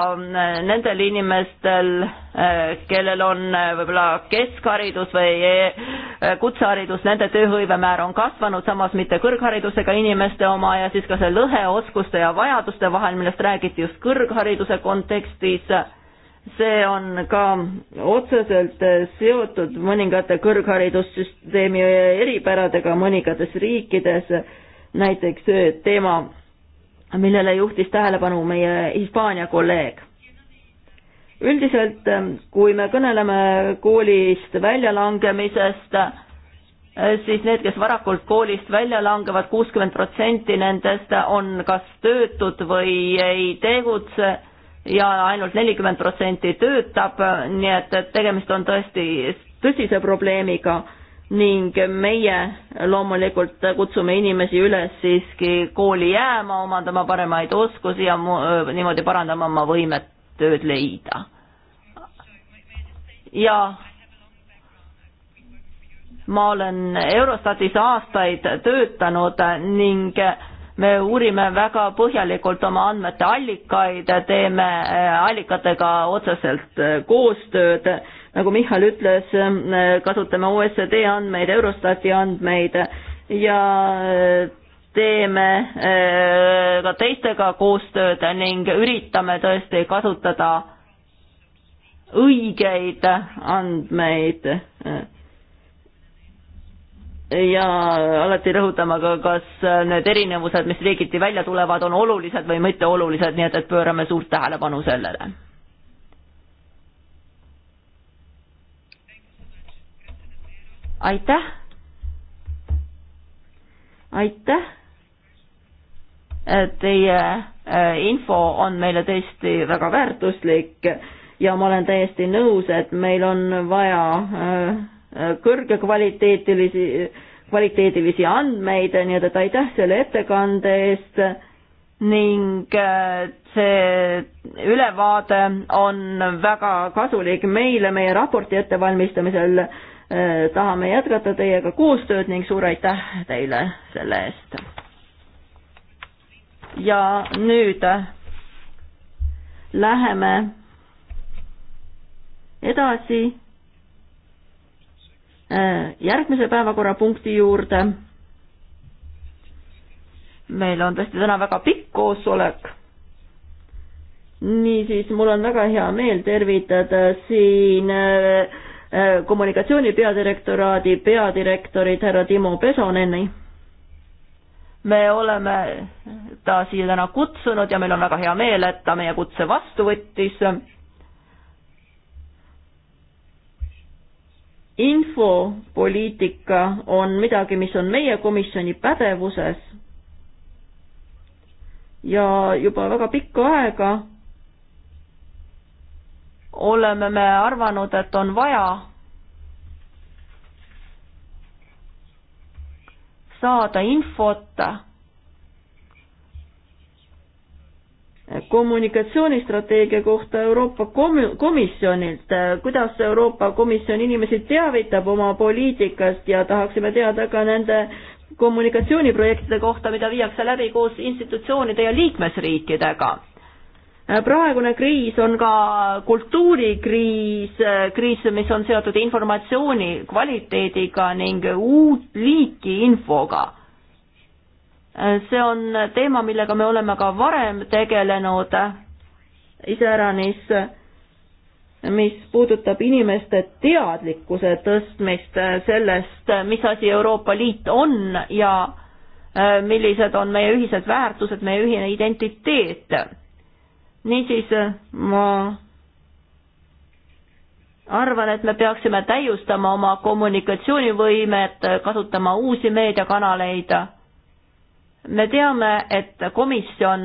nendel inimestel, kellel on võib-olla keskharidus või kutseharidus, nende tööhõivemäär on kasvanud, samas mitte kõrgharidusega inimeste oma ja siis ka see lõhe oskuste ja vajaduste vahel, millest räägiti just kõrghariduse kontekstis see on ka otseselt seotud mõningate kõrgharidussüsteemi eripäradega mõningates riikides, näiteks teema, millele juhtis tähelepanu meie Hispaania kolleeg. üldiselt, kui me kõneleme koolist väljalangemisest, siis need, kes varakult koolist välja langevad, kuuskümmend protsenti nendest on kas töötud või ei tegutse ja ainult nelikümmend protsenti töötab, nii et, et tegemist on tõesti tõsise probleemiga ning meie loomulikult kutsume inimesi üles siiski kooli jääma, omandama paremaid oskusi ja mu, niimoodi parandama oma võimet tööd leida. ja ma olen Eurostatis aastaid töötanud ning me uurime väga põhjalikult oma andmete allikaid, teeme eh, allikatega otseselt eh, koostööd, nagu Michal ütles, eh, kasutame OSCD andmeid, Eurostati andmeid ja teeme ka teistega koostööd ning üritame tõesti kasutada õigeid andmeid ja alati rõhutama ka, kas need erinevused, mis riigiti välja tulevad, on olulised või mitteolulised, nii et, et pöörame suurt tähelepanu sellele. aitäh. aitäh. Teie äh, info on meile tõesti väga väärtuslik ja ma olen täiesti nõus, et meil on vaja äh, kõrgekvaliteetilisi, kvaliteedilisi andmeid, nii et aitäh selle ettekande eest ning äh, see ülevaade on väga kasulik meile meie raporti ettevalmistamisel. Äh, tahame jätkata teiega koostööd ning suur aitäh teile selle eest. ja nüüd äh, läheme edasi Äh, järgmise päevakorrapunkti juurde. meil on tõesti täna väga pikk koosolek. niisiis, mul on väga hea meel tervitada siin äh, äh, kommunikatsiooni peadirektoraadi peadirektorit härra Timo Pesoneni. me oleme ta siia täna kutsunud ja meil on väga hea meel, et ta meie kutse vastu võttis infopoliitika on midagi, mis on meie komisjoni pädevuses ja juba väga pikka aega oleme me arvanud, et on vaja saada infot kommunikatsioonistrateegia kohta Euroopa kom-, Komisjonilt, kuidas Euroopa Komisjon inimesi teavitab oma poliitikast ja tahaksime teada ka nende kommunikatsiooniprojektide kohta, mida viiakse läbi koos institutsioonide ja liikmesriikidega. praegune kriis on ka kultuurikriis, kriis, mis on seotud informatsiooni kvaliteediga ning uut liiki infoga see on teema, millega me oleme ka varem tegelenud, iseäranis mis puudutab inimeste teadlikkuse tõstmist sellest, mis asi Euroopa Liit on ja äh, millised on meie ühised väärtused, meie ühine identiteet. niisiis äh, ma arvan, et me peaksime täiustama oma kommunikatsioonivõimet, kasutama uusi meediakanaleid me teame, et komisjon,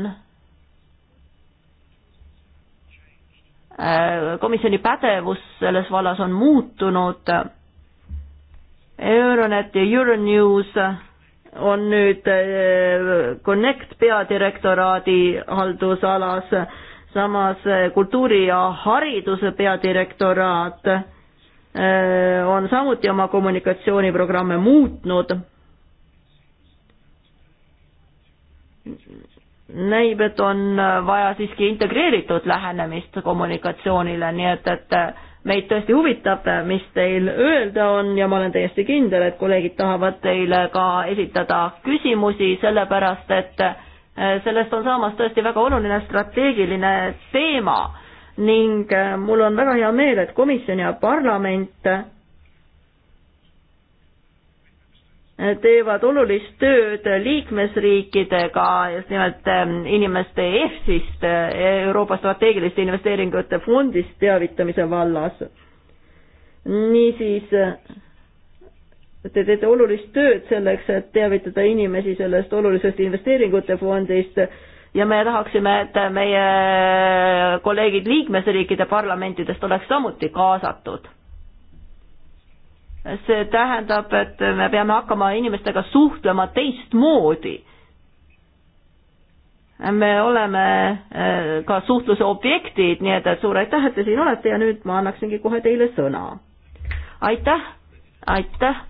äh, komisjoni pädevus selles vallas on muutunud. Euronet ja Euronews on nüüd äh, Connect peadirektoraadi haldusalas, samas äh, kultuuri ja hariduse peadirektoraat on samuti oma kommunikatsiooniprogramme muutnud näib, et on äh, vaja siiski integreeritud lähenemist kommunikatsioonile, nii et, et äh, meid tõesti huvitab, äh, mis teil öelda on ja ma olen täiesti kindel, et kolleegid tahavad teile ka esitada küsimusi, sellepärast et sellest on saamas tõesti väga oluline strateegiline teema ning mul on väga hea meel, et komisjon ja parlament teevad olulist tööd liikmesriikidega just nimelt ähm, inimeste EFSist, äh, Euroopa strateegiliste investeeringute fondist teavitamise vallas. niisiis äh, te teete olulist tööd selleks, et teavitada inimesi sellest olulisest investeeringute fondist ja me tahaksime, et meie kolleegid liikmesriikide parlamentidest oleks samuti kaasatud see tähendab, et me peame hakkama inimestega suhtlema teistmoodi. me oleme eh, ka suhtluse objektid, nii et, et suur aitäh, et te siin olete ja nüüd ma annaksingi kohe teile sõna. aitäh, aitäh.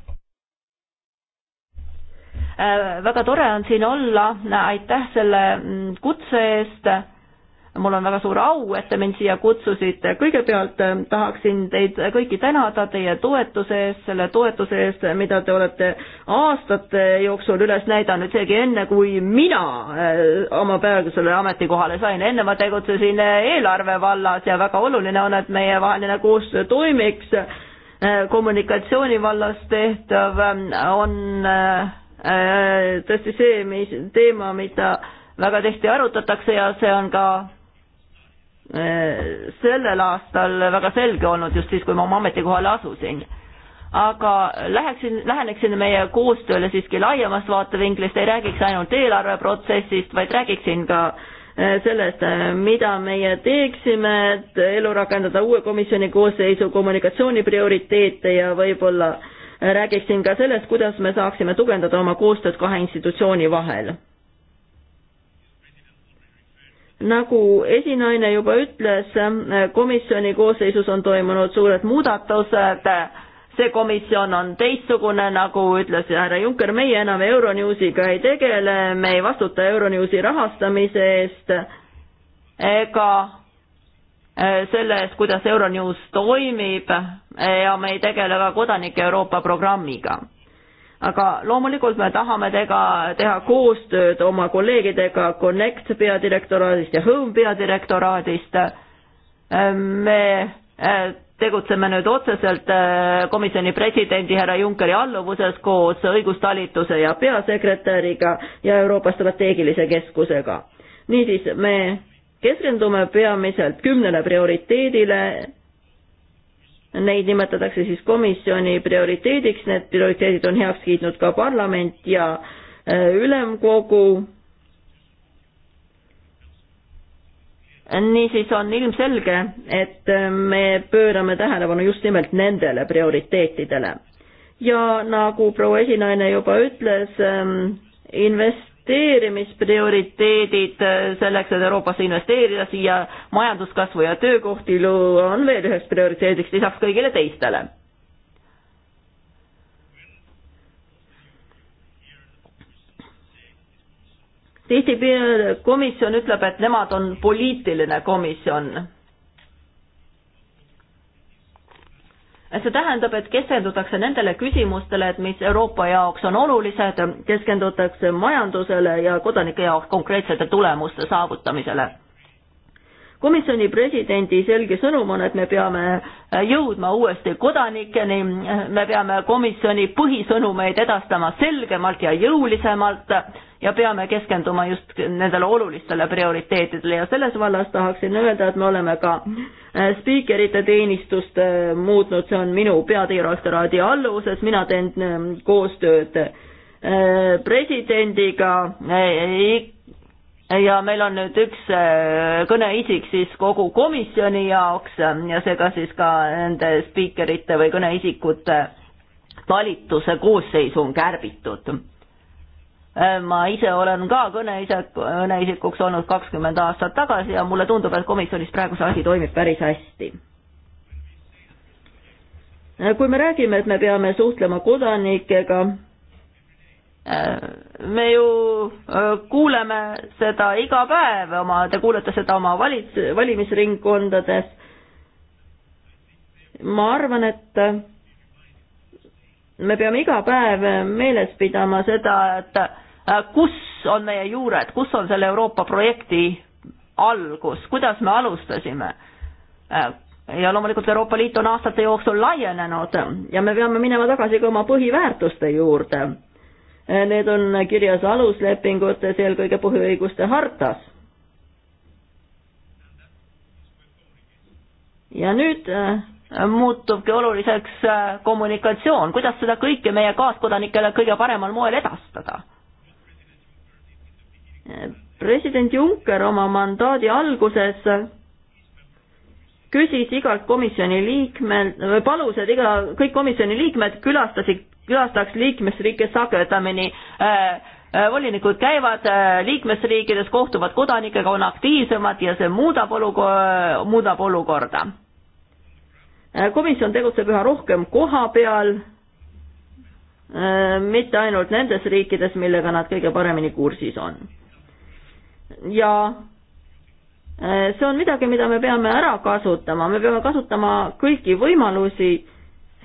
Eh, väga tore on siin olla, aitäh selle mm, kutse eest mul on väga suur au, et te mind siia kutsusite. kõigepealt äh, tahaksin teid kõiki tänada teie toetuse eest, selle toetuse eest, mida te olete aastate jooksul üles näidanud, isegi enne, kui mina äh, oma praegusele ametikohale sain. enne ma tegutsesin äh, eelarve vallas ja väga oluline on, et meievaheline koostöö toimiks. kommunikatsiooni vallas tehtav on tõesti see, mis teema, mida väga tihti arutatakse ja see on ka Äh, sellel aastal väga selge olnud just siis, kui ma oma ametikohale asusin. aga läheksin, läheneksin meie koostööle siiski laiemast vaatevinklist, ei räägiks ainult eelarveprotsessist, vaid räägiksin ka äh, sellest, äh, mida meie teeksime, et elu rakendada uue komisjoni koosseisu kommunikatsiooni prioriteete ja võib-olla räägiksin ka sellest, kuidas me saaksime tugevdada oma koostööd kahe institutsiooni vahel nagu esinaine juba ütles, komisjoni koosseisus on toimunud suured muudatused, see komisjon on teistsugune, nagu ütles härra Juncker, meie enam Euronewsiga ei tegele, me ei vastuta Euronewsi rahastamise eest ega e, selle eest, kuidas Euronews toimib e, ja me ei tegele ka kodanike Euroopa programmiga aga loomulikult me tahame tega, teha koostööd oma kolleegidega Connect peadirektoraadist ja Home peadirektoraadist. Ehm, me eh, tegutseme nüüd otseselt eh, komisjoni presidendi härra Junckeri alluvuses koos õigustalituse ja peasekretäriga ja Euroopa strateegilise keskusega. niisiis, me keskendume peamiselt kümnele prioriteedile Neid nimetatakse siis komisjoni prioriteediks, need prioriteedid on heaks kiitnud ka parlament ja äh, ülemkogu. niisiis on ilmselge, et äh, me pöörame tähelepanu just nimelt nendele prioriteetidele. ja nagu proua esinaine juba ütles, ähm, invest-, investeerimisprioriteedid äh, selleks, et Euroopasse investeerida, siia majanduskasvu ja töökohti luua, on veel üheks prioriteediks lisaks kõigile teistele. tihtipeale komisjon ütleb, et nemad on poliitiline komisjon see tähendab, et keskendutakse nendele küsimustele, et mis Euroopa jaoks on olulised, keskendutakse majandusele ja kodanike jaoks konkreetsete tulemuste saavutamisele. komisjoni presidendi selge sõnum on, et me peame jõudma uuesti kodanikeni, me peame komisjoni põhisõnumeid edastama selgemalt ja jõulisemalt ja peame keskenduma just nendele olulistele prioriteetidele ja selles vallas tahaksin öelda, et me oleme ka äh, Äh, spiikerite teenistust äh, muutnud, see on minu peadirektoraadi alluvuses, mina teen ähm, koostööd äh, presidendiga ja meil on nüüd üks kõneisik siis kogu komisjoni jaoks ähm, ja seega siis ka nende spiikerite või kõneisikute talituse koosseis on kärbitud Äh, ma ise olen ka kõneisik, kõneisikuks olnud kakskümmend aastat tagasi ja mulle tundub, et komisjonis praegu see asi toimib päris hästi. Äh, kui me räägime, et me peame suhtlema kodanikega, äh, me ju kuuleme seda iga päev oma, te kuulete seda oma valits-, valimisringkondades, ma arvan, et me peame iga päev meeles pidama seda, et äh, kus on meie juured, kus on selle Euroopa projekti algus, kuidas me alustasime. Äh, ja loomulikult Euroopa Liit on aastate jooksul laienenud ja me peame minema tagasi ka oma põhiväärtuste juurde. Äh, need on kirjas aluslepingutes, eelkõige põhiõiguste hartas. ja nüüd muutubki oluliseks äh, kommunikatsioon, kuidas seda kõike meie kaaskodanikele kõige paremal moel edastada. president Juncker oma mandaadi alguses küsis igalt komisjoni liikmelt, palus, et iga, kõik komisjoni liikmed külastasid, külastaks liikmesriike sagedamini äh, äh volinikud käivad äh, liikmesriikides, kohtuvad kodanikega, on aktiivsemad ja see muudab olukorda, muudab olukorda. Äh, komisjon tegutseb üha rohkem koha peal, äh, mitte ainult nendes riikides, millega nad kõige paremini kursis on. ja äh, see on midagi, mida me peame ära kasutama, me peame kasutama kõiki võimalusi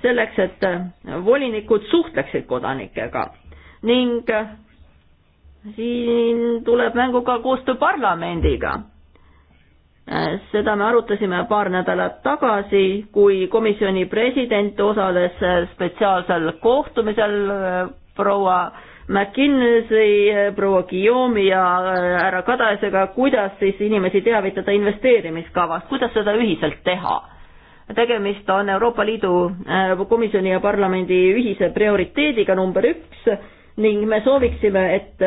selleks, et volinikud suhtleksid kodanikega ning siin tuleb mängu ka koostöö parlamendiga seda me arutasime paar nädalat tagasi, kui komisjoni president osales spetsiaalsel kohtumisel äh, proua McKinsey, äh, proua Guillaume'i ja äh, härra Kadaisega, kuidas siis inimesi teavitada investeerimiskavast, kuidas seda ühiselt teha? tegemist on Euroopa Liidu Komisjoni ja parlamendi ühise prioriteediga number üks ning me sooviksime, et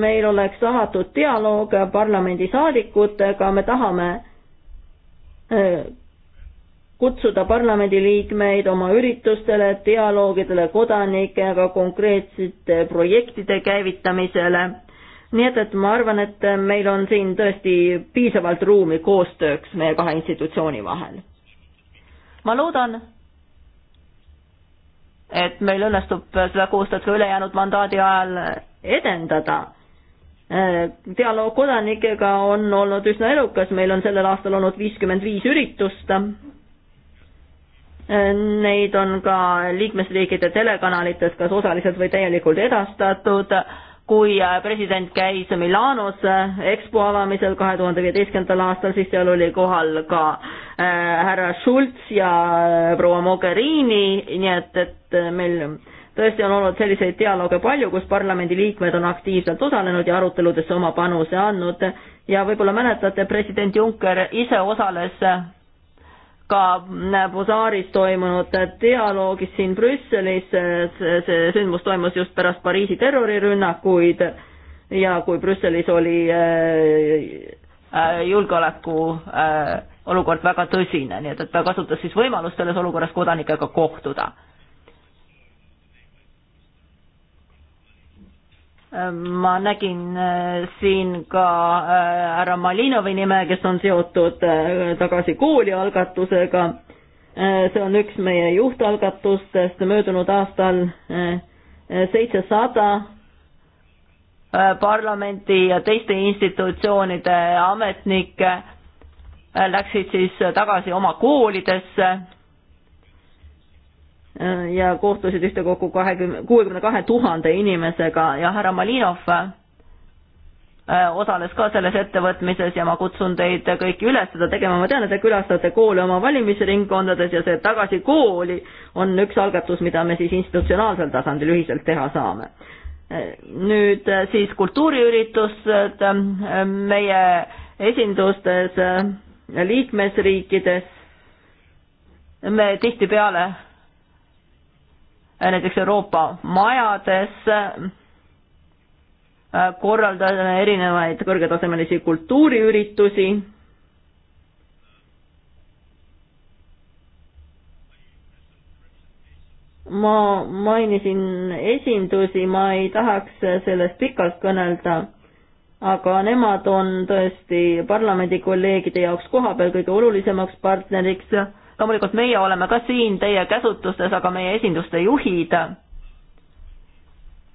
meil oleks avatud dialoog parlamendisaadikutega, me tahame äh, kutsuda parlamendiliikmeid oma üritustele, dialoogidele kodanikega, konkreetsete projektide käivitamisele. nii et, et ma arvan, et meil on siin tõesti piisavalt ruumi koostööks meie kahe institutsiooni vahel. ma loodan, et meil õnnestub seda koostööd ka ülejäänud mandaadi ajal edendada. Äh, dialoog kodanikega on olnud üsna elukas, meil on sellel aastal olnud viiskümmend viis üritust. Äh, neid on ka liikmesriikide telekanalites kas osaliselt või täielikult edastatud kui äh, president käis Milanos äh, EXPO avamisel kahe tuhande viieteistkümnendal aastal, siis seal oli kohal ka äh, härra Schulz ja proua Mogherini, nii et, et meil tõesti on olnud selliseid dialoog palju, kus parlamendiliikmed on aktiivselt osalenud ja aruteludesse oma panuse andnud ja võib-olla mäletate, president Juncker ise osales ka Bosaaris toimunud dialoogis siin Brüsselis, see sündmus toimus just pärast Pariisi terrorirünnakuid ja kui Brüsselis oli äh, äh, julgeoleku äh, olukord väga tõsine, nii et, et ta kasutas siis võimalust selles olukorras kodanikega kohtuda ma nägin äh, siin ka äh, härra Malinovi nime, kes on seotud äh, Tagasi kooli algatusega. see on üks meie juhtalgatustest möödunud aastal seitsesada parlamendi ja teiste institutsioonide ametnikke läksid siis tagasi oma koolidesse ja kohtusid ühtekokku kahekümne, kuuekümne kahe tuhande inimesega ja härra Malinov äh, osales ka selles ettevõtmises ja ma kutsun teid kõiki üles seda tegema, ma tean, et te külastate koole oma valimisringkondades ja see Tagasi kooli on üks algatus, mida me siis institutsionaalsel tasandil ühiselt teha saame. Äh, nüüd äh, siis kultuuriüritused meie esindustes liikmesriikides, me tihtipeale Äh, näiteks Euroopa majades äh, korraldame erinevaid kõrgetasemelisi kultuuriüritusi ma mainisin esindusi, ma ei tahaks sellest pikalt kõnelda, aga nemad on tõesti parlamendikolleegide jaoks kohapeal kõige olulisemaks partneriks loomulikult meie oleme ka siin teie käsutustes, aga meie esinduste juhid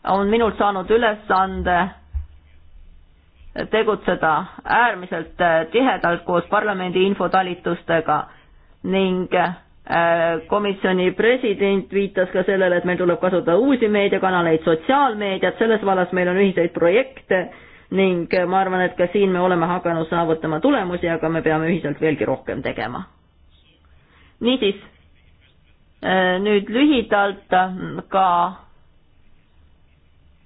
on minult saanud ülesande tegutseda äärmiselt äh, tihedalt koos parlamendi infotalitustega ning äh, komisjoni president viitas ka sellele, et meil tuleb kasutada uusi meediakanaleid, sotsiaalmeediat, selles vallas meil on ühiseid projekte ning äh, ma arvan, et ka siin me oleme hakanud saavutama tulemusi, aga me peame ühiselt veelgi rohkem tegema niisiis, äh, nüüd lühidalt äh, ka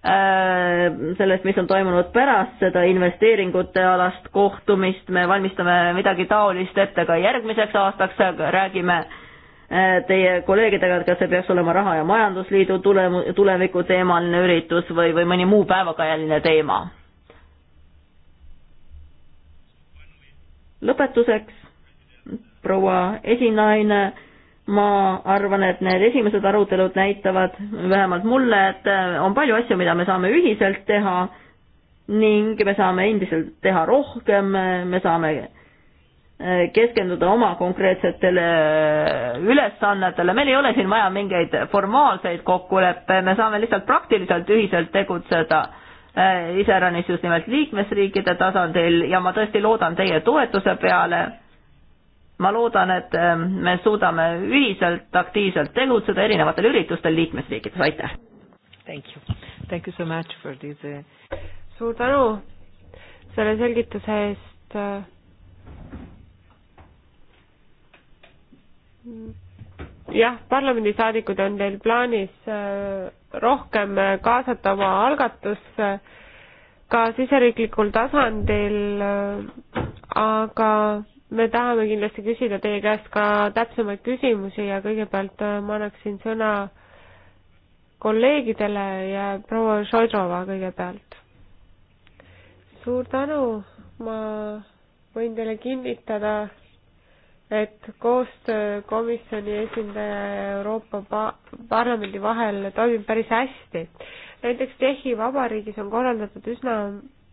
äh, sellest, mis on toimunud pärast seda investeeringute alast kohtumist, me valmistame midagi taolist ette ka järgmiseks aastaks, räägime teie kolleegidega, et kas see peaks olema Raha- ja Majandusliidu tulemu-, tuleviku teemaline üritus või, või mõni muu päevakajaline teema. lõpetuseks proua esinaine, ma arvan, et need esimesed arutelud näitavad vähemalt mulle, et äh, on palju asju, mida me saame ühiselt teha ning me saame endiselt teha rohkem, me saame äh, keskenduda oma konkreetsetele äh, ülesannetele, meil ei ole siin vaja mingeid formaalseid kokkuleppe, me saame lihtsalt praktiliselt ühiselt tegutseda iseäranis just nimelt liikmesriikide tasandil ja ma tõesti loodan teie toetuse peale ma loodan, et äh, me suudame ühiselt aktiivselt tegutseda erinevatel üritustel liikmesriikides, aitäh! Thank you, thank you so much for this äh, suur tänu selle selgituse eest. jah, parlamendisaadikud on teil plaanis äh, rohkem kaasata oma algatusse ka siseriiklikul tasandil, aga me tahame kindlasti küsida teie käest ka täpsemaid küsimusi ja kõigepealt äh, ma annaksin sõna kolleegidele ja proua Šodrova kõigepealt. suur tänu, ma võin teile kinnitada, et koostöö komisjoni esindaja ja Euroopa pa-, Parlamendi vahel toimib päris hästi. näiteks Tšehhi Vabariigis on korraldatud üsna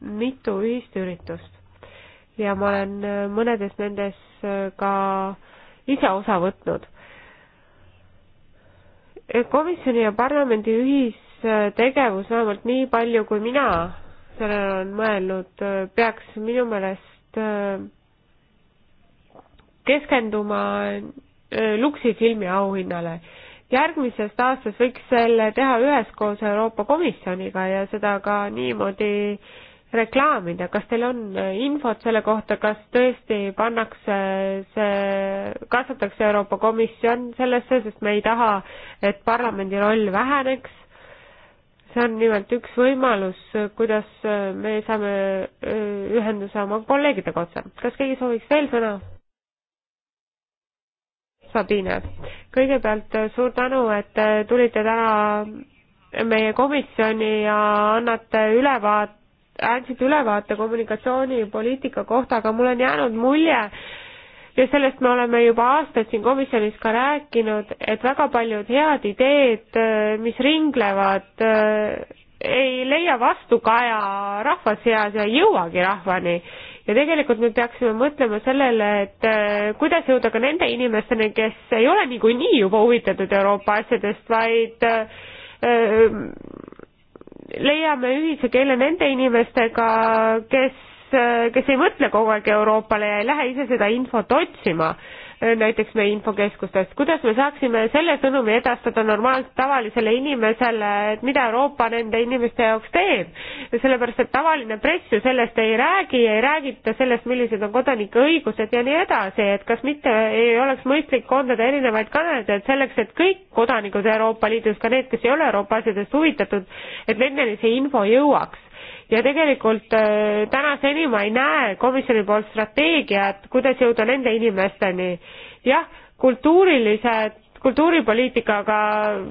mitu ühist üritust ja ma olen äh, mõnedes nendes äh, ka ise osa võtnud. komisjoni ja parlamendi ühistegevus, vähemalt nii palju, kui mina sellele olen mõelnud, äh, peaks minu meelest keskenduma Luksi filmi auhinnale. järgmisest aastast võiks selle teha üheskoos Euroopa Komisjoniga ja seda ka niimoodi äh, reklaamida, kas teil on äh, infot selle kohta, kas tõesti pannakse see, kaasatakse Euroopa Komisjon sellesse, sest me ei taha, et parlamendi roll väheneks. see on nimelt üks võimalus, kuidas äh, me saame äh, ühenduse oma kolleegidega otsa. kas keegi sooviks veel sõna? Sabine, kõigepealt suur tänu, et tulite täna meie komisjoni ja annate ülevaate andsid ülevaate kommunikatsioonipoliitika kohta, aga mul on jäänud mulje, ja sellest me oleme juba aastaid siin komisjonis ka rääkinud, et väga paljud head ideed, mis ringlevad, ei leia vastukaja rahva seas ja ei jõuagi rahvani. ja tegelikult me peaksime mõtlema sellele, et eh, kuidas jõuda ka nende inimesteni, kes ei ole niikuinii juba huvitatud Euroopa asjadest, vaid eh, leiame ühise keele nende inimestega, kes, kes ei mõtle kogu aeg Euroopale ja ei lähe ise seda infot otsima Äh, näiteks meie infokeskustest, kuidas me saaksime selle sõnumi edastada normaalselt tavalisele inimesele, et mida Euroopa nende inimeste jaoks teeb. sellepärast, et tavaline press ju sellest ei räägi, ei räägita sellest, millised on kodanike õigused ja nii edasi, et kas mitte ei oleks mõistlik koondada erinevaid kanaleid, et selleks, et kõik kodanikud Euroopa Liidus, ka need, kes ei ole Euroopa asjadest huvitatud, et nendeni see info jõuaks ja tegelikult äh, tänaseni ma ei näe komisjoni poolt strateegiat, kuidas jõuda nende inimesteni. jah, kultuurilised, kultuuripoliitikaga,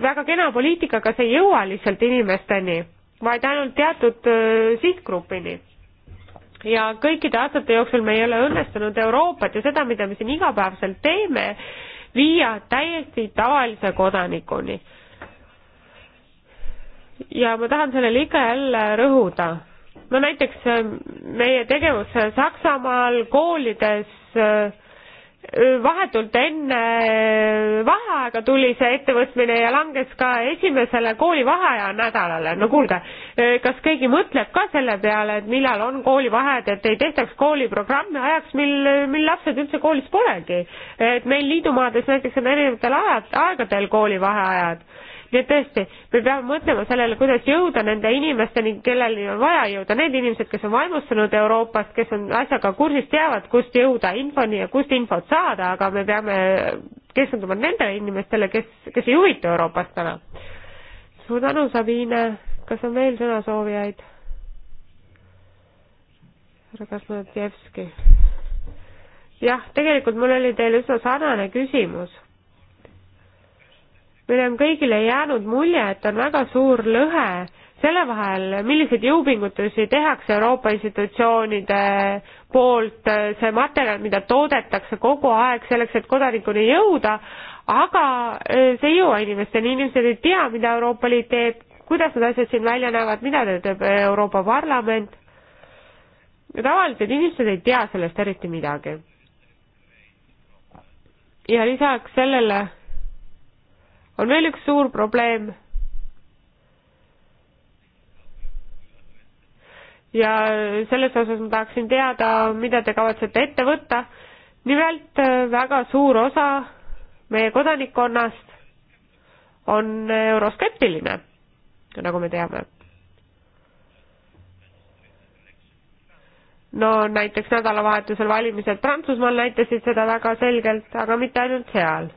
väga kena poliitikaga see ei jõua lihtsalt inimesteni, vaid ainult teatud äh, sihtgrupini ja kõikide aastate jooksul me ei ole õnnestunud Euroopat ja seda, mida me siin igapäevaselt teeme, viia täiesti tavalise kodanikuni ja ma tahan sellele ikka jälle rõhuda. no näiteks äh, meie tegevus äh, Saksamaal koolides äh, vahetult enne vaheaega tuli see ettevõtmine ja langes ka esimesele koolivaheaja nädalale. no kuulge, kas keegi mõtleb ka selle peale, et millal on koolivaheajad, et ei tehtaks kooliprogramme ajaks, mil, mil lapsed üldse koolis polegi? et meil liidumaades näiteks on erinevatel ajad, aegadel koolivaheajad nii et tõesti, me peame mõtlema sellele, kuidas jõuda nende inimesteni, kelleni on vaja jõuda, need inimesed, kes on vaimustunud Euroopast, kes on asjaga kursis, teavad, kust jõuda infoni ja kust infot saada, aga me peame keskenduma nendele inimestele, kes, kes ei huvita Euroopast täna. suur tänu, Sabine, kas on veel sõnasoovijaid? härra Kasnodjevski jah, tegelikult mul oli teile üsna sarnane küsimus meil on kõigile jäänud mulje, et on väga suur lõhe selle vahel, milliseid jõupingutusi tehakse Euroopa institutsioonide poolt, see materjal, mida toodetakse kogu aeg selleks, et kodanikuni jõuda, aga e, see ei jõua inimesteni, inimesed ei tea, mida Euroopa Liit teeb, kuidas need asjad siin välja näevad, mida teeb Euroopa Parlament. ja tavaliselt inimesed ei tea sellest eriti midagi. ja lisaks sellele on veel üks suur probleem. ja selles osas ma tahaksin teada, mida te kavatsete ette võtta. nimelt äh, väga suur osa meie kodanikkonnast on äh, euroskeptiline, nagu me teame. no näiteks nädalavahetusel valimised Prantsusmaal näitasid seda väga selgelt, aga mitte ainult seal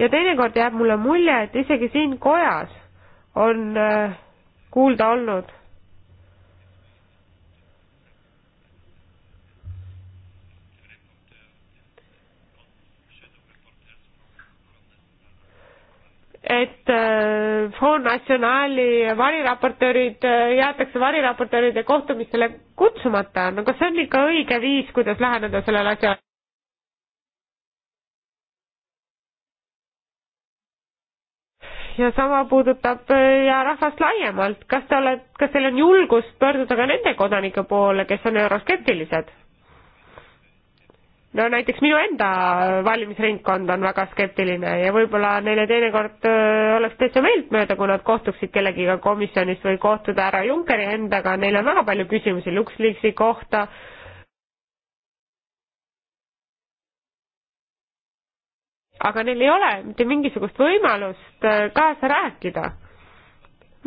ja teinekord jääb mulle mulje, et isegi siin kojas on äh, kuulda olnud et äh, Front Nationali variraportöörid äh, jäetakse variraportööride kohtumistele kutsumata, no kas see on ikka õige viis, kuidas läheneda sellele asjale? ja sama puudutab äh, ja rahvast laiemalt, kas te olete, kas teil on julgust pöörduda ka nende kodanike poole, kes on euroskeptilised? no näiteks minu enda valimisringkond on väga skeptiline ja võib-olla neile teinekord äh, oleks täitsa meeltmööda, kui nad kohtuksid kellegiga komisjonist või kohtuda härra Junckeri endaga, neil on väga palju küsimusi LuxLeaksi kohta äh,, aga neil ei ole mitte mingisugust võimalust äh, kaasa rääkida.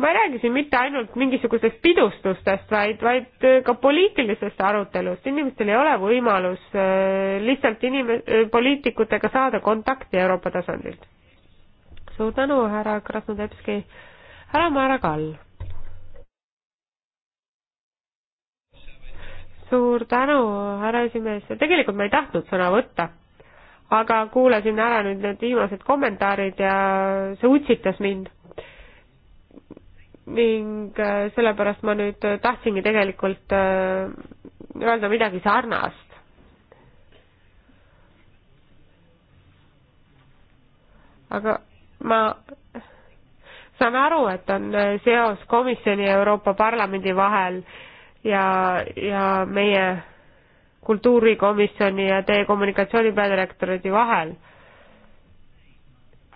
ma ei räägi siin mitte ainult mingisugustest pidustustest, vaid, vaid äh, ka poliitilisest arutelust, inimestel ei ole võimalus äh, lihtsalt inim-, poliitikutega saada kontakti Euroopa tasandilt. suur tänu, härra Krasnodebski, härra Maara Kall. suur tänu, härra esimees, tegelikult ma ei tahtnud sõna võtta aga kuulasin ära nüüd need viimased kommentaarid ja see utsitas mind. ning äh, sellepärast ma nüüd tahtsingi tegelikult äh, öelda midagi sarnast. aga ma saan aru, et on äh, seos komisjoni ja Euroopa Parlamendi vahel ja, ja meie kultuurikomisjoni ja teie kommunikatsiooni peadirektoraadi vahel.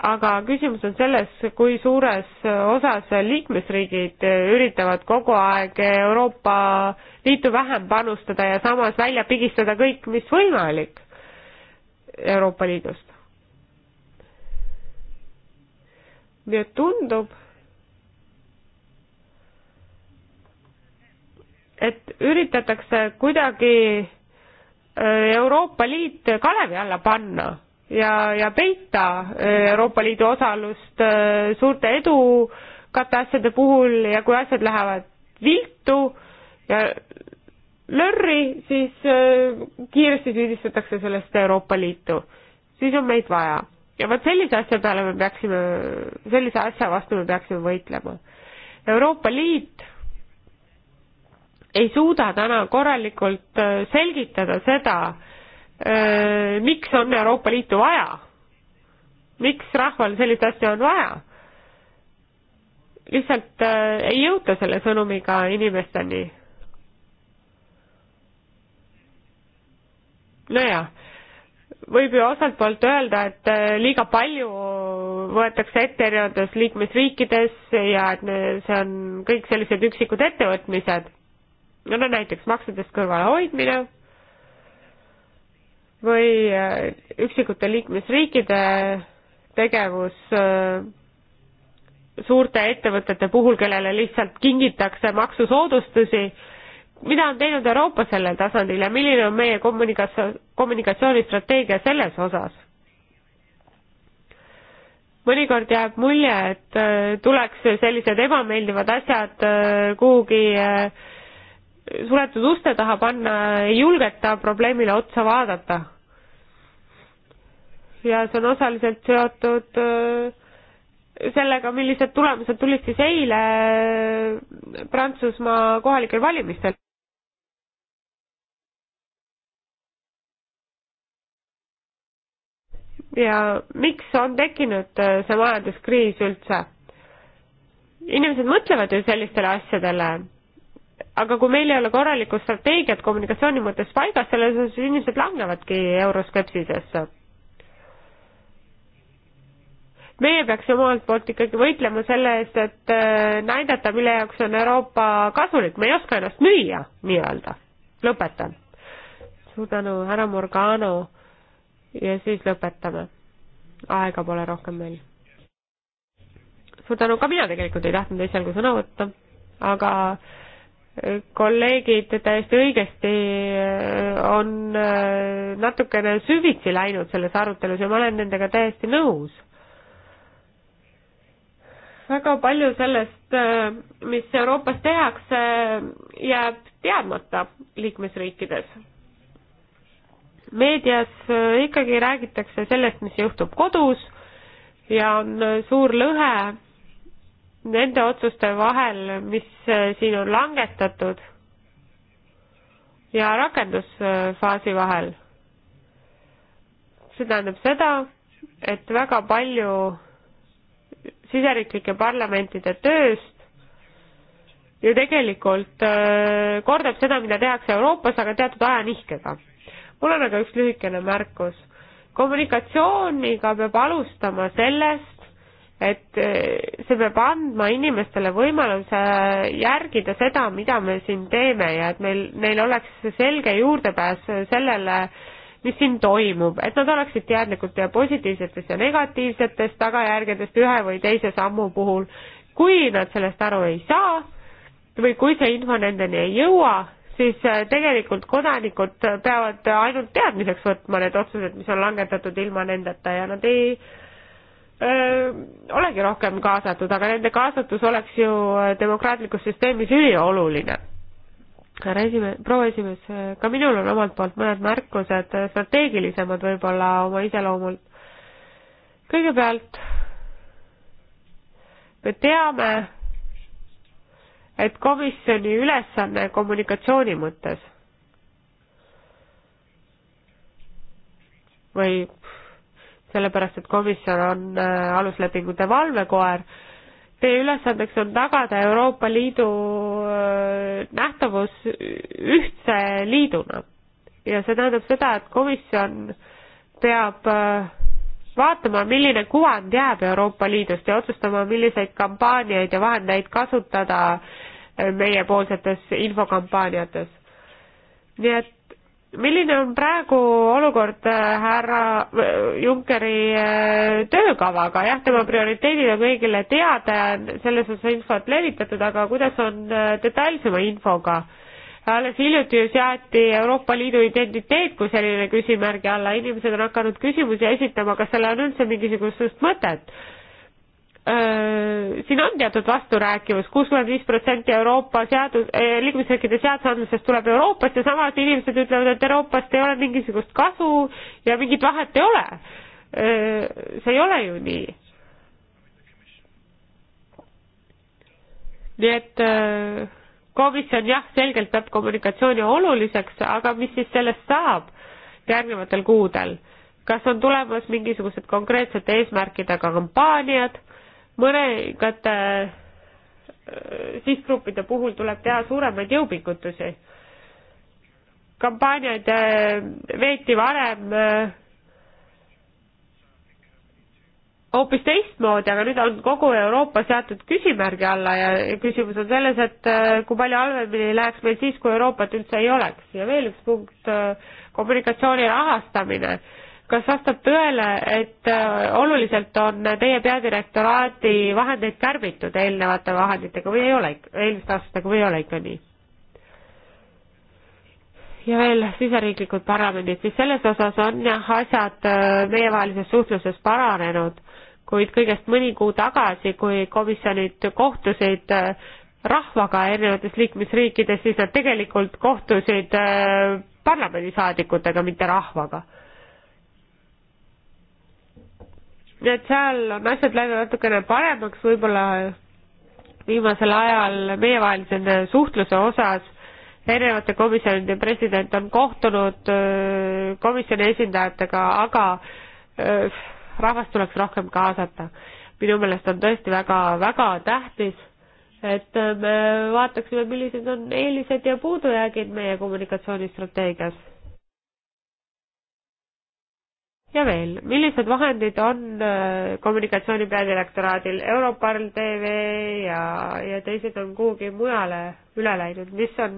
aga küsimus on selles, kui suures osas liikmesriigid üritavad kogu aeg Euroopa Liitu vähem panustada ja samas välja pigistada kõik, mis võimalik Euroopa Liidust. nii et tundub et üritatakse kuidagi Äh, Euroopa Liit kalevi alla panna ja, ja peita äh, Euroopa Liidu osalust äh, suurte edukate asjade puhul ja kui asjad lähevad viltu ja lörri, siis kiiresti süüdistatakse sellest Euroopa Liitu. siis on meid vaja. ja vot sellise asja peale me peaksime, sellise asja vastu me peaksime võitlema. Euroopa Liit ei suuda täna korralikult äh, selgitada seda, äh, miks on Euroopa Liitu vaja. miks rahval sellist asja on vaja? lihtsalt äh, ei jõuta selle sõnumiga inimesteni. nojah, võib ju osalt poolt öelda, et liiga palju võetakse ette erinevates liikmesriikides ja et see on kõik sellised üksikud ettevõtmised no näiteks maksudest kõrvalehoidmine või äh, üksikute liikmesriikide tegevus äh, suurte ettevõtete puhul, kellele lihtsalt kingitakse maksusoodustusi, mida on teinud Euroopa sellel tasandil ja milline on meie kommunikatsioon, kommunikatsioonistrateegia selles osas? mõnikord jääb mulje, et äh, tuleks sellised ebameeldivad asjad kuhugi äh, suletud uste taha panna, ei julgeta probleemile otsa vaadata. ja see on osaliselt seotud äh, sellega, millised tulemused tulid siis eile äh, Prantsusmaa kohalikel valimistel. ja miks on tekkinud äh, see majanduskriis üldse? inimesed mõtlevad ju sellistele asjadele aga kui meil ei ole korralikku strateegiat kommunikatsiooni mõttes paigas, selles osas inimesed langevadki euroskepsisesse. meie peaks omalt poolt ikkagi võitlema selle eest, et äh, näidata, mille jaoks on Euroopa kasulik, me ei oska ennast müüa nii-öelda. lõpetan. suur tänu, härra Morgano ja siis lõpetame. aega pole rohkem meil. suur tänu, ka mina tegelikult ei tahtnud esialgu sõna võtta, aga äh, kolleegid täiesti õigesti äh, on äh, natukene süvitsi läinud selles arutelus ja ma olen nendega täiesti nõus. väga palju sellest, äh, mis Euroopas tehakse, jääb teadmata liikmesriikides. meedias ikkagi räägitakse sellest, mis juhtub kodus ja on suur lõhe nende otsuste vahel, mis äh, siin on langetatud ja rakendusfaasi vahel. see tähendab seda, et väga palju siseriiklike parlamentide tööst ju tegelikult äh, kordab seda, mida tehakse Euroopas, aga teatud ajanihkega. mul on aga üks lühikene märkus. kommunikatsiooniga peab alustama sellest, et eh, see peab andma inimestele võimaluse järgida seda, mida me siin teeme ja et meil, neil oleks selge juurdepääs sellele, mis siin toimub, et nad oleksid teadlikud positiivsetest ja negatiivsetest tagajärgedest ühe või teise sammu puhul. kui nad sellest aru ei saa või kui see info nendeni ei jõua, siis eh, tegelikult kodanikud peavad ainult teadmiseks võtma need otsused, mis on langetatud ilma nendeta ja nad ei öö, olegi rohkem kaasatud, aga nende kaasatus oleks ju äh, demokraatlikus süsteemis ülioluline. härra esimees, proua esimees, äh, ka minul on omalt poolt mõned märkused, äh, strateegilisemad võib-olla oma iseloomult. kõigepealt me teame, et komisjoni ülesanne kommunikatsiooni mõttes või sellepärast et komisjon on äh, aluslepingute valvekoer. Teie ülesandeks on tagada Euroopa Liidu äh, nähtavus ühtse liiduna ja see tähendab seda, et komisjon peab äh, vaatama, milline kuvand jääb Euroopa Liidust ja otsustama, milliseid kampaaniaid ja vahendeid kasutada meiepoolsetes infokampaaniates. nii et milline on praegu olukord äh, härra äh, Junckeri äh, töökavaga, jah, tema prioriteedid on kõigile teada ja selles osas infot levitatud, aga kuidas on detailsema infoga? alles hiljuti ju seati Euroopa Liidu identiteet kui selline küsimärgi alla, inimesed on hakanud küsimusi esitama, kas sellel on üldse mingisugust mõtet Äh, siin on teatud vasturääkivus, kuuskümmend viis protsenti Euroopa seadus eh,, liikmesriikide seadusandlusest tuleb Euroopast ja samas inimesed ütlevad, et Euroopast ei ole mingisugust kasu ja mingit vahet ei ole. Äh, see ei ole ju nii. nii et komisjon jah, selgelt peab kommunikatsiooni oluliseks, aga mis siis sellest saab järgnevatel kuudel? kas on tulemas mingisugused konkreetsete eesmärkidega kampaaniad? mõningate äh, sihtgruppide puhul tuleb teha suuremaid jõupingutusi. kampaaniaid äh, veeti varem äh, hoopis teistmoodi, aga nüüd on kogu Euroopa seatud küsimärgi alla ja küsimus on selles, et kui palju halvemini läheks meil siis, kui Euroopat üldse ei oleks ja veel üks punkt, kommunikatsiooni rahastamine kas vastab tõele, et äh, oluliselt on teie peadirektoraadi vahendeid kärbitud eelnevate vahenditega või ei ole, eelmiste aastatega või ei ole ikka nii? ja veel siseriiklikud parlamendid, siis selles osas on jah, asjad äh, meievahelises suhtluses paranenud, kuid kõigest mõni kuu tagasi, kui komisjonid kohtusid äh, rahvaga erinevates liikmesriikides, siis nad tegelikult kohtusid parlamendisaadikutega, mitte rahvaga et seal on asjad läinud natukene paremaks võib-olla viimasel ajal meievahelise suhtluse osas erinevate komisjonide president on kohtunud komisjoni esindajatega, aga rahvast tuleks rohkem kaasata. minu meelest on tõesti väga-väga tähtis, et me vaataksime, millised on eelised ja puudujäägid meie kommunikatsioonistrateegias ja veel, millised vahendid on äh, kommunikatsiooni peadirektoraadil, Europarl tv ja, ja teised on kuhugi mujale üle läinud, mis on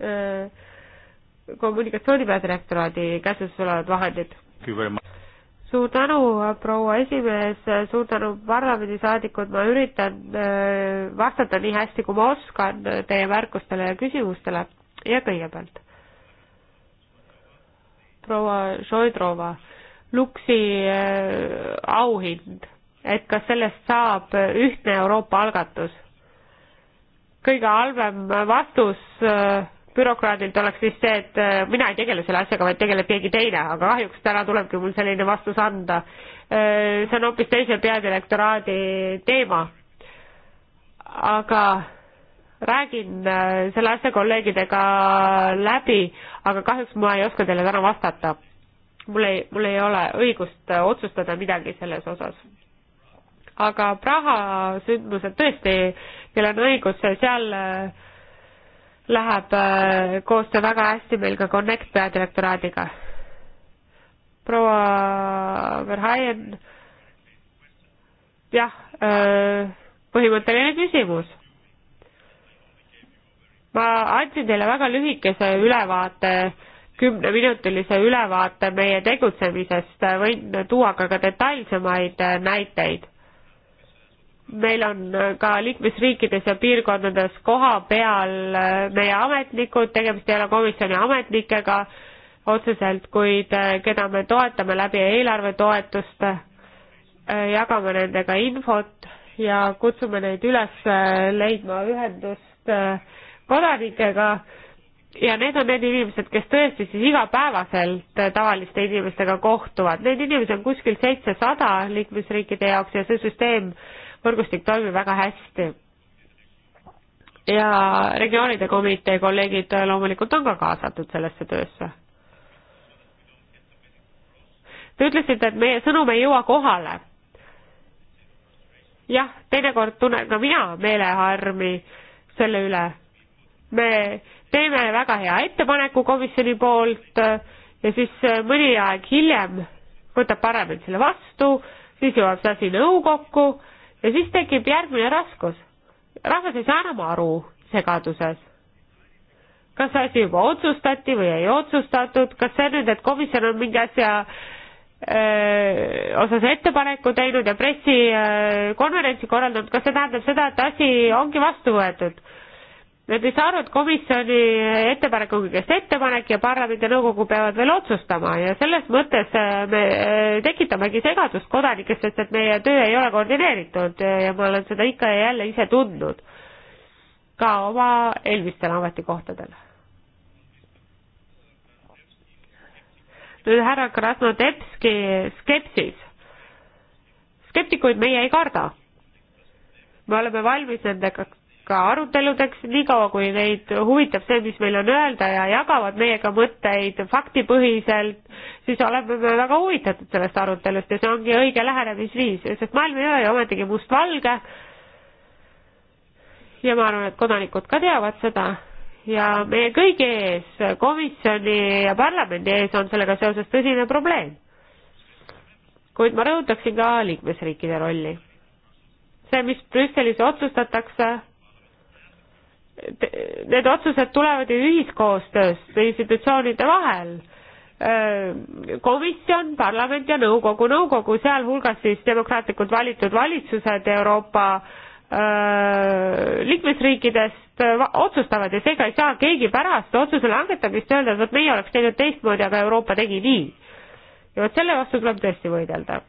öö, äh, kommunikatsiooni peadirektoraadi käsutuses olevad vahendid? suur tänu, proua esimees, suur tänu, parlamendisaadikud, ma üritan öö, äh, vastata nii hästi, kui ma oskan teie märkustele ja küsimustele ja kõigepealt. proua Šoidrova Luksi äh, auhind, et kas sellest saab äh, ühtne Euroopa algatus? kõige halvem äh, vastus bürokraadilt oleks vist see, et mina ei tegele selle asjaga, vaid tegeleb keegi teine, aga kahjuks täna tulebki mul selline vastus anda. see on hoopis teise peadirektoraadi teema. aga räägin selle asja kolleegidega läbi, aga kahjuks ma ei oska teile täna vastata mul ei, mul ei ole õigust äh, otsustada midagi selles osas. aga Praha sündmused tõesti, teil on õigus, seal äh, läheb äh, koostöö väga hästi meil ka Connect peadirektoraadiga. proua Verhaien, jah, põhimõtteline küsimus ma andsin teile väga lühikese ülevaate äh, kümneminutilise ülevaate meie tegutsemisest, võin tuua ka, ka detailsemaid näiteid. meil on ka liikmesriikides ja piirkondades koha peal meie ametnikud, tegemist ei ole komisjoni ametnikega otseselt, kuid eh, keda me toetame läbi eelarvetoetuste, eh, jagame nendega infot ja kutsume neid üles eh, leidma ühendust kodanikega ja need on need inimesed, kes tõesti siis igapäevaselt äh, tavaliste inimestega kohtuvad, neid inimesi on kuskil seitsesada liikmesriikide jaoks ja see süsteem, võrgustik toimib väga hästi. ja regioonide komitee kolleegid äh, loomulikult on ka kaasatud sellesse töösse. Te ütlesite, et meie sõnum ei jõua kohale. jah, teinekord tunnen ka mina meeleharmi selle üle. me teeme väga hea ettepaneku komisjoni poolt äh, ja siis äh, mõni aeg hiljem võtab parlament selle vastu, siis jõuab see asi nõukokku ja siis tekib järgmine raskus. rahvas ei saa enam aru segaduses. kas asi juba otsustati või ei otsustatud, kas see nüüd, et komisjon on mingi asja öö, äh, osas ettepaneku teinud ja pressikonverentsi korraldanud, kas see tähendab seda, et asi ongi vastu võetud? Nad ei saanud komisjoni ettepaneku kõigest ettepanek ja parlamendi ja nõukogu peavad veel otsustama ja selles mõttes äh, me äh, tekitamegi segadust kodanikest, sest et meie töö ei ole koordineeritud ja ma olen seda ikka ja jälle ise tundnud ka oma eelmistel ametikohtadel. nüüd härra Krasnodebski skepsis. skeptikuid meie ei karda me oleme valmis nendega ka aruteludeks, niikaua kui neid huvitab see, mis meil on öelda ja jagavad meiega mõtteid faktipõhiselt, siis oleme me väga huvitatud sellest arutelust ja see ongi õige lähenemisviis, sest maailm ei ole ju ometigi mustvalge. ja ma arvan, et kodanikud ka teavad seda ja meie kõigi ees, komisjoni ja parlamendi ees on sellega seoses tõsine probleem. kuid ma rõhutaksin ka liikmesriikide rolli. see, mis Brüsselis otsustatakse, need otsused tulevad ju ühiskoostööst institutsioonide vahel. Komisjon, parlament ja nõukogu, nõukogu sealhulgas siis demokraatlikult valitud valitsused Euroopa liikmesriikidest otsustavad ja seega ei saa keegi pärast otsuse langetamist öelda, et vot meie oleks teinud teistmoodi, aga Euroopa tegi nii. ja vot selle vastu tuleb tõesti võidelda.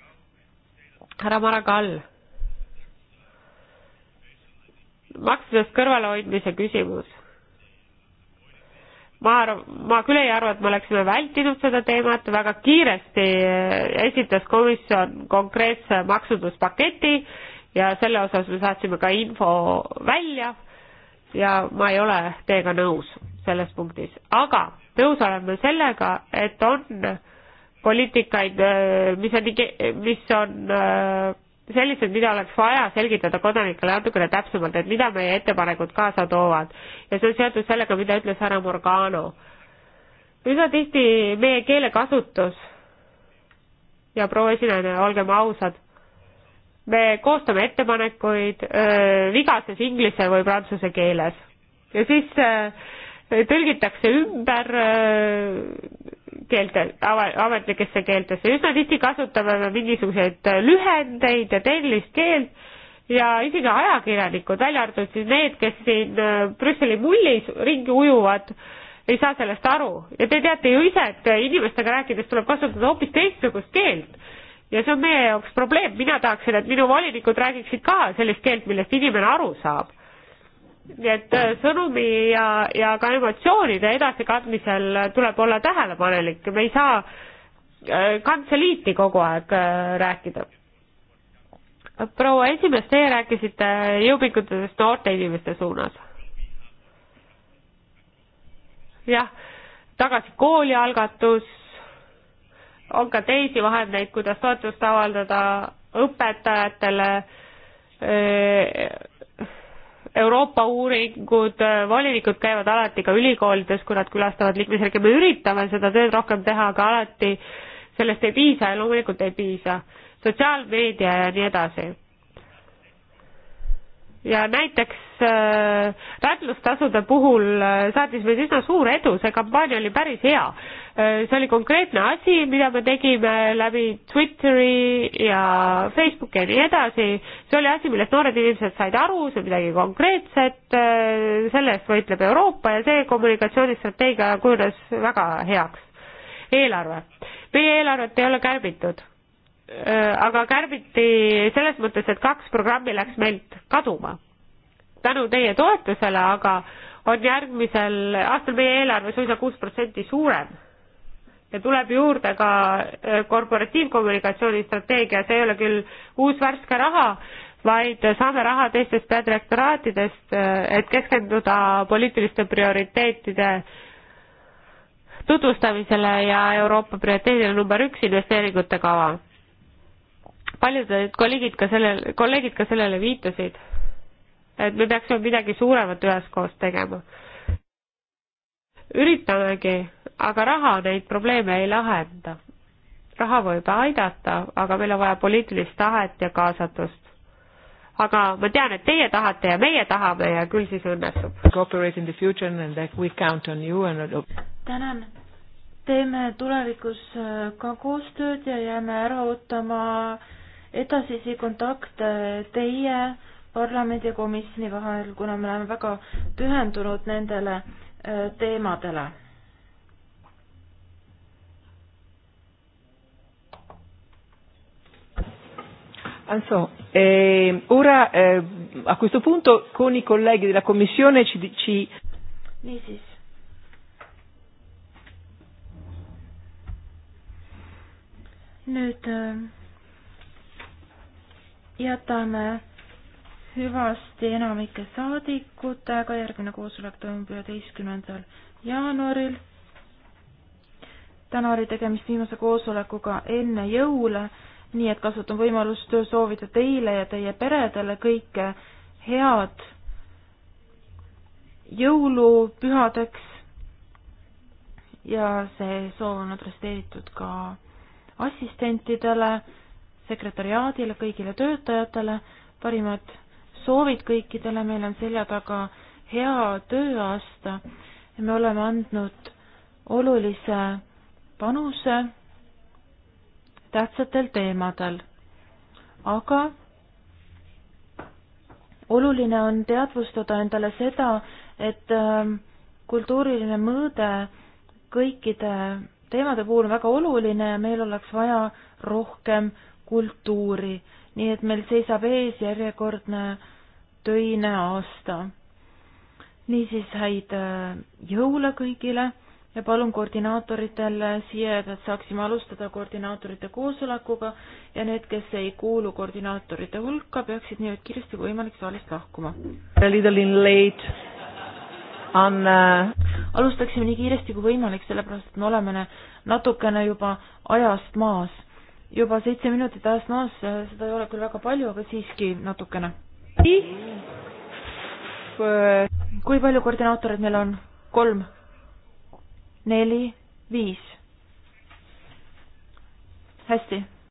härra Maragall maksudest kõrvalehoidmise küsimus. ma arv-, ma küll ei arva, et me oleksime vältinud seda teemat, väga kiiresti äh, esitas komisjon konkreetse maksunduspaketi ja selle osas me saatsime ka info välja ja ma ei ole teiega nõus selles punktis, aga nõus oleme sellega, et on poliitikaid, äh, mis on, mis on äh, sellised, mida oleks vaja selgitada kodanikele natukene täpsemalt, et mida meie ettepanekud kaasa toovad. ja see on seotud sellega, mida ütles härra Morgano. üsna tihti meie keelekasutus ja proua esinaine, olgem ausad, me koostame ettepanekuid öö, äh, vigases inglise või prantsuse keeles ja siis öö, äh, tõlgitakse ümber öö, äh, keelte, ametlikesse keeltesse. üsna tihti kasutame me mingisuguseid äh, lühendeid ja tehnilist keelt ja isegi ajakirjanikud, välja arvatud siis need, kes siin äh, Brüsseli mullis ringi ujuvad, ei saa sellest aru ja te teate ju ise, et äh, inimestega rääkides tuleb kasutada hoopis teistsugust keelt ja see on meie jaoks probleem, mina tahaksin, et minu volinikud räägiksid ka sellist keelt, millest inimene aru saab nii et äh, sõnumi ja, ja ka emotsioonide edasikandmisel tuleb olla tähelepanelik, me ei saa äh, kantseliiti kogu aeg äh, rääkida. proua esimees, teie rääkisite jõupingutusest noorte inimeste suunas. jah, tagasi kooli algatus, on ka teisi vahendeid, kuidas toetust avaldada õpetajatele Euroopa uuringud, äh, volinikud käivad alati ka ülikoolides, kui nad külastavad liikmesriike, me üritame seda tööd rohkem teha, aga alati sellest ei piisa ja loomulikult ei piisa. sotsiaalmeedia ja nii edasi ja näiteks äh, rädlustasude puhul äh, saatis meid üsna suur edu, see kampaania oli päris hea äh,. see oli konkreetne asi, mida me tegime läbi Twitteri ja Facebooki ja nii edasi. see oli asi, millest noored inimesed said aru, see on midagi konkreetset äh,, selle eest võitleb Euroopa ja see kommunikatsioonistrateegia kujunes väga heaks. eelarve. meie eelarvet ei ole kärbitud Äh, aga kärbiti selles mõttes, et kaks programmi läks meilt kaduma. tänu teie toetusele aga on järgmisel aastal meie eelarve suisa kuus protsenti suurem ja tuleb juurde ka äh, korporatiivkommunikatsiooni strateegia, see ei ole küll uus värske raha, vaid saame raha teistest peadirektoraatidest, äh, et keskenduda poliitiliste prioriteetide tutvustamisele ja Euroopa prioriteedile number üks investeeringute kava paljud kolleegid ka sellele, kolleegid ka sellele viitasid, et me peaksime midagi suuremat üheskoos tegema. üritamegi, aga raha neid probleeme ei lahenda. raha võib aidata, aga meil on vaja poliitilist tahet ja kaasatust. aga ma tean, et teie tahate ja meie tahame ja küll siis õnnestub. tänan teeme tulevikus äh, ka koostööd ja jääme ära ootama edasisi kontakte teie parlamendi ja komisjoni vahel, kuna me oleme väga pühendunud nendele äh, teemadele. Also, eh, ora eh, a questo punto con i colleghi della Commissione ci... ci... Niisiis. nüüd äh, jätame hüvasti enamike saadikutega, järgmine koosolek toimub üheteistkümnendal jaanuaril. täna oli tegemist viimase koosolekuga enne jõule, nii et kasutan võimalust soovida teile ja teie peredele kõike head jõulupühadeks ja see soov on adresseeritud ka assistentidele sekretariaadile, kõigile töötajatele, parimad soovid kõikidele, meil on selja taga hea tööaasta ja me oleme andnud olulise panuse tähtsatel teemadel. aga oluline on teadvustada endale seda, et ähm, kultuuriline mõõde kõikide teemade puhul on väga oluline ja meil oleks vaja rohkem kultuuri, nii et meil seisab ees järjekordne töine aasta. niisiis häid äh, jõule kõigile ja palun koordinaatoritel siia, et saaksime alustada koordinaatorite koosolekuga ja need, kes ei kuulu koordinaatorite hulka, peaksid niivõrd kiiresti kui võimalik saalist lahkuma. A little in late on uh... alustaksime nii kiiresti kui võimalik, sellepärast et me oleme natukene juba ajast maas juba seitse minutit ajas maas, seda ei ole küll väga palju, aga siiski natukene. kui palju koordinaatoreid meil on? kolm, neli, viis. hästi